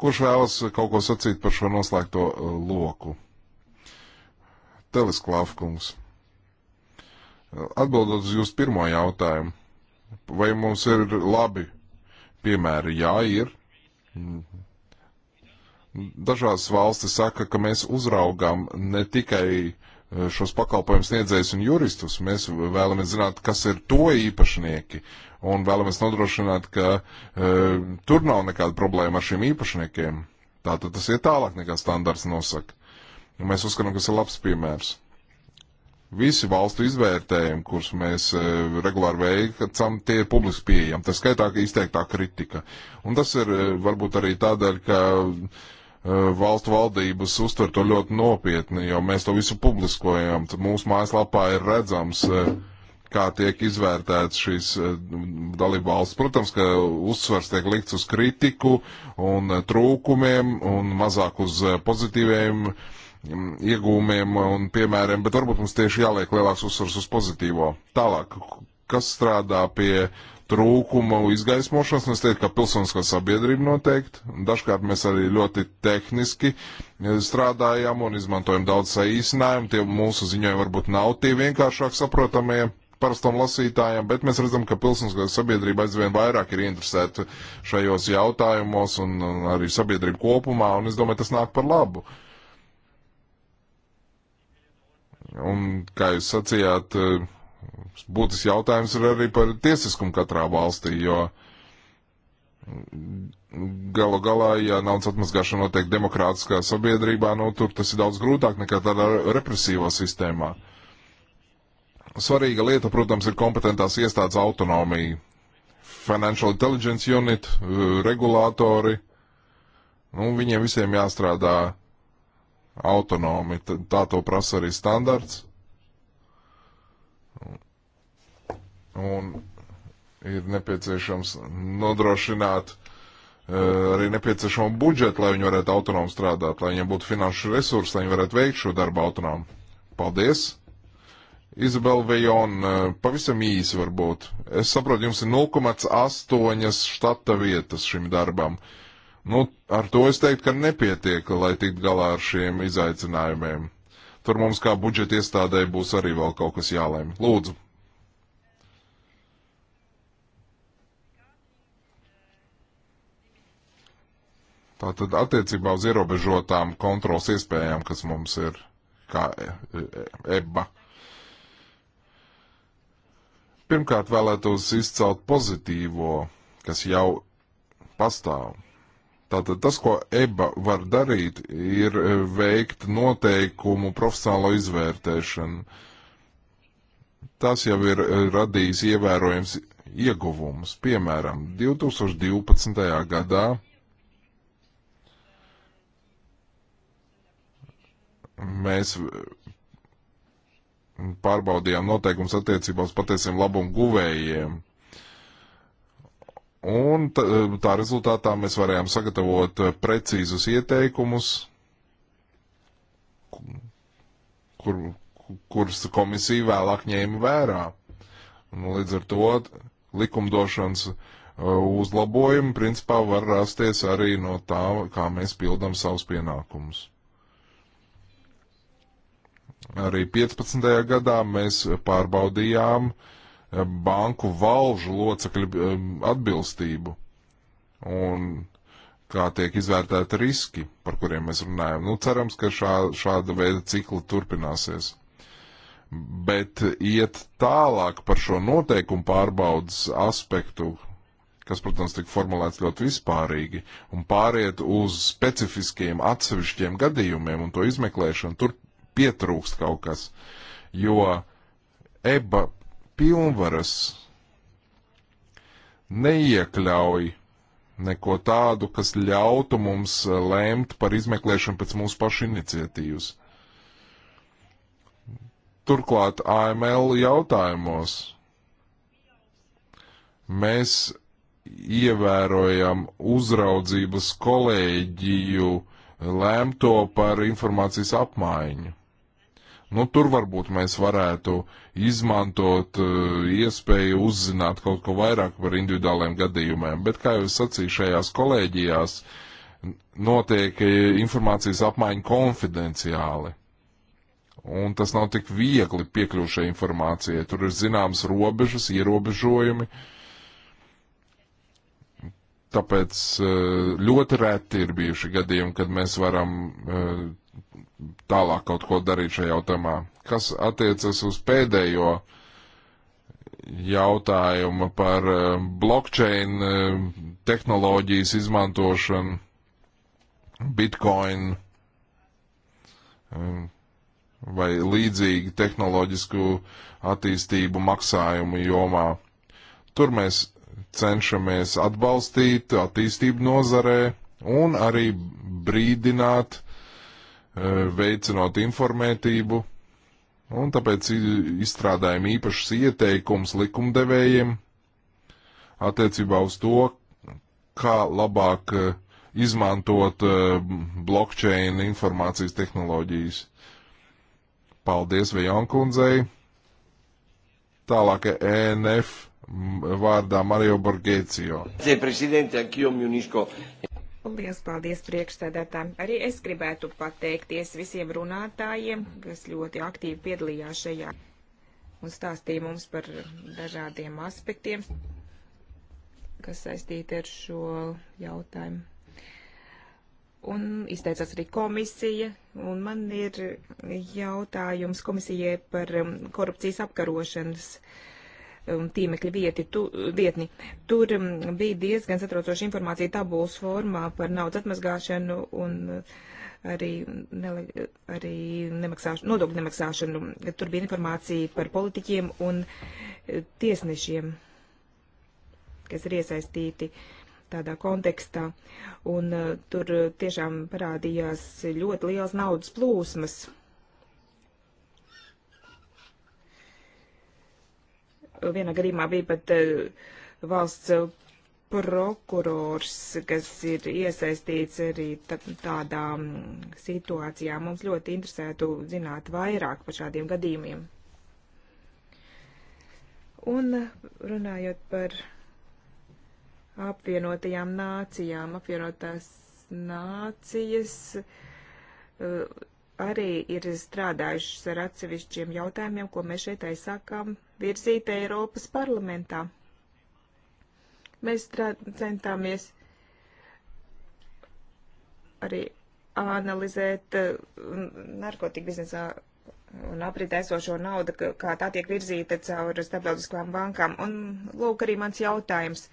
Kurš vēlas kaut ko sacīt par šo noslēgto e, loku? Telesklāfkungs. Atbildot uz jūsu pirmo jautājumu, vai mums ir labi piemēri? Jā, ir. Mhm. Dažās valstis saka, ka mēs uzraugām ne tikai eh, šos pakalpojumus sniedzējus un juristus, mēs vēlamies zināt, kas ir to īpašnieki, un vēlamies nodrošināt, ka e, tur nav nekāda problēma ar šiem īpašniekiem. Tātad tas ir tālāk nekā standarts nosaka. Mēs uzskatām, ka tas ir labs piemērs. Visi valstu izvērtējumi, kurus mēs e, regulāri veicam, tie ir publiski pieejami. Tas skaitā izteiktā kritika. Un tas ir e, varbūt arī tādēļ, ka e, valstu valdības uztver to ļoti nopietni, jo mēs to visu publiskojam. Tad mūsu mājaslapā ir redzams, kā tiek izvērtēts šīs dalību valsts. Protams, ka uzsvars tiek likts uz kritiku un trūkumiem un mazāk uz pozitīviem uh, Mm, iegūmiem un piemēriem, bet varbūt mums tieši jāliek lielāks uzsvars uz pozitīvo. Tālāk, kas strādā pie trūkumu izgaismošanas, un nu, es teiktu, ka pilsoniskā sabiedrība noteikti. Dažkārt mēs arī ļoti tehniski e, strādājam un izmantojam daudz saīsinājumu. Tie mūsu ziņojumi varbūt nav tie vienkāršāk saprotamie parastam lasītājam, bet mēs redzam, ka pilsoniskā sabiedrība aizvien vairāk ir interesēta šajos jautājumos un arī sabiedrība kopumā, un es domāju, tas nāk par labu. Uh, Un, kā jūs sacījāt, eh, būtisks jautājums ir arī par tiesiskumu katrā valstī, jo galu galā, ja naudas atmazgāšana notiek demokrātiskā sabiedrībā, nu, tur tas ir daudz grūtāk nekā tādā represīvā sistēmā. Svarīga lieta, protams, ir kompetentās iestādes autonomija. Financial Intelligence Unit, eh, regulātori, nu, viņiem visiem jāstrādā autonomi. Tā to prasa arī standarts. Un ir nepieciešams nodrošināt e, arī nepieciešamo budžetu, lai viņi varētu autonomi strādāt, lai viņiem būtu finanšu resursi, lai viņi varētu veikt šo darbu autonomi. Paldies! Izabela Vejona, e, pavisam īsi varbūt. Es saprotu, jums ir 0,8 štata vietas šim darbam. Uh, Nu, ar to es teiktu, ka nepietiek, lai tiktu galā ar šiem izaicinājumiem. Tur mums kā budžeta iestādē būs arī vēl kaut kas jālēm. Lūdzu. Tātad attiecībā uz ierobežotām kontrols iespējām, kas mums ir kā e- e- e- EBA. Pirmkārt vēlētos izcelt pozitīvo, kas jau pastāv. Tātad tas, ko EBA var darīt, ir eh, veikt noteikumu profesionālo izvērtēšanu. Tas jau ir eh, radījis ievērojams ieguvumus. Piemēram, 2012. gadā mēs eh, pārbaudījām noteikums attiecībā uz patiesiem labumu guvējiem Un tā, tā rezultātā mēs varējām sagatavot eh, precīzus ieteikumus, kur, kurus komisija vēlāk ņēma vērā. Un līdz ar to likumdošanas eh, uzlabojumi principā var rasties arī no tā, kā mēs pildam savus pienākumus. Arī 15. gadā mēs pārbaudījām uh, banku valžu locekļu um, atbilstību un kā tiek izvērtēti riski, par kuriem mēs runājam. Nu, cerams, ka šā, šāda veida cikli turpināsies. Bet iet tālāk par šo noteikumu pārbaudas aspektu, kas, protams, tika formulēts ļoti vispārīgi, un pāriet uz specifiskiem atsevišķiem gadījumiem un to izmeklēšanu, tur pietrūkst kaut kas, jo EBA pilnvaras neiekļauj neko tādu, kas ļautu mums eh, lēmt par izmeklēšanu pēc mūsu pašu iniciatīvas. Turklāt AML jautājumos mēs ievērojam uzraudzības kolēģiju lēmto par informācijas apmaiņu. Nu, tur varbūt mēs varētu izmantot uh, iespēju uzzināt kaut ko vairāk par individuāliem gadījumiem, bet, kā jau es sacīju, šajās kolēģijās notiek eh, informācijas apmaiņa konfidenciāli. Un tas nav tik viegli piekļūšai informācijai. Tur ir zināmas robežas, ierobežojumi. Tāpēc uh, ļoti reti ir bijuši gadījumi, kad mēs varam uh, tālāk kaut ko darīt šajā jautājumā. Kas attiecas uz pēdējo jautājumu par eh, blockchain eh, tehnoloģijas izmantošanu, bitcoin eh, vai līdzīgu tehnoloģisku attīstību maksājumu jomā. Tur mēs cenšamies atbalstīt attīstību nozarē un arī brīdināt Eh, veicinot informētību, un tāpēc izstrādājam īpašas ieteikums likumdevējiem attiecībā uz to, kā labāk eh, izmantot eh, blockchain informācijas tehnoloģijas. Paldies Vejonkundzei. Tālāk ENF mm, vārdā Mario Borgēcijo. Lielas paldies priekšsēdētājiem. Arī es gribētu pateikties visiem runātājiem, kas ļoti aktīvi piedalījās šajā un stāstīja mums par dažādiem aspektiem, kas saistīti ar šo jautājumu. Un izteicās arī komisija, un man ir jautājums komisijai par um, korupcijas apkarošanas uh, un um, tīmekļa vieti, tu, vietni. Tur um, bija diezgan satraucoša informācija tabulas formā par naudas atmazgāšanu un uh, arī, nele, arī nemaksāšanu, nodokļu nemaksāšanu. Tur bija informācija par politiķiem un uh, tiesnešiem, kas ir iesaistīti tādā kontekstā. Un uh, tur tiešām parādījās ļoti liels naudas plūsmas vienā gadījumā bija pat eh, valsts eh, prokurors, kas ir iesaistīts arī tādā mm, situācijā. Mums ļoti interesētu zināt vairāk par šādiem gadījumiem. Un eh, runājot par apvienotajām nācijām, apvienotās nācijas arī ir strādājušas ar atsevišķiem jautājumiem, ko mēs šeit aizsākām virzīt Eiropas parlamentā. Mēs centāmies arī analizēt uh, narkotiku biznesā un apritē esošo naudu, kā tā tiek virzīta caur starptautiskām bankām. Un lūk arī mans jautājums.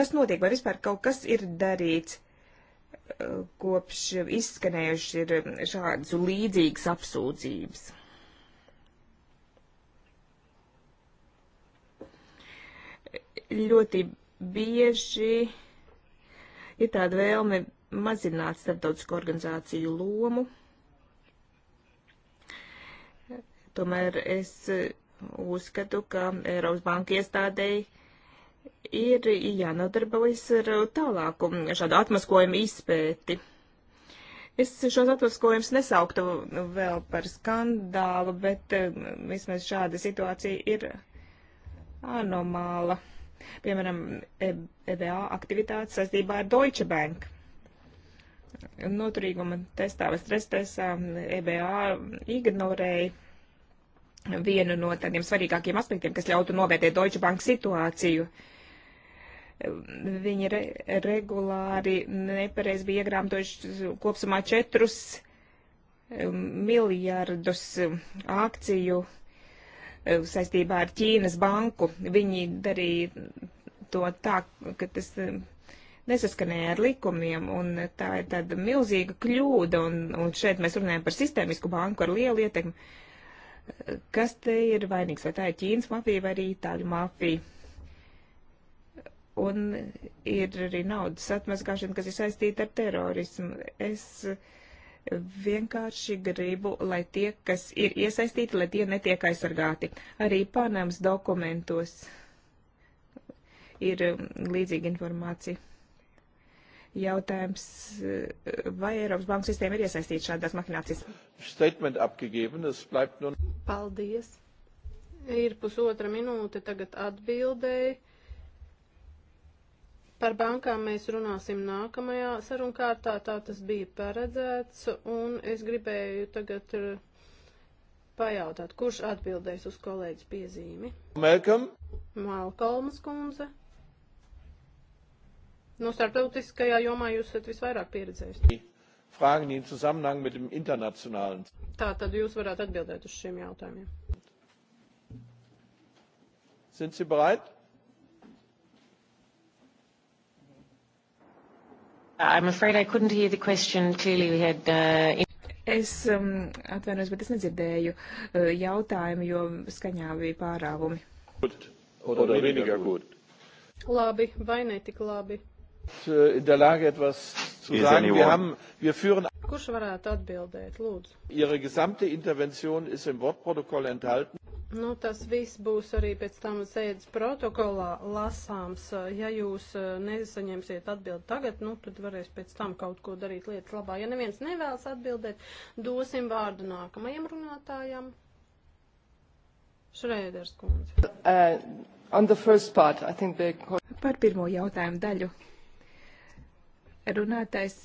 Kas notiek, vai vispār kaut kas ir darīts, uh, kopš izskanējuši ir šādas līdzīgas apsūdzības? ļoti bieži ir tāda vēlme mazināt starptautisko organizāciju lomu. Tomēr es uh, uzskatu, ka Eiropas banka iestādēji ir jānodarbojas ar tālāku šādu atmaskojumu izpēti. Es šos atmaskojumus nesauktu vēl par skandālu, bet uh, vismaz šāda situācija ir anomāla piemēram, EBA e aktivitātes saistībā ar Deutsche Bank. Noturīguma testā vai stresa testā EBA ignorēja vienu no tādiem svarīgākiem aspektiem, kas ļautu novērtēt Deutsche Bank situāciju. Viņi re regulāri nepareiz bija iegrāmtojuši kopsumā četrus miljardus akciju Eh, saistībā ar Ķīnas banku. Viņi darīja to tā, ka tas eh, nesaskanēja ar likumiem, un tā ir tāda milzīga kļūda, un, un šeit mēs runājam par sistēmisku banku ar lielu ietekmi. Eh, kas te ir vainīgs, vai tā ir Ķīnas mafija vai arī Itāļu mafija? Un ir arī naudas atmazgāšana, kas ir saistīta ar terorismu. Es uh, Vienkārši gribu, lai tie, kas ir iesaistīti, lai tie netiek aizsargāti. Arī Panamas dokumentos ir mm, līdzīga informācija. Jautājums, eh, vai Eiropas banku sistēma ir iesaistīta šādās machinācijas? Statement apgegeben, es bleibt nun. Paldies. Ir pusotra minūte tagad atbildēji Par bankām mēs runāsim nākamajā sarunkārtā, tā tas bija paredzēts, un es gribēju tagad eh, pajautāt, kurš atbildēs uz kolēģis piezīmi? Malcolm. Malcolmas kundze. No nu, starptautiskajā jomā jūs esat visvairāk pieredzējis. Fragen, die in Zusammenhang mit dem internationalen. Tā tad jūs varētu atbildēt uz šiem jautājumiem. Sind Sie bereit? I'm afraid I couldn't hear the question clearly. We had uh, Es um, atvainojos, bet es nedzirdēju uh, jautājumu, jo skaņā bija pārāvumi. Oder weniger gut. Labi, vai ne tik labi? Äh, in der Lage etwas zu sagen. Wir haben, wir führen. Kurš varētu atbildēt, lūdzu? Ihre gesamte Intervention ist im Wortprotokoll enthalten. Nu, tas viss būs arī pēc tam sēdes protokolā lasāms. Eh, ja jūs eh, nesaņemsiet atbildi tagad, nu, tad varēs pēc tam kaut ko darīt lietas labā. Ja neviens nevēlas atbildēt, dosim vārdu nākamajam runātājam. Šrēders kundze. Uh, part, they... Par pirmo jautājumu daļu. Runātais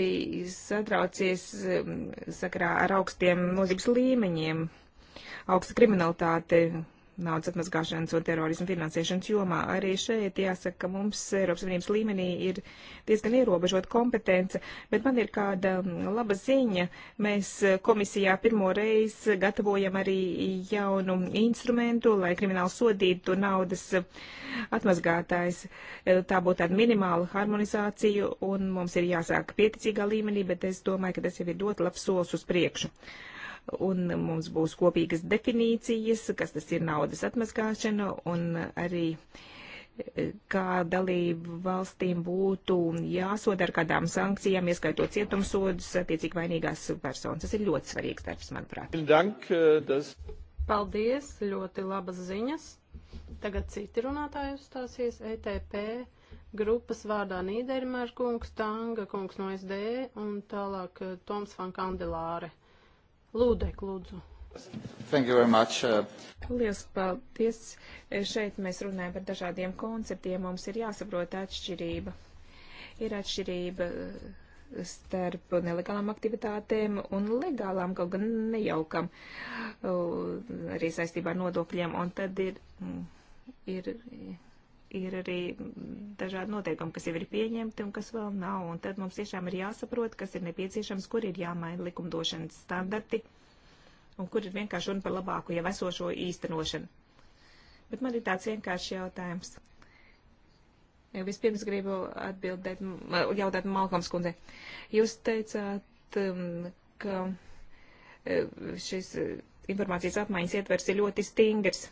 bija satraucies um, sakrā ar augstiem mūzikas līmeņiem augsta kriminalitāte naudas atmazgāšanas un terorismu finansēšanas jomā. Arī šeit jāsaka, ka mums Eiropas Savienības līmenī ir diezgan ierobežota kompetence, bet man ir kāda laba ziņa. Mēs e, komisijā pirmo reizi gatavojam arī jaunu instrumentu, lai krimināli sodītu naudas e, atmazgātājs. E, tā būtu tāda minimāla harmonizācija, un mums ir jāsāk pieticīgā līmenī, bet es domāju, ka tas jau ir ļoti labs solis uz priekšu un mums būs kopīgas definīcijas, kas tas ir naudas atmaskāšana un arī e, kā dalību valstīm būtu jāsoda ar kādām sankcijām, ieskaitot cietumsodus, attiecīgi vainīgās personas. Tas ir ļoti svarīgs darbs, manuprāt. E, Paldies, ļoti labas ziņas. Tagad citi runātāji uzstāsies ETP grupas vārdā Nīdermēr kungs, Tanga kungs no SD un tālāk e, Toms van Kandelāre. Lūdek, lūdzu. Thank you very much. Uh, Lielas paldies. Šeit mēs runājam par dažādiem konceptiem. Mums ir jāsaprot atšķirība. Ir atšķirība uh, starp nelegālām aktivitātēm un legālām, kaut gan nejaukam, uh, arī saistībā ar nodokļiem. Un tad ir, mm, ir ir arī dažādi noteikumi, kas jau ir pieņemti un kas vēl nav. Un tad mums tiešām ir jāsaprot, kas ir nepieciešams, kur ir jāmaina likumdošanas standarti un kur ir vienkārši runa par labāku jau esošo īstenošanu. Bet man ir tāds vienkāršs jautājums. Ja vispirms gribu atbildēt, jautāt Malkoms kundze. Jūs teicāt, um, ka eh, šis eh, informācijas apmaiņas ietvers ir ļoti stingrs.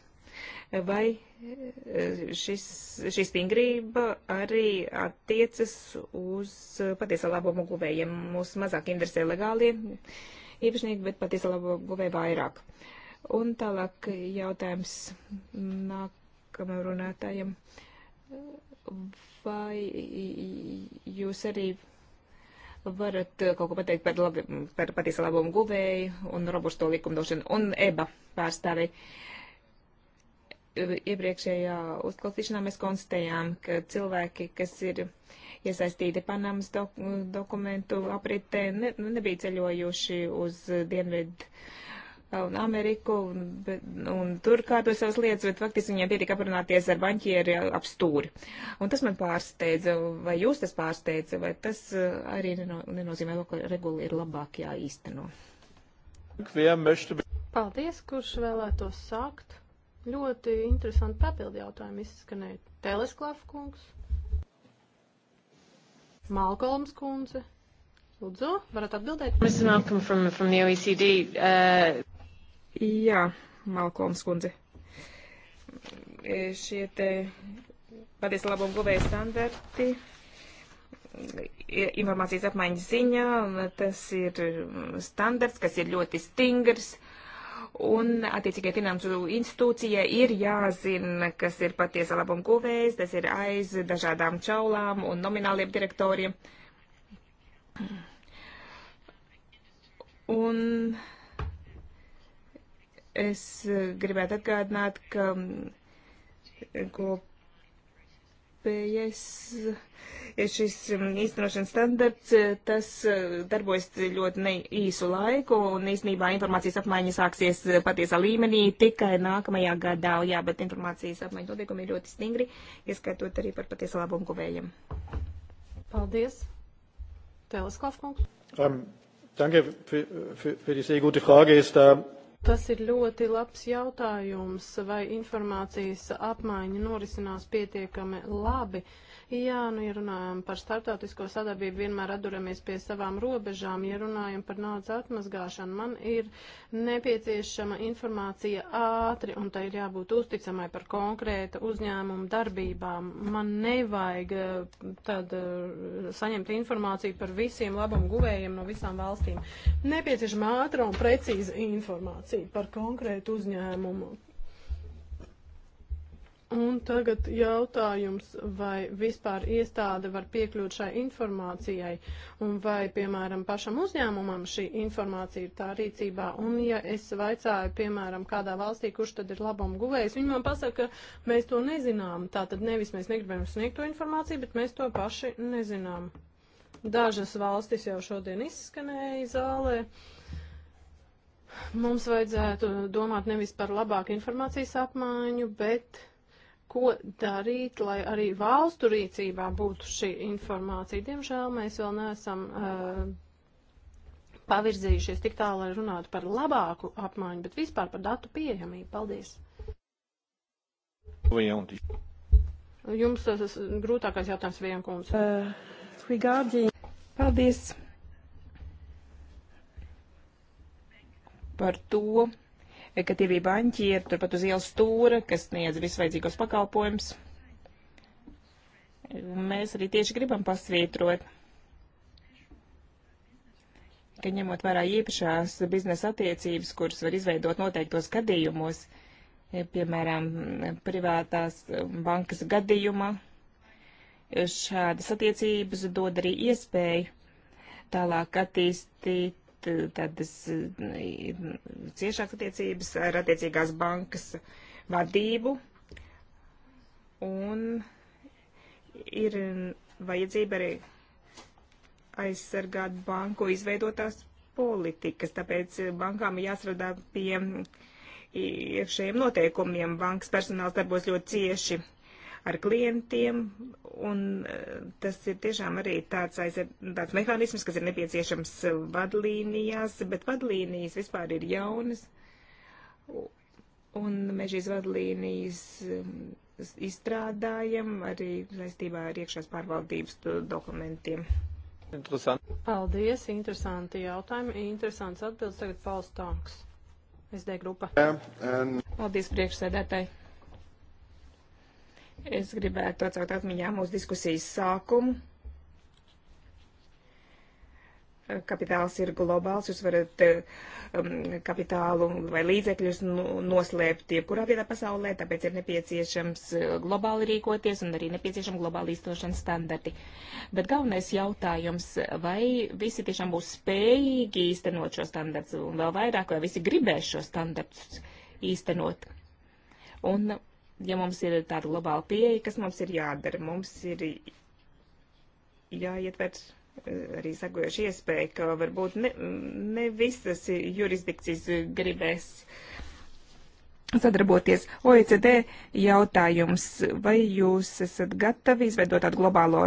Vai e, šis, šī stingrība arī attiecas uz patiesā labumu guvējiem? Mūs mazāk interesē legālie īpašnieki, bet patiesā labumu guvēja vairāk. Un tālāk jautājums nākamajam runātājam. Vai jūs arī varat kaut ko pateikt par, labi, par patiesa labumu guvēju un robusto likumdošanu un EBA pārstāvi? Uh, iepriekšējā uzklausīšanā mēs konstatējām, ka cilvēki, kas ir iesaistīti Panamas dok dokumentu apritē, ne, nu, nebija ceļojuši uz Dienvidu uh, un Ameriku, bet, un tur kāpja savas lietas, bet faktiski viņiem pietika aprunāties ar baņķieri ap stūri. Un tas man pārsteidza, vai jūs tas pārsteidza, vai tas uh, arī neno, nenozīmē to, ka regula ir labāk jāīsteno. Paldies, kurš vēlētos sākt? Ļoti interesanti papildi jautājumi izskanēja. Telesklāf kungs, Malkolms kundze. Lūdzu, varat atbildēt? Mr. Malcolm from, from the OECD. Uh... Jā, Malkolms kundze. Šie te patiesa labumu guvēja standarti informācijas apmaiņas ziņā, tas ir standarts, kas ir ļoti stingrs. Uh, Un attiecīgai finansu institūcijai ir jāzina, kas ir patiesa labuma guvējs, tas ir aiz dažādām čaulām un nomināliem direktoriem. Un es gribētu atgādināt, ka mm, kop kopējais šis mm, īstenošanas standarts, eh, tas eh, darbojas ļoti ne īsu laiku, un īstenībā informācijas apmaiņa sāksies eh, patiesā līmenī tikai nākamajā gadā, jā, bet informācijas apmaiņa notiekumi ir ļoti stingri, ieskaitot arī par patiesā labumu guvējiem. Paldies. Telesklāvkungs. Um, danke für, für, für die sehr gute Frage. Ist da uh... Tas ir ļoti labs jautājums, vai informācijas apmaiņa norisinās pietiekami labi. Uh, Jā, nu, ja runājam par starptautisko sadarbību, vienmēr atduramies pie savām robežām. Ja runājam par naudas atmazgāšanu, man ir nepieciešama informācija ātri, un tai ir jābūt uzticamai par konkrēta uzņēmuma darbībām. Man nevajag eh, tad eh, saņemt informāciju par visiem labumu guvējiem no visām valstīm. Nepieciešama ātra un precīza informācija par konkrētu uzņēmumu Un tagad jautājums, vai vispār iestāde var piekļūt šai informācijai, un vai, piemēram, pašam uzņēmumam šī informācija ir tā rīcībā. Un, ja es vaicāju, piemēram, kādā valstī, kurš tad ir labuma guvējs, viņi man pasaka, ka mēs to nezinām. Tātad nevis mēs negribam sniegt to informāciju, bet mēs to paši nezinām. Dažas valstis jau šodien izskanēja zālē. Mums vajadzētu domāt nevis par labāku informācijas apmaiņu, bet ko darīt, lai arī valstu rīcībā būtu šī informācija. Diemžēl mēs vēl neesam uh, pavirzījušies tik tālu, lai runātu par labāku apmaiņu, bet vispār par datu pieejamību. Paldies! Jums tas grūtākais jautājums vienkums. Uh, regarding... Paldies! par to, ka tie bija baņķieri, turpat uz ielas stūra, kas sniedz visvajadzīgos pakalpojums. Mēs arī tieši gribam pasvītrot, ka ņemot vērā īpašās biznesa attiecības, kuras var izveidot noteiktos gadījumos, piemēram, privātās bankas gadījumā, šādas attiecības dod arī iespēju tālāk attīstīt Eh, tādas eh, ciešākas attiecības ar attiecīgās bankas vadību, un ir vajadzība arī aizsargāt banku izveidotās politikas, tāpēc bankām jāsradā pie iekšējiem noteikumiem. Bankas personāls darbos ļoti cieši ar klientiem, un e, tas ir tiešām arī tāds, tāds mehānisms, kas ir nepieciešams vadlīnijās, bet vadlīnijas vispār ir jaunas, un mēs šīs vadlīnijas e, izstrādājam arī saistībā ar iekšās pārvaldības dokumentiem. Interesanti. Paldies, interesanti jautājumi, interesants atbildes tagad Pauls Tanks. SD grupa. Yeah, and... Paldies priekšsēdētāji. Es gribētu atcaukt atmiņā mūsu diskusijas sākumu. Kapitāls ir globāls, jūs varat um, kapitālu vai līdzekļus noslēpt jebkurā vietā pasaulē, tāpēc ir nepieciešams uh, globāli rīkoties un arī nepieciešama globāli īstenošanas standarti. Bet galvenais jautājums, vai visi tiešām būs spējīgi īstenot šo standartu un vēl vairāk, vai visi gribēs šo standartus īstenot. Un ja mums ir tāda globāla pieeja, kas mums ir jādara? Mums ir jāietver eh, arī sagojuši iespēju, ka varbūt ne, ne visas jurisdikcijas gribēs sadarboties. OECD jautājums, vai jūs esat gatavi izveidot tādu globālo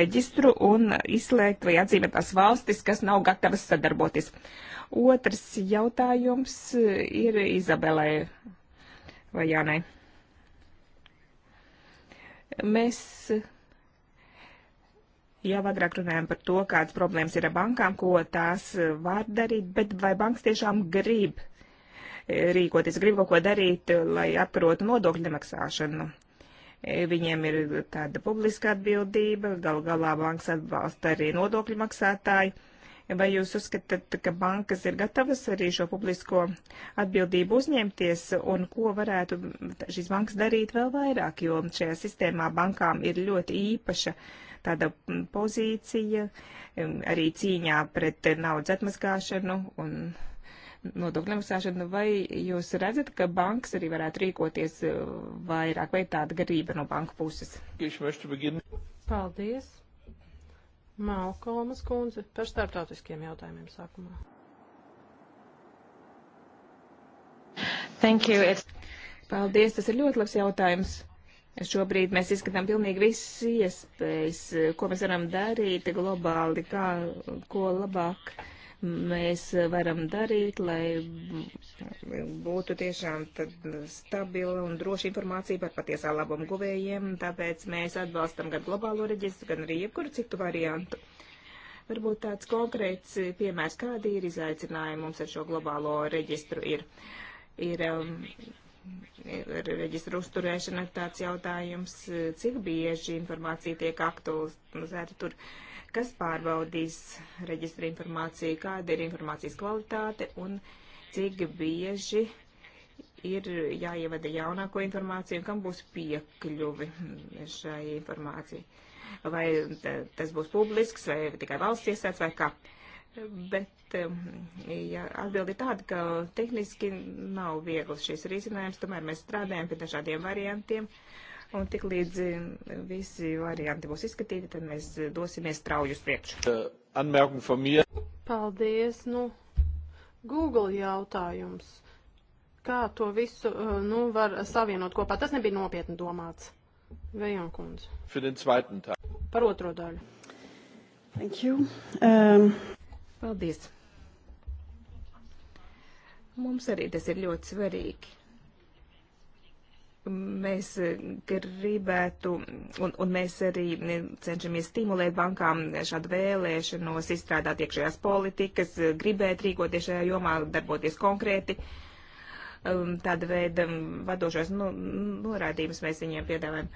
reģistru un izslēgt vai atzīmēt tās valstis, kas nav gatavas sadarboties? Otrs jautājums ir Izabelai vai Jānai. Mēs jau agrāk runājām par to, kādas problēmas ir ar bankām, ko tās var darīt, bet vai bankas tiešām grib eh, rīkoties, grib kaut ko darīt, lai apkarotu nodokļu nemaksāšanu. Eh, viņiem ir tāda publiska atbildība, gal galā bankas atbalsta arī nodokļu maksātāji Vai jūs uzskatāt, ka bankas ir gatavas arī šo publisko atbildību uzņemties, un ko varētu šīs bankas darīt vēl vairāk, jo šajā sistēmā bankām ir ļoti īpaša tāda pozīcija, arī cīņā pret naudas atmazgāšanu un nodokļu maksāšanu, vai jūs redzat, ka bankas arī varētu rīkoties eh, vairāk, vai tāda garība no banku puses? Paldies! Malkomas kundze par starptautiskiem jautājumiem sākumā. Thank you. It's... Paldies, tas ir ļoti labs jautājums. Šobrīd mēs izskatām pilnīgi visas iespējas, ko mēs varam darīt globāli, kā, ko labāk mēs varam darīt, lai būtu tiešām stabila un droša informācija par patiesā labumu guvējiem. Tāpēc mēs atbalstam gan globālo reģistru, gan arī jebkuru citu variantu. Varbūt tāds konkrēts piemērs, kādi ir izaicinājumi mums ar šo globālo reģistru ir. ir um, ir reģistru uzturēšana tāds jautājums, cik bieži informācija tiek aktualizēta tur. Uh, kas pārbaudīs reģistra informāciju, kāda ir informācijas kvalitāte un cik bieži ir jāievada jaunāko informāciju un kam būs piekļuvi šai informācijai. Vai tas būs publisks, vai tikai valsts iestāds, vai kā. Bet um, ja atbildi tāda, ka tehniski nav viegls šis risinājums, tomēr mēs strādājam pie dažādiem variantiem. Uh, Un tik līdz visi varianti būs izskatīti, tad mēs dosimies strauju uz priekšu. Eh, Paldies. Nu, Google jautājums. Kā to visu eh, nu, var savienot kopā? Tas nebija nopietni domāts. Vejonkundze. Par otro daļu. Thank you. Um... Paldies. Mums arī tas ir ļoti svarīgi mēs eh, gribētu, un, un mēs arī eh, cenšamies stimulēt bankām šādu vēlēšanos izstrādāt iekšējās politikas, eh, gribēt rīkoties šajā jomā, darboties konkrēti. Um, tāda veida mm, vadošos nu, mm, norādījumus mēs viņiem piedāvājam.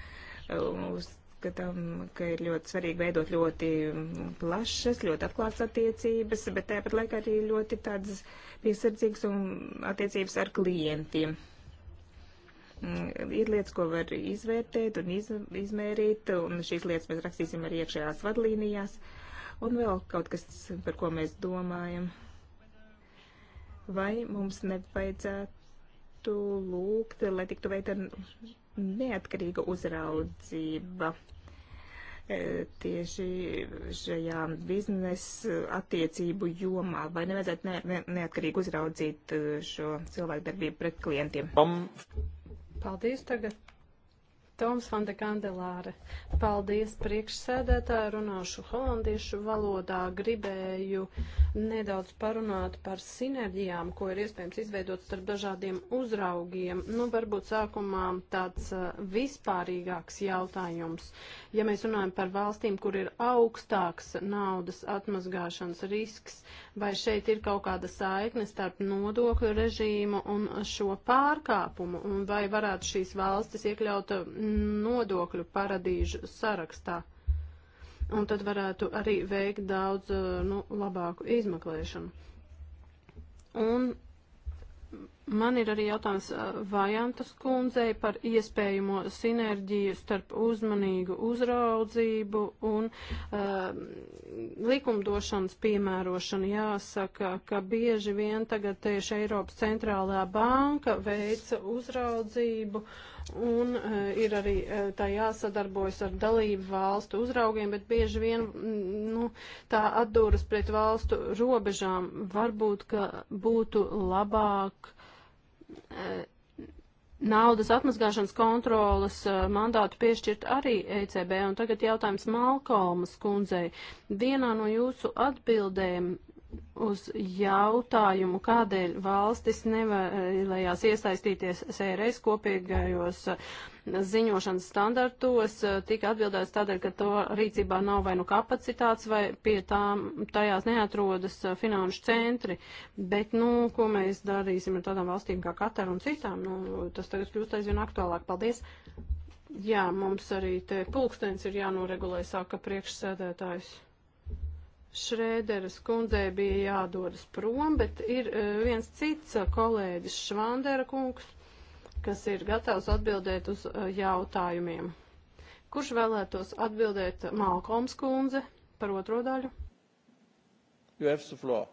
Um, uzskatām, ka ir ļoti svarīgi veidot ļoti mm, plašas, ļoti atklātas attiecības, bet tāpat laikā arī ļoti tādas piesardzīgas un attiecības ar klientiem. Mm, ir lietas, ko var izvērtēt un iz, izmērīt, un šīs lietas mēs rakstīsim arī iekšējās vadlīnijās. Un vēl kaut kas, par ko mēs domājam. Vai mums nevajadzētu lūgt, lai tiktu veikta neatkarīga uzraudzība? E, tieši šajā biznesa attiecību jomā? Vai nevajadzētu ne, ne, neatkarīgi uzraudzīt e, šo cilvēku darbību pret klientiem? Um. Paldies tagad. Toms van de Kandelāre. Paldies priekšsēdētāju, runāšu holandiešu valodā, gribēju nedaudz parunāt par sinerģijām, ko ir iespējams izveidot starp dažādiem uzraugiem. Nu, varbūt sākumā tāds uh, vispārīgāks jautājums. Ja mēs runājam par valstīm, kur ir augstāks naudas atmazgāšanas risks, Vai šeit ir kaut kāda saikne starp nodokļu režīmu un šo pārkāpumu, un vai varētu šīs valstis iekļaut nodokļu paradīžu sarakstā? Un tad varētu arī veikt daudz eh, nu, labāku izmeklēšanu. Un Man ir arī jautājums Vajantas kundzei par iespējamo sinerģiju starp uzmanīgu uzraudzību un uh, likumdošanas piemērošanu. Jāsaka, ka bieži vien tagad tieši Eiropas centrālā banka veica uzraudzību un uh, ir arī uh, tā jāsadarbojas ar dalību valstu uzraugiem, bet bieži vien nu, tā atdūras pret valstu robežām. Varbūt, ka būtu labāk Eh, naudas atmazgāšanas kontrolas eh, mandātu piešķirt arī ECB, un tagad jautājums Malkolmas kundzei. Vienā no jūsu atbildēm uz jautājumu, kādēļ valstis nevarējās iesaistīties SRS kopīgajos uh, ziņošanas standartos eh, tika atbildēts tādēļ, ka to rīcībā nav vai nu kapacitātes, vai pie tām tajās neatrodas eh, finanšu centri. Bet, nu, ko mēs darīsim ar tādām valstīm kā Katar un citām, nu, tas tagad kļūst aizvien aktuālāk. Paldies! Jā, mums arī te pulkstens ir jānoregulē, saka priekšsēdētājs. Šrēderas kundzei bija jādodas prom, bet ir eh, viens cits kolēģis Švandera kungs kas ir gatavs atbildēt uz uh, jautājumiem. Kurš vēlētos atbildēt Malkoms kundze par otro daļu? You have the floor.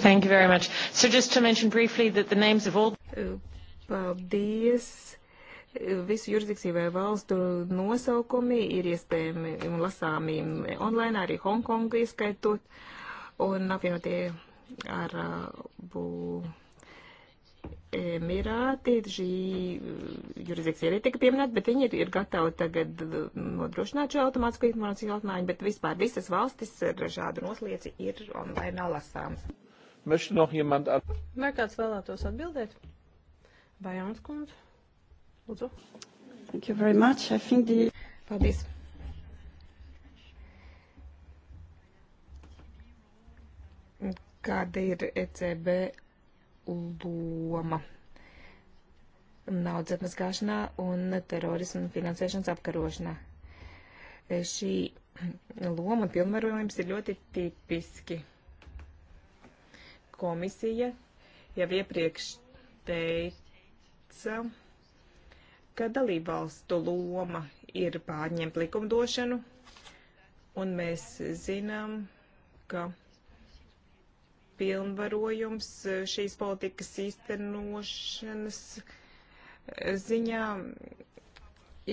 Thank you very much. So just to mention briefly that the names of all... Uh, paldies. Uh, visu jurisdikciju vai valstu nosaukumi ir iespējami un lasāmi online, arī Hongkongu ieskaitot. Un apvienotie ar uh, bū Emirāti, šī eh, jurisdikcija arī tika pieminēta, bet viņi ir, ir gatavi tagad eh, nodrošināt šo automātisku informāciju apmaiņu, bet vispār visas valstis ar šādu noslieci ir online lasāmas. Vai kāds vēlētos atbildēt? Bajāns kundze, lūdzu. Thank you very much. I think the... Paldies. Kāda ir ECB loma naudas atmaskāšanā un terorismu finansēšanas apkarošanā. Šī loma un pilnvarojums ir ļoti tipiski. Komisija jau iepriekš teica, ka dalībvalstu loma ir pārņemt likumdošanu, un mēs zinām, ka pilnvarojums eh, šīs politikas īstenošanas eh, ziņā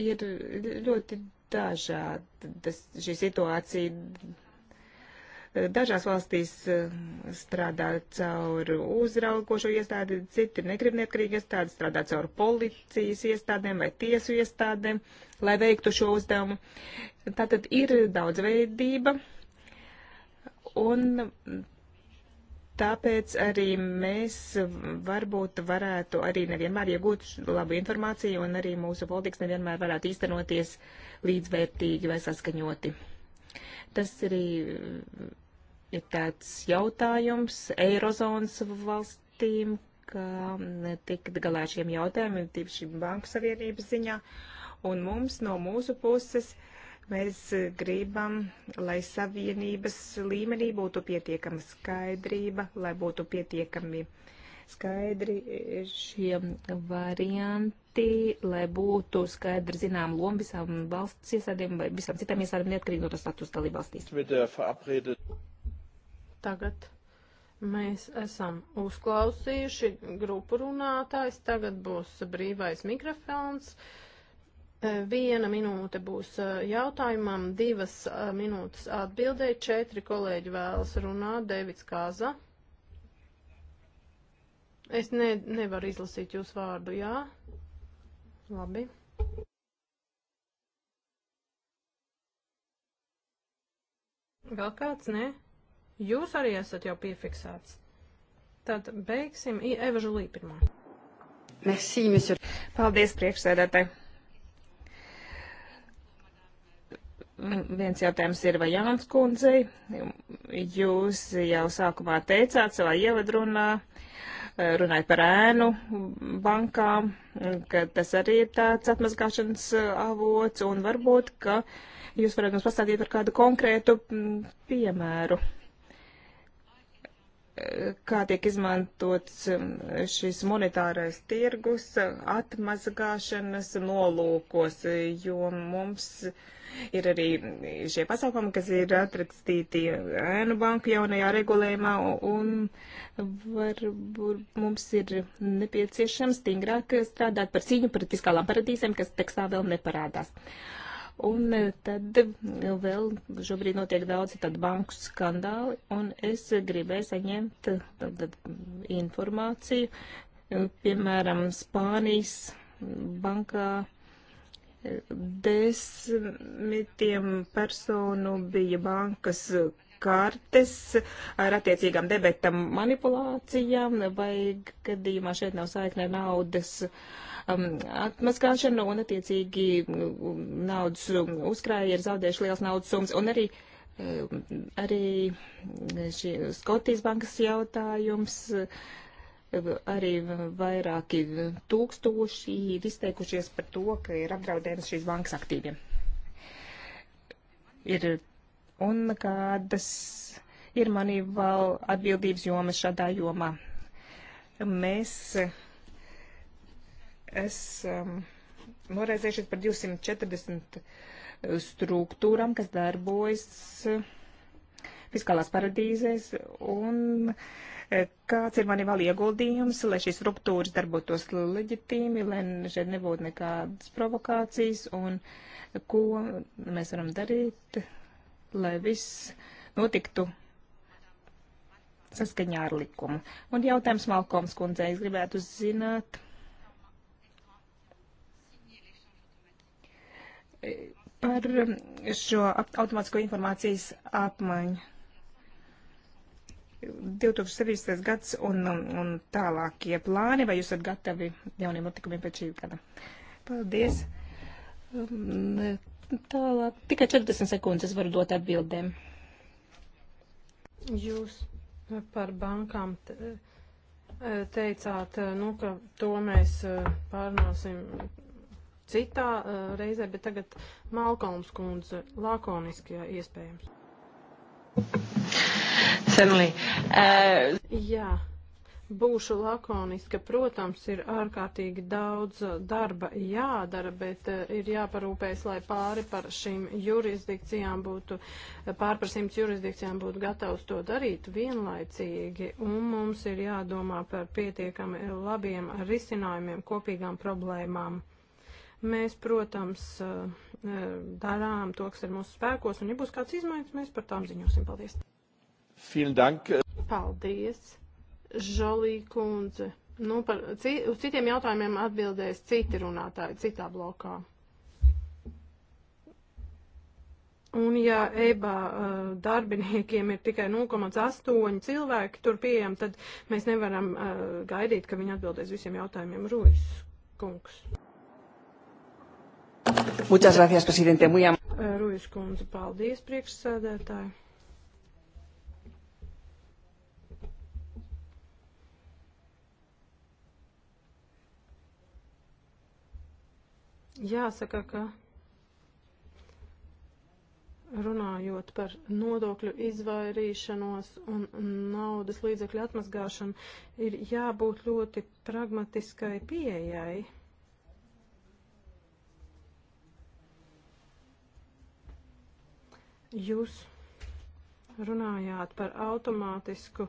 ir ļoti dažāda šī situācija. Eh, dažās valstīs strādā caur uzraugošo iestādi, citi negrib neatkarīgi iestādi, strādā caur policijas iestādēm vai tiesu iestādēm, lai veiktu šo uzdevumu. Tātad ir daudzveidība, un Tāpēc arī mēs varbūt varētu arī nevienmēr iegūt labu informāciju un arī mūsu politikas nevienmēr varētu īstenoties līdzvērtīgi vai saskaņoti. Tas arī ir tāds jautājums Eirozonas valstīm, kā tikt galā ar šiem jautājumiem, tīpaši Banku Savienības ziņā. Un mums no mūsu puses uh, Mēs eh, gribam, lai savienības līmenī būtu pietiekama skaidrība, lai būtu pietiekami skaidri eh, šie varianti, lai būtu skaidri zinām loma visām valsts iestādēm vai visām citām iestādēm neatkarīgi no to status dalībvalstīs. Er tagad mēs esam uzklausījuši grupu runātājs, tagad būs brīvais mikrofons. Uh, Viena minūte būs jautājumam, divas minūtes atbildēji, četri kolēģi vēlas runāt, Devits Kāza. Es ne, nevaru izlasīt jūsu vārdu, jā? Labi. Vēl kāds, ne? Jūs arī esat jau piefiksēts. Tad beigsim Eva Žulī pirmā. Merci, monsieur. Paldies, priekšsēdētāji. Man viens jautājums ir Vajāns kundzei. Jūs jau sākumā teicāt savā ievadrunā, eh, runājot par ēnu bankām, ka tas arī ir tāds atmazgāšanas eh, avots un varbūt, ka jūs varētu mums pastāstīt par kādu konkrētu mm, piemēru kā tiek izmantots um, šis monetārais tirgus atmazgāšanas nolūkos, jo mums ir arī šie pasākumi, kas ir atrakstīti ēnu banku jaunajā regulējumā, un varbūt mums ir nepieciešams stingrāk strādāt par cīņu pret fiskālām paradīzēm, kas tekstā vēl neparādās. Uh, Un e, tad e, vēl šobrīd notiek daudzi tad banku skandāli, un es gribēju saņemt e, tad, tad, informāciju, piemēram, Spānijas bankā desmitiem personu bija bankas kartes ar attiecīgām debetam manipulācijām, vai gadījumā šeit nav saikne naudas. Uh, Um, atmaskāšanu un attiecīgi um, naudas um, uzkrāja ir zaudējuši liels naudas summas un arī arī šī Skotijas bankas jautājums, arī vairāki tūkstoši ir izteikušies par to, ka ir apdraudējums šīs bankas aktīviem. Ir un kādas ir manī vēl atbildības jomas šādā jomā. Mēs uh, es um, noraizējušies par 240 uh, struktūram, kas darbojas uh, fiskālās paradīzēs, un uh, kāds ir manī vēl ieguldījums, lai šīs struktūras darbotos leģitīmi, lai šeit nebūtu nekādas provokācijas, un ko mēs varam darīt, lai viss notiktu saskaņā ar likumu. Un jautājums Malkoms kundzei, es gribētu zināt, par um, šo automātisko informācijas apmaiņu. 2017. gads un, um, un tālākie plāni, vai jūs esat gatavi jauniem notikumiem pēc šī gada? Paldies. Um, tālāk, tikai 40 sekundes varu dot atbildēm. Jūs par bankām eh, teicāt, eh, nu, ka to mēs eh, pārnosim citā uh, reizē, bet tagad Malkolms kundze lakoniski, ja iespējams. Certainly. Uh... Jā. Būšu lakoniska, protams, ir ārkārtīgi daudz darba jādara, bet uh, ir jāparūpējas, lai pāri par šīm jurisdikcijām būtu, pār par simts jurisdikcijām būtu gatavs to darīt vienlaicīgi, un mums ir jādomā par pietiekami labiem risinājumiem kopīgām problēmām. Mēs, protams, eh, darām to, kas ir mūsu spēkos, un ja būs kāds izmaiņas, mēs par tām ziņosim. Paldies! Dank. Paldies, Žolī kundze. Nu, par, ci, uz citiem jautājumiem atbildēs citi runātāji citā blokā. Un ja EBA uh, darbiniekiem ir tikai 0,8 cilvēki tur pieejam, tad mēs nevaram uh, gaidīt, ka viņi atbildēs visiem jautājumiem. Rūjas kungs. Muchas gracias, presidente. Muy am... Eh, Rujas kundze, paldies priekšsēdētāji. Jāsaka, ka runājot par nodokļu izvairīšanos un naudas līdzekļu atmazgāšanu, ir jābūt ļoti pragmatiskai pieejai. Jūs runājāt par automātisku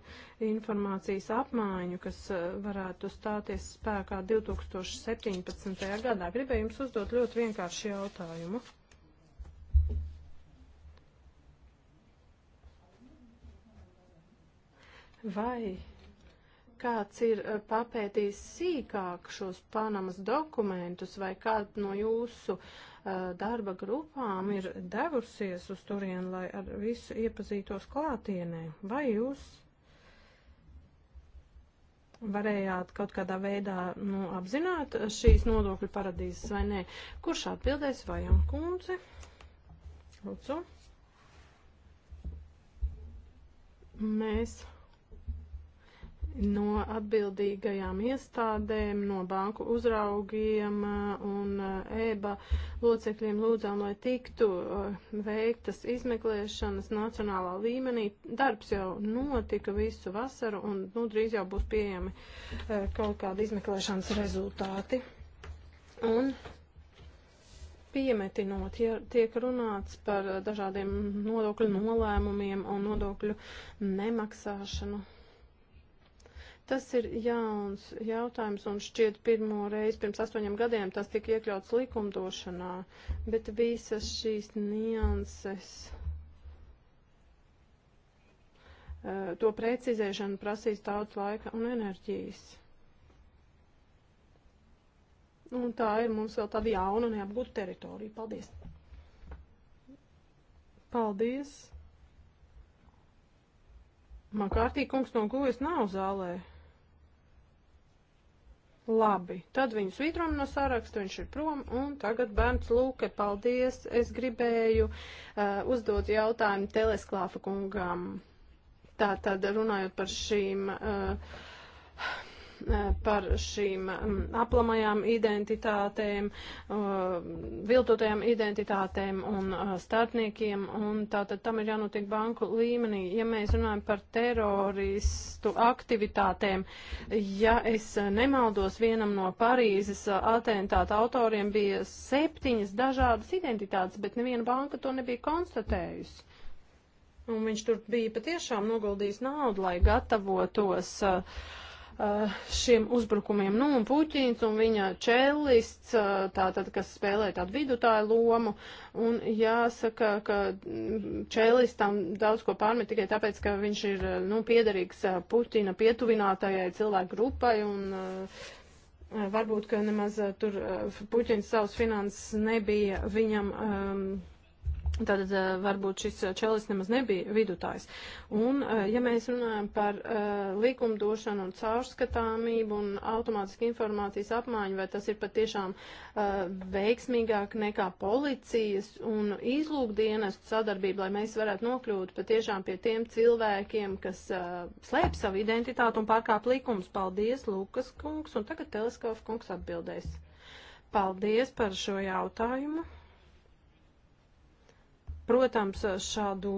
informācijas apmaiņu, kas eh, varētu stāties spēkā 2017. gadā. Gribēju jums uzdot ļoti vienkāršu jautājumu. Vai kāds ir eh, papētījis sīkāk šos Panamas dokumentus, vai kāds no jūsu uh, darba grupām ir devusies uz turienu, lai ar visu iepazītos klātienē. Vai jūs varējāt kaut kādā veidā nu, apzināt šīs nodokļu paradīzes vai nē? Kurš atbildēs Vajan kundze? Lūdzu. Mēs no atbildīgajām iestādēm, no banku uzraugiem uh, un uh, ēba locekļiem lūdzām, lai tiktu uh, veiktas izmeklēšanas nacionālā līmenī. Darbs jau notika visu vasaru un nu, drīz jau būs pieejami kaut kādi izmeklēšanas rezultāti. Un piemetinot, ja tiek runāts par dažādiem nodokļu nolēmumiem un nodokļu nemaksāšanu Tas ir jauns jautājums un šķiet pirmo reizi pirms astoņiem gadiem tas tika iekļauts likumdošanā, bet visas šīs nianses, eh, to precizēšana prasīs daudz laika un enerģijas. Un tā ir mums vēl tāda jauna neapgūta teritorija. Paldies! Paldies! Man kārtīgi kungs no guvis nav zālē. Labi, tad viņu svītrom no saraksta, viņš ir prom, un tagad bērns Lūke, paldies, es gribēju uh, uzdot jautājumu telesklāfa kungam. Tā tad runājot par šīm. Uh, par šīm mm, aplamajām identitātēm, uh, viltotajām identitātēm un uh, starpniekiem, un tātad tam ir jānotiek banku līmenī. Ja mēs runājam par teroristu aktivitātēm, ja es nemaldos, vienam no Parīzes uh, atentāta autoriem bija septiņas dažādas identitātes, bet neviena banka to nebija konstatējusi. Un viņš tur bija patiešām noguldījis naudu, lai gatavotos uh, Eh, šiem uzbrukumiem. Nu, un Puķins un viņa čellists, eh, tātad, kas spēlē tādu vidutāju lomu, un jāsaka, ka čellistam daudz ko pārmet tikai tāpēc, ka viņš ir, eh, nu, piederīgs Puķina pietuvinātajai cilvēku grupai, un varbūt, ka nemaz tur Puķins savus finanses nebija viņam. Um, Tad eh, varbūt šis eh, čelis nemaz nebija vidutājs. Un, eh, ja mēs runājam par uh, likumdošanu un caurskatāmību un automātisku informācijas apmaiņu, vai tas ir patiešām uh, veiksmīgāk nekā policijas un izlūkdienas sadarbība, lai mēs varētu nokļūt patiešām pie tiem cilvēkiem, kas uh, slēp savu identitātu un pārkāp likums. Paldies, Lukas kungs, un tagad Teleskova kungs atbildēs. Paldies par šo jautājumu. Protams, šādu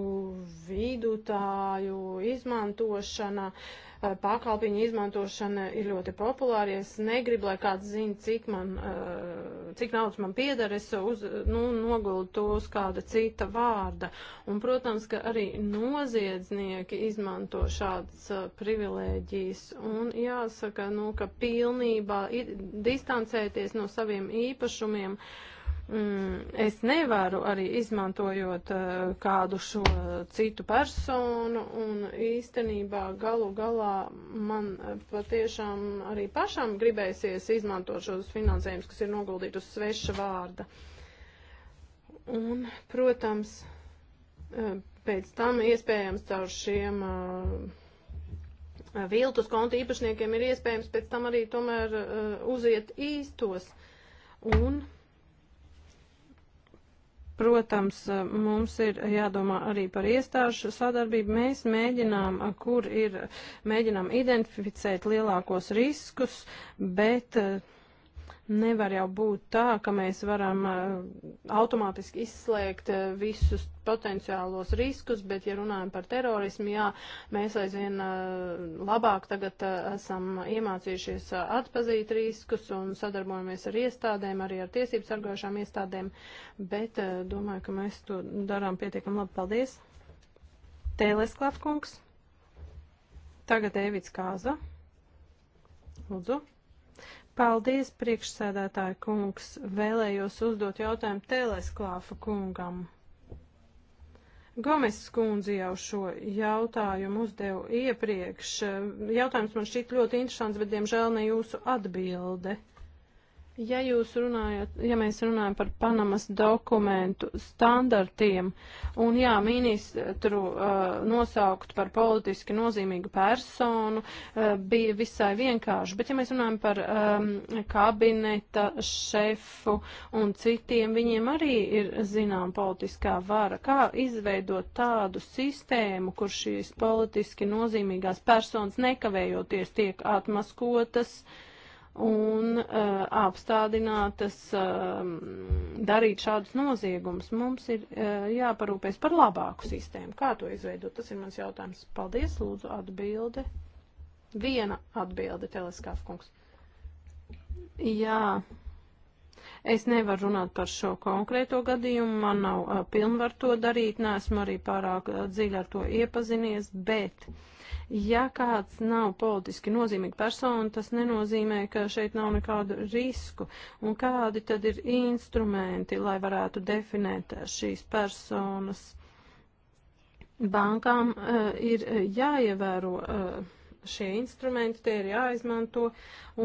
vidutāju izmantošana, eh, pakalpiņu izmantošana ir ļoti populāra. Es negribu, lai kāds zina, cik, man, eh, cik naudas man pieder, es uz, nu, noguldu to uz kāda cita vārda. Un, protams, ka arī noziedznieki izmanto šādas eh, privilēģijas. Un jāsaka, nu, ka pilnībā distancēties no saviem īpašumiem. Uh, Mm, es nevaru arī izmantojot eh, kādu šo citu personu un īstenībā galu galā man eh, patiešām arī pašam gribēsies izmantot šos finansējumus, kas ir noguldīti uz sveša vārda. Un, protams, eh, pēc tam iespējams caur šiem viltus konta īpašniekiem ir iespējams pēc tam arī tomēr uziet īstos. Un, Protams, mums ir jādomā arī par iestāžu sadarbību. Mēs mēģinām, kur ir, mēģinām identificēt lielākos riskus, bet uh, Nevar jau būt tā, ka mēs varam eh, automātiski izslēgt eh, visus potenciālos riskus, bet, ja runājam par terorismu, jā, mēs aizvien eh, labāk tagad esam iemācījušies atpazīt riskus un sadarbojamies ar iestādēm, arī ar tiesību sargājušām iestādēm, bet domāju, ka mēs to darām pietiekam labi. Paldies! Tēlēs Klapkungs, tagad Ēvids Kāza. Lūdzu. Paldies, priekšsēdētāja kungs. Vēlējos uzdot jautājumu telesklāfa kungam. Gomes skundze jau šo jautājumu uzdevu iepriekš. Jautājums man šķiet ļoti interesants, bet diemžēl ne jūsu atbilde. Uh, Ja jūs runājat, ja mēs runājam par Panamas dokumentu standartiem un jā, ministru uh, nosaukt par politiski nozīmīgu personu uh, bija visai vienkārši, bet ja mēs runājam par um, kabineta šefu un citiem, viņiem arī ir zinām politiskā vara. Kā izveidot tādu sistēmu, kur šīs politiski nozīmīgās personas nekavējoties tiek atmaskotas? Uh, un uh, apstādinātas uh, darīt šādus noziegumus. Mums ir uh, jāparūpēs par labāku sistēmu. Kā to izveidot? Tas ir mans jautājums. Paldies, lūdzu, atbilde. Viena atbilde, Teleskāf kungs. Jā. Es nevaru runāt par šo konkrēto gadījumu, man nav uh, eh, pilnvar to darīt, neesmu arī pārāk uh, dziļi ar to iepazinies, bet uh, Ja kāds nav politiski nozīmīga persona, tas nenozīmē, ka šeit nav nekādu risku. Un kādi tad ir instrumenti, lai varētu definēt šīs personas? Bankām uh, ir jāievēro. Uh, šie instrumenti, tie ir jāizmanto,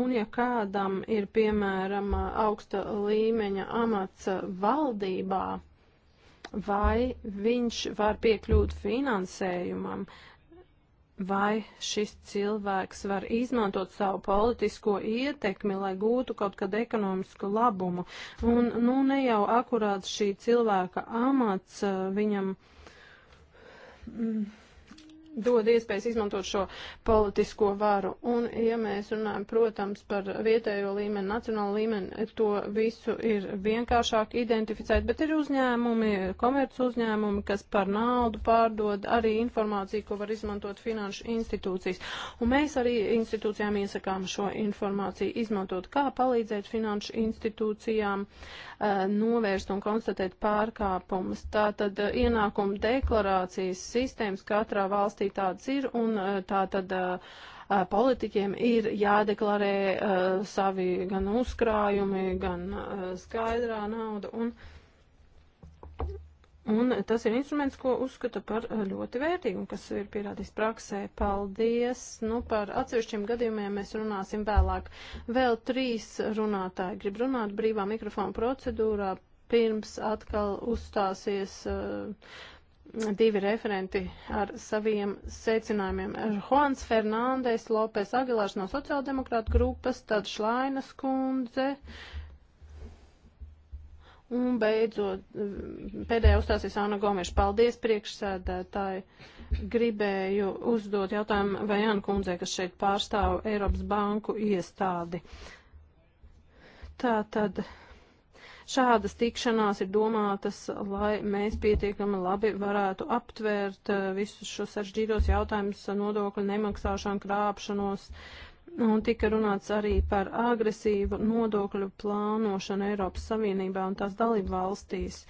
un ja kādam ir, piemēram, augsta līmeņa amats valdībā, vai viņš var piekļūt finansējumam, uh, vai šis cilvēks var izmantot savu politisko ietekmi, lai gūtu kaut kādu ekonomisku labumu. Un, nu, ne jau akurāts šī cilvēka amats eh, viņam. Mm, dod iespējas izmantot šo politisko varu. Un, ja mēs runājam, protams, par vietējo līmeni, nacionālu līmeni, to visu ir vienkāršāk identificēt, bet ir uzņēmumi, komerc uzņēmumi, kas par naudu pārdod arī informāciju, ko var izmantot finanšu institūcijas. Un mēs arī institūcijām iesakām šo informāciju izmantot, kā palīdzēt finanšu institūcijām uh, novērst un konstatēt pārkāpumus. Tātad uh, ienākuma deklarācijas sistēmas katrā valstī valstī tāds ir, un uh, tā tad uh, uh, politiķiem ir jādeklarē savi gan uzkrājumi, gan skaidrā nauda, un, un tas ir instruments, ko uzskata par ļoti vērtīgu, un kas ir pierādījis praksē. Paldies! Nu, par atsevišķiem gadījumiem mēs runāsim vēlāk. Vēl trīs runātāji grib runāt brīvā mikrofona procedūrā pirms atkal uzstāsies uh, divi referenti ar saviem secinājumiem. Juans Fernandes Lopes Agilārs no sociāldemokrāta grupas, tad Šlainas kundze. Un beidzot, pēdējā uzstāsies Anna Gomeša. Paldies priekšsēdētāji. Gribēju uzdot jautājumu Vajana kundzei, kas šeit pārstāv Eiropas banku iestādi. Tā tad. tad Šādas tikšanās ir domātas, lai mēs pietiekami labi varētu aptvērt eh, visus šos saržģītos jautājumus - nodokļu nemaksāšanu, krāpšanos. Un tika runāts arī par agresīvu nodokļu plānošanu Eiropas Savienībā un tās dalību valstīs,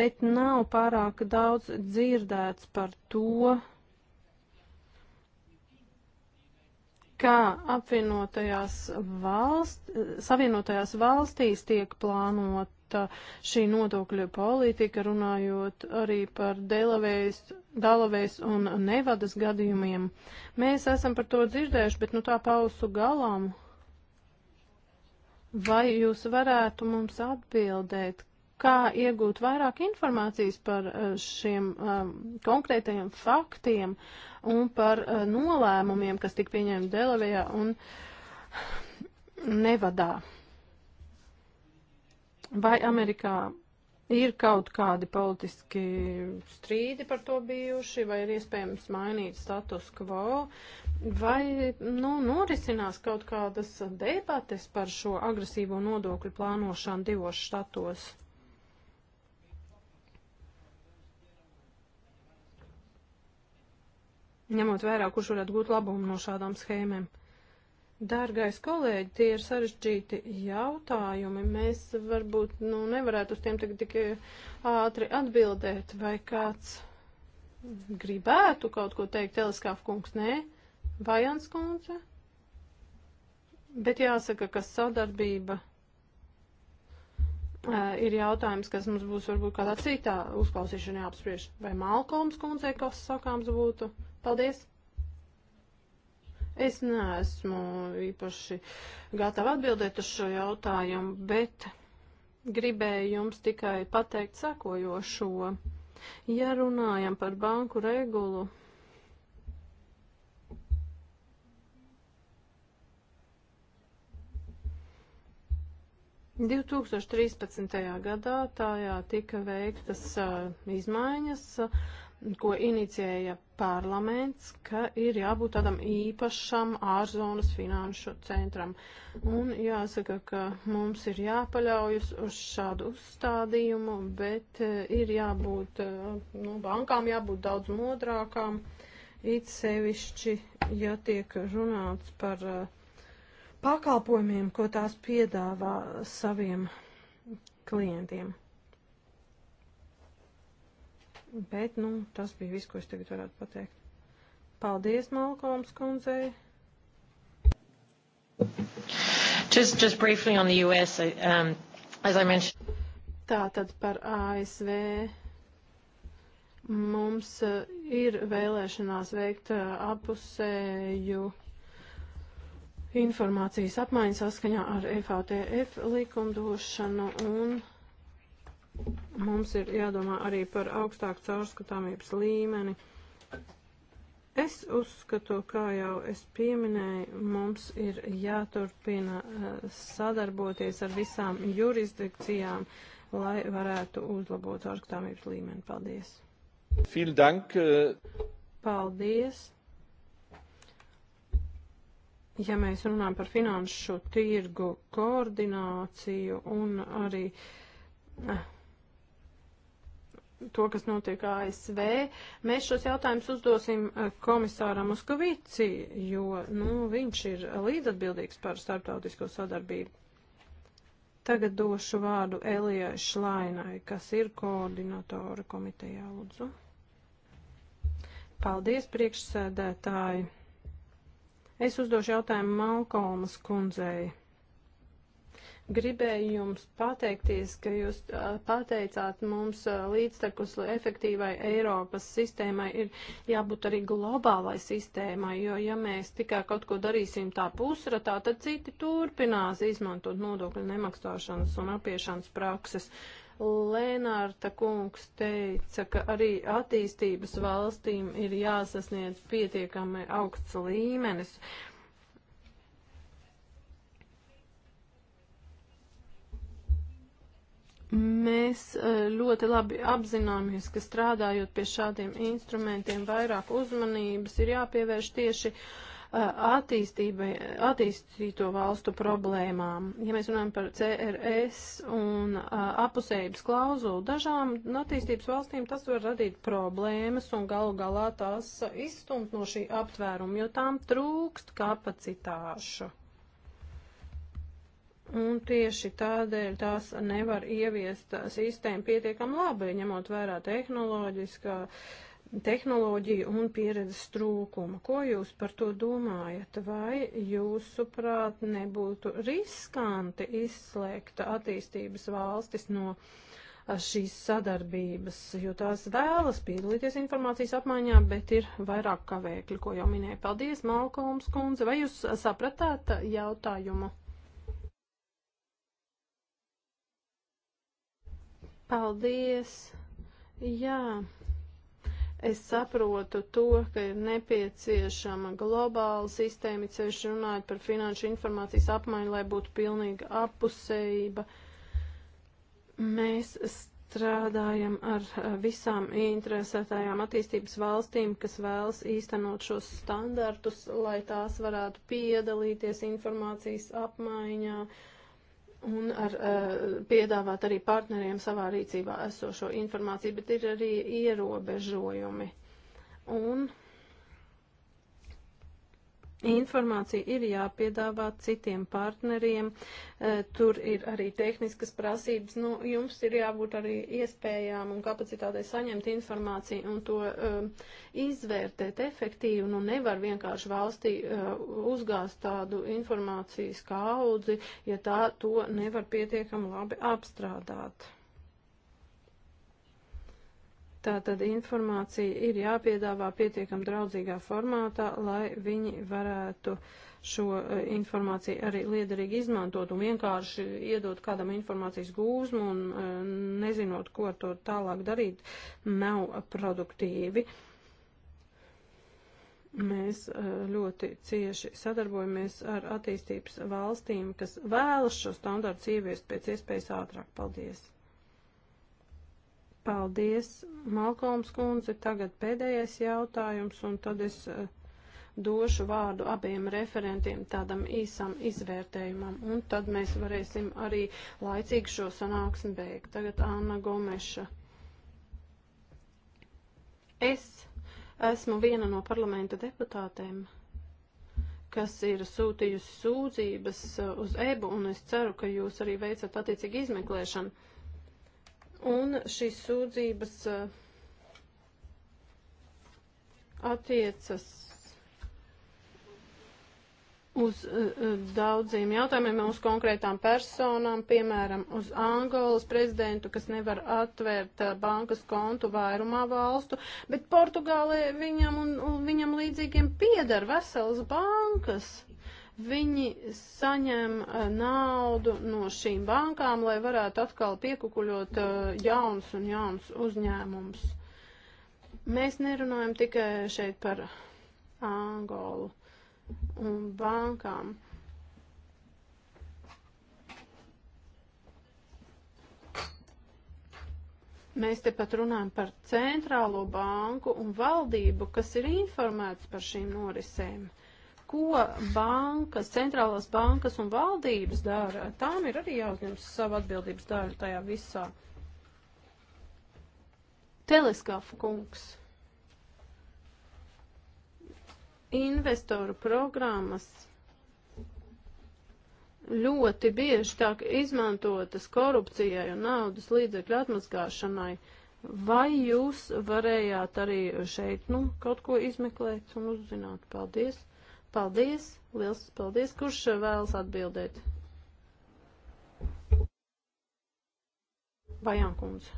bet nav pārāk daudz dzirdēts par to, kā apvienotajās, valst, eh, savienotajās valstīs tiek plānot tā šī nodokļa politika, runājot arī par Delavējas, Dalavējas un Nevadas gadījumiem. Mēs esam par to dzirdējuši, bet nu tā pausu galām. Vai jūs varētu mums atbildēt, kā iegūt vairāk informācijas par eh, šiem um, konkrētajiem faktiem un par uh, nolēmumiem, kas tika pieņemti Delavijā un Nevadā? Vai Amerikā ir kaut kādi politiski strīdi par to bijuši, vai ir iespējams mainīt status quo, vai nu, norisinās kaut kādas debates par šo agresīvo nodokļu plānošanu divos štatos? Ņemot vērā, kurš varētu gūt labumu no šādām schēmēm. Dārgais kolēģi, tie ir sarežģīti jautājumi. Mēs varbūt nu, nevarētu uz tiem tagad tik ātri atbildēt. Vai kāds gribētu kaut ko teikt? Teleskāf kungs, nē. Vajans kundze? Bet jāsaka, ka sadarbība ir jautājums, kas mums būs varbūt kādā citā uzklausīšanā jāapspriež. Vai Malkolms kundzei kas sakāms būtu? Paldies! Es neesmu īpaši gatava atbildēt uz šo jautājumu, bet gribēju jums tikai pateikt sekojošo. Ja runājam par banku regulu, Divtūkstoš trīspadsmitajā gadā tajā tika veiktas uh, izmaiņas. Uh, ko inicijēja parlaments, ka ir jābūt tādam īpašam ārzonas finanšu centram. Un jāsaka, ka mums ir jāpaļaujas uz šādu uzstādījumu, bet eh, ir jābūt, nu, bankām jābūt daudz modrākām, it sevišķi, ja tiek runāts par eh, pakalpojumiem, ko tās piedāvā saviem klientiem. Bet, nu, tas bija viss, ko es tagad varētu pateikt. Paldies, Malkoms kundzei. Just, just briefly on the US, um, as I mentioned. Tātad par ASV mums uh, ir vēlēšanās veikt uh, apusēju informācijas apmaiņu saskaņā ar FATF likumdošanu un Mums ir jādomā arī par augstāku caurskatāmības līmeni. Es uzskatu, kā jau es pieminēju, mums ir jāturpina eh, sadarboties ar visām jurisdikcijām, lai varētu uzlabot caurskatāmības līmeni. Paldies! Vielen Dank! Äh, Paldies! ja mēs runājam par finanšu tirgu koordināciju un arī eh, to, kas notiek ASV, mēs šos jautājumus uzdosim eh, komisāram Uskavici, jo nu, viņš ir līdzatbildīgs par starptautisko sadarbību. Tagad došu vārdu Elijai Šlainai, kas ir koordinatora komitejā, lūdzu. Paldies, priekšsēdētāji. Es uzdošu jautājumu Malkolmas kundzei gribēju jums pateikties, ka jūs pateicāt mums līdztekus efektīvai Eiropas sistēmai ir jābūt arī globālai sistēmai, jo ja mēs tikai kaut ko darīsim tā pusratā, tad citi turpinās izmantot nodokļu nemaksāšanas un apiešanas prakses. Lenārta kungs teica, ka arī attīstības valstīm ir jāsasniedz pietiekami augsts līmenis. Uh, Mēs e, ļoti labi apzināmies, ka strādājot pie šādiem instrumentiem, vairāk uzmanības ir jāpievērš tieši e, attīstībai, attīstīto valstu problēmām. Ja mēs runājam par CRS un e, apusējības klauzulu, dažām attīstības valstīm tas var radīt problēmas un galu galā tās izstumt no šī aptvēruma, jo tām trūkst kapacitāšu. Un tieši tādēļ tās nevar ieviest sistēmu pietiekam labi, ņemot vērā tehnoloģiskā tehnoloģiju un pieredzes trūkumu. Ko jūs par to domājat? Vai jūsuprāt nebūtu riskanti izslēgt attīstības valstis no šīs sadarbības, jo tās vēlas piedalīties informācijas apmaiņā, bet ir vairāk kavēkļi, ko jau minēja. Paldies, Malkolms kundze. Vai jūs sapratāt jautājumu? Paldies! Jā. Es saprotu to, ka ir nepieciešama globāla sistēma, ceļš runājot par finanšu informācijas apmaiņu, lai būtu pilnīga apusējība. Mēs strādājam ar visām interesētajām attīstības valstīm, kas vēlas īstenot šos standartus, lai tās varētu piedalīties informācijas apmaiņā. Uh, un ar, uh, piedāvāt arī partneriem savā rīcībā esošo informāciju, bet ir arī ierobežojumi. Un Informācija ir jāpiedāvā citiem partneriem, eh, tur ir arī tehniskas prasības, nu, jums ir jābūt arī iespējām un kapacitātei saņemt informāciju un to uh, izvērtēt efektīvi, nu, nevar vienkārši valstī uh, uzgāzt tādu informācijas kaudzi, ja tā to nevar pietiekam labi apstrādāt. Tātad informācija ir jāpiedāvā pietiekam draudzīgā formātā, lai viņi varētu šo eh, informāciju arī liederīgi izmantot un vienkārši iedot kādam informācijas gūzmu un eh, nezinot, ko ar to tālāk darīt, nav produktīvi. Mēs eh, ļoti cieši sadarbojamies ar attīstības valstīm, kas vēlas šo standārtu ieviest pēc iespējas ātrāk. Paldies! Paldies, Malkoms kundze. Tagad pēdējais jautājums, un tad es eh, došu vārdu abiem referentiem tādam īsam izvērtējumam, un tad mēs varēsim arī laicīgi šo sanāksmi beigt. Tagad Anna Gomeša. Es esmu viena no parlamenta deputātēm, kas ir sūtījusi sūdzības eh, uz EBU, un es ceru, ka jūs arī veicat attiecīgi izmeklēšanu. Un šīs sūdzības eh, attiecas uz eh, eh, daudziem jautājumiem, uz konkrētām personām, piemēram, uz Angolas prezidentu, kas nevar atvērt bankas kontu vairumā valstu, bet Portugālē viņam un, un viņam līdzīgiem piedar veselas bankas. Viņi saņem eh, naudu no šīm bankām, lai varētu atkal piekukuļot eh, jauns un jauns uzņēmums. Mēs nerunājam tikai šeit par Angolu un bankām. Mēs tepat runājam par centrālo banku un valdību, kas ir informēts par šīm norisēm. Uh, ko bankas, centrālās bankas un valdības dara, tām ir arī jāuzņems savu atbildības daļu tajā visā. Teleskafa kungs. Investoru programmas ļoti bieži tiek izmantotas korupcijai un naudas līdzekļu atmazgāšanai. Vai jūs varējāt arī šeit nu, kaut ko izmeklēt un uzzināt? Paldies! Paldies, liels paldies. Kurš vēlas atbildēt? Bajankundze.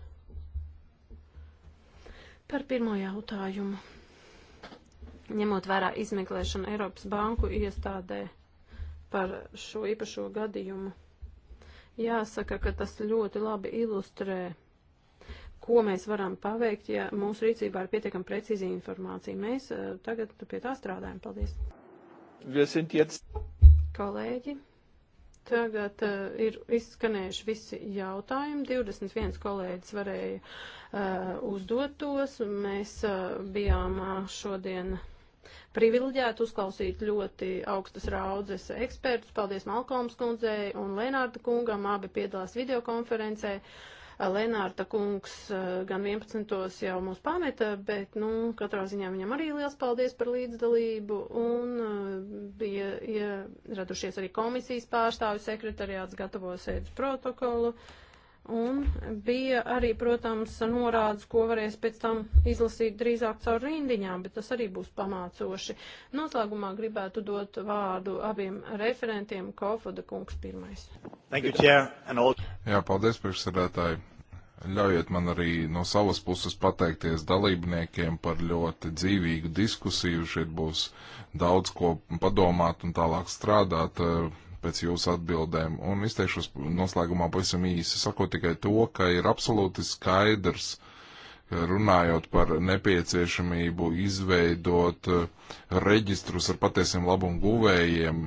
Par pirmo jautājumu. Ņemot vērā izmeklēšanu Eiropas banku iestādē par šo īpašo gadījumu, jāsaka, ka tas ļoti labi ilustrē ko mēs varam paveikt, ja mūsu rīcībā ir pietiekami precīzi informācija. Mēs eh, tagad pie tā strādājam. Paldies! wir sind jetzt. Kolēģi, tagad uh, ir izskanējuši visi jautājumi. 21 kolēģis varēja uh, uzdot tos. Mēs uh, bijām uh, šodien privileģēti uzklausīt ļoti augstas raudzes ekspertus. Paldies Malkoms kundzei un Lenārda kungam, abi piedalās videokonferencē. Uh, Lenārta kungs eh, gan 11. jau mūs pameta, bet, nu, katrā ziņā viņam arī liels paldies par līdzdalību un eh, bija ieradušies arī komisijas pārstāvju sekretariāts gatavo sēdus protokolu. Uh, Un bija arī, protams, norādes, ko varēs pēc tam izlasīt drīzāk caur rindiņām, bet tas arī būs pamācoši. Noslēgumā gribētu dot vārdu abiem referentiem. Kofoda kungs pirmais. Thank you, Chair, and all... Jā, paldies, priekšsēdētāji. Ļaujiet man arī no savas puses pateikties dalībniekiem par ļoti dzīvīgu diskusiju. Šeit būs daudz ko padomāt un tālāk strādāt. Uh, pēc jūsu atbildēm un izteikšos noslēgumā pavisam īsi. Sako tikai to, ka ir absolūti skaidrs, runājot par nepieciešamību izveidot eh, reģistrus ar patiesiem labumu guvējiem.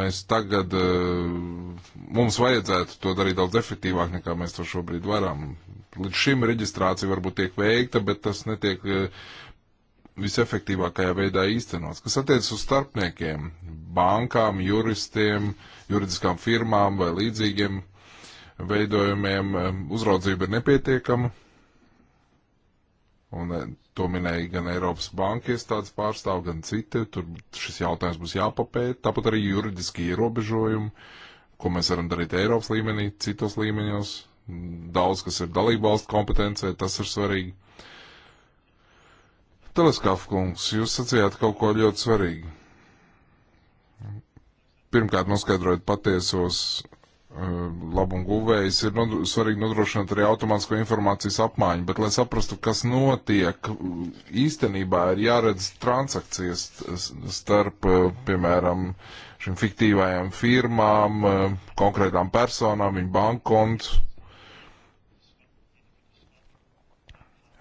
Mēs tagad, eh, mums vajadzētu to darīt daudz efektīvāk, nekā mēs to šobrīd varam. Līdz šim reģistrācija varbūt tiek veikta, bet tas netiek eh, visefektīvākajā veidā īstenots. Kas attiecas uz starpniekiem, bankām, juristiem, juridiskām firmām vai līdzīgiem veidojumiem, uzraudzība ir nepietiekama. Un eh, to minēja gan Eiropas banka iestādes pārstāv, gan citi. Tur šis jautājums būs jāpapēta. Tāpat arī juridiski ierobežojumi, ko mēs varam darīt Eiropas līmenī, citos līmeņos. Daudz, kas ir dalību valstu kompetencē, tas ir svarīgi. Teleskāfkungs, jūs sacījāt kaut ko ļoti svarīgu. Pirmkārt, noskaidrojot patiesos eh, labumu guvējs, ir nodru, svarīgi nodrošināt arī automātisko informācijas apmaiņu, bet, lai saprastu, kas notiek, īstenībā ir jāredz transakcijas starp, eh, piemēram, šīm fiktīvajām firmām, eh, konkrētām personām, viņu bankkontu,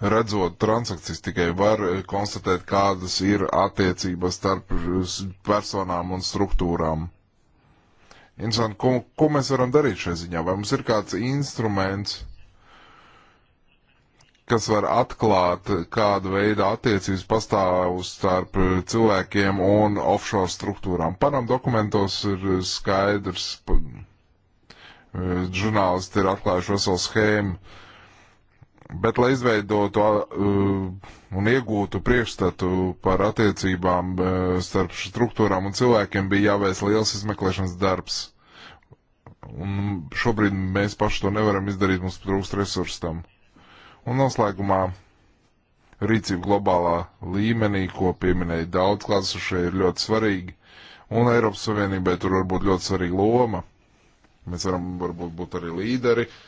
redzot transakcijas, tikai var eh, konstatēt, kādas ir attiecības starp eh, personām un struktūrām. Interesanti, ko, ko mēs varam darīt šai ziņā? Vai mums ir kāds instruments, kas var atklāt, eh, kāda veida attiecības pastāv starp cilvēkiem un offshore struktūrām? Panam dokumentos ir skaidrs, žurnālisti ir atklājuši veselu schēmu Bet, lai izveidotu uh, un iegūtu priekšstatu par attiecībām uh, starp struktūrām un cilvēkiem, bija jāveic liels izmeklēšanas darbs. Un šobrīd mēs paši to nevaram izdarīt, mums trūkst resursu tam. Un noslēgumā rīcība globālā līmenī, ko pieminēja daudz klātsušie, ir ļoti svarīga. Un Eiropas Savienībai tur var būt ļoti svarīga loma. Mēs varam varbūt būt arī līderi. Uh,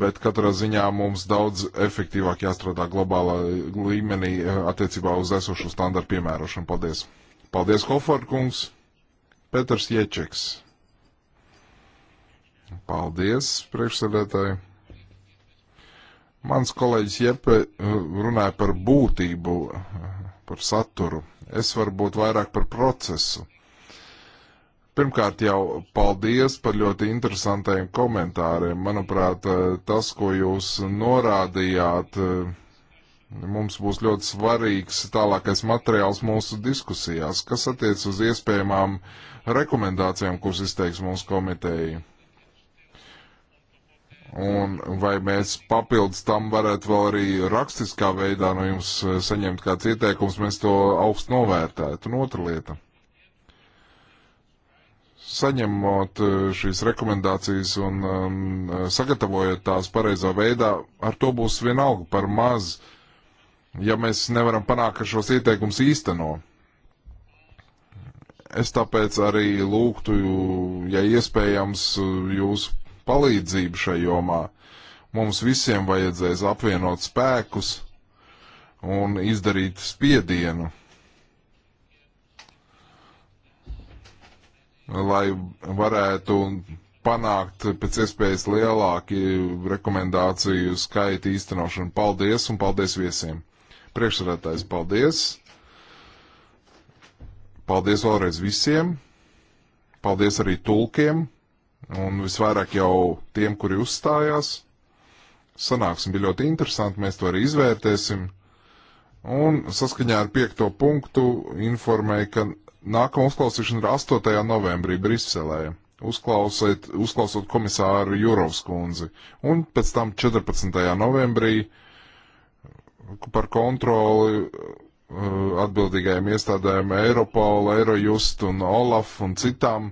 bet katrā ziņā mums daudz efektīvāk jāstrādā globālā līmenī eh, attiecībā uz esošu standartu piemērošanu. Paldies! Paldies, Hofard kungs! Peters Ječeks. Paldies, priekšsēdētāji! Mans kolēģis Jepe eh, runāja par būtību, eh, par saturu. Es varbūt vairāk par procesu Pirmkārt jau paldies par ļoti interesantiem komentāriem. Manuprāt, eh, tas, ko jūs norādījāt, eh, mums būs ļoti svarīgs tālākais materiāls mūsu diskusijās, kas attiec uz iespējamām rekomendācijām, kuras izteiks mūsu komiteja. Un vai mēs papildus tam varētu vēl arī rakstiskā veidā no jums eh, saņemt kāds ieteikums, mēs to augstu novērtētu. Un otra lieta saņemot eh, šīs rekomendācijas un um, eh, sagatavojot tās pareizā veidā, ar to būs vienalga par maz, ja mēs nevaram panākt, ka šos ieteikums īsteno. Es tāpēc arī lūgtu, ja iespējams, jūsu palīdzību šai jomā. Mums visiem vajadzēs apvienot spēkus un izdarīt spiedienu lai varētu panākt pēc iespējas lielāki rekomendāciju skaita īstenošanu. Paldies un paldies viesiem. Priekšsarētājs, paldies. Paldies vēlreiz visiem. Paldies arī tulkiem un visvairāk jau tiem, kuri uzstājās. Sanāksim bija ļoti interesanti, mēs to arī izvērtēsim. Un saskaņā ar piekto punktu informēja, ka Nākamā uzklausīšana ir 8. novembrī Briselē. Uzklausot, uzklausot komisāru Jurovs kundzi. Un pēc tam 14. novembrī par kontroli uh, atbildīgajām iestādēm Eiropol, Eurojust un Olaf un citām.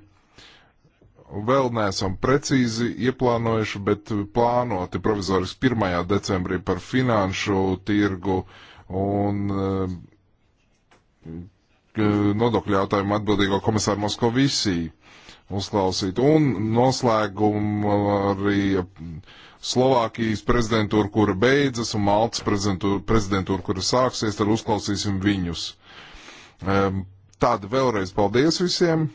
Vēl neesam precīzi ieplānojuši, bet plānoti provizoriski 1. decembrī par finanšu tirgu un uh, nodokļu jautājumu atbildīgo komisāru Moskovisī uzklausīt. Un noslēgumu arī Slovākijas prezidentūra, kura beidzas, un Maltas prezidentūra, prezidentūra kura sāksies, tad uzklausīsim viņus. Tad vēlreiz paldies visiem!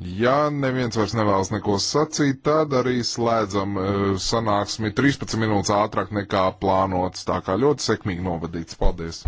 Ja neviens vairs nevēlas neko sacīt, tad arī slēdzam e, sanāksmi 13 minūtes ātrāk nekā plānots. Tā kā ļoti sekmīgi novadīts. Paldies!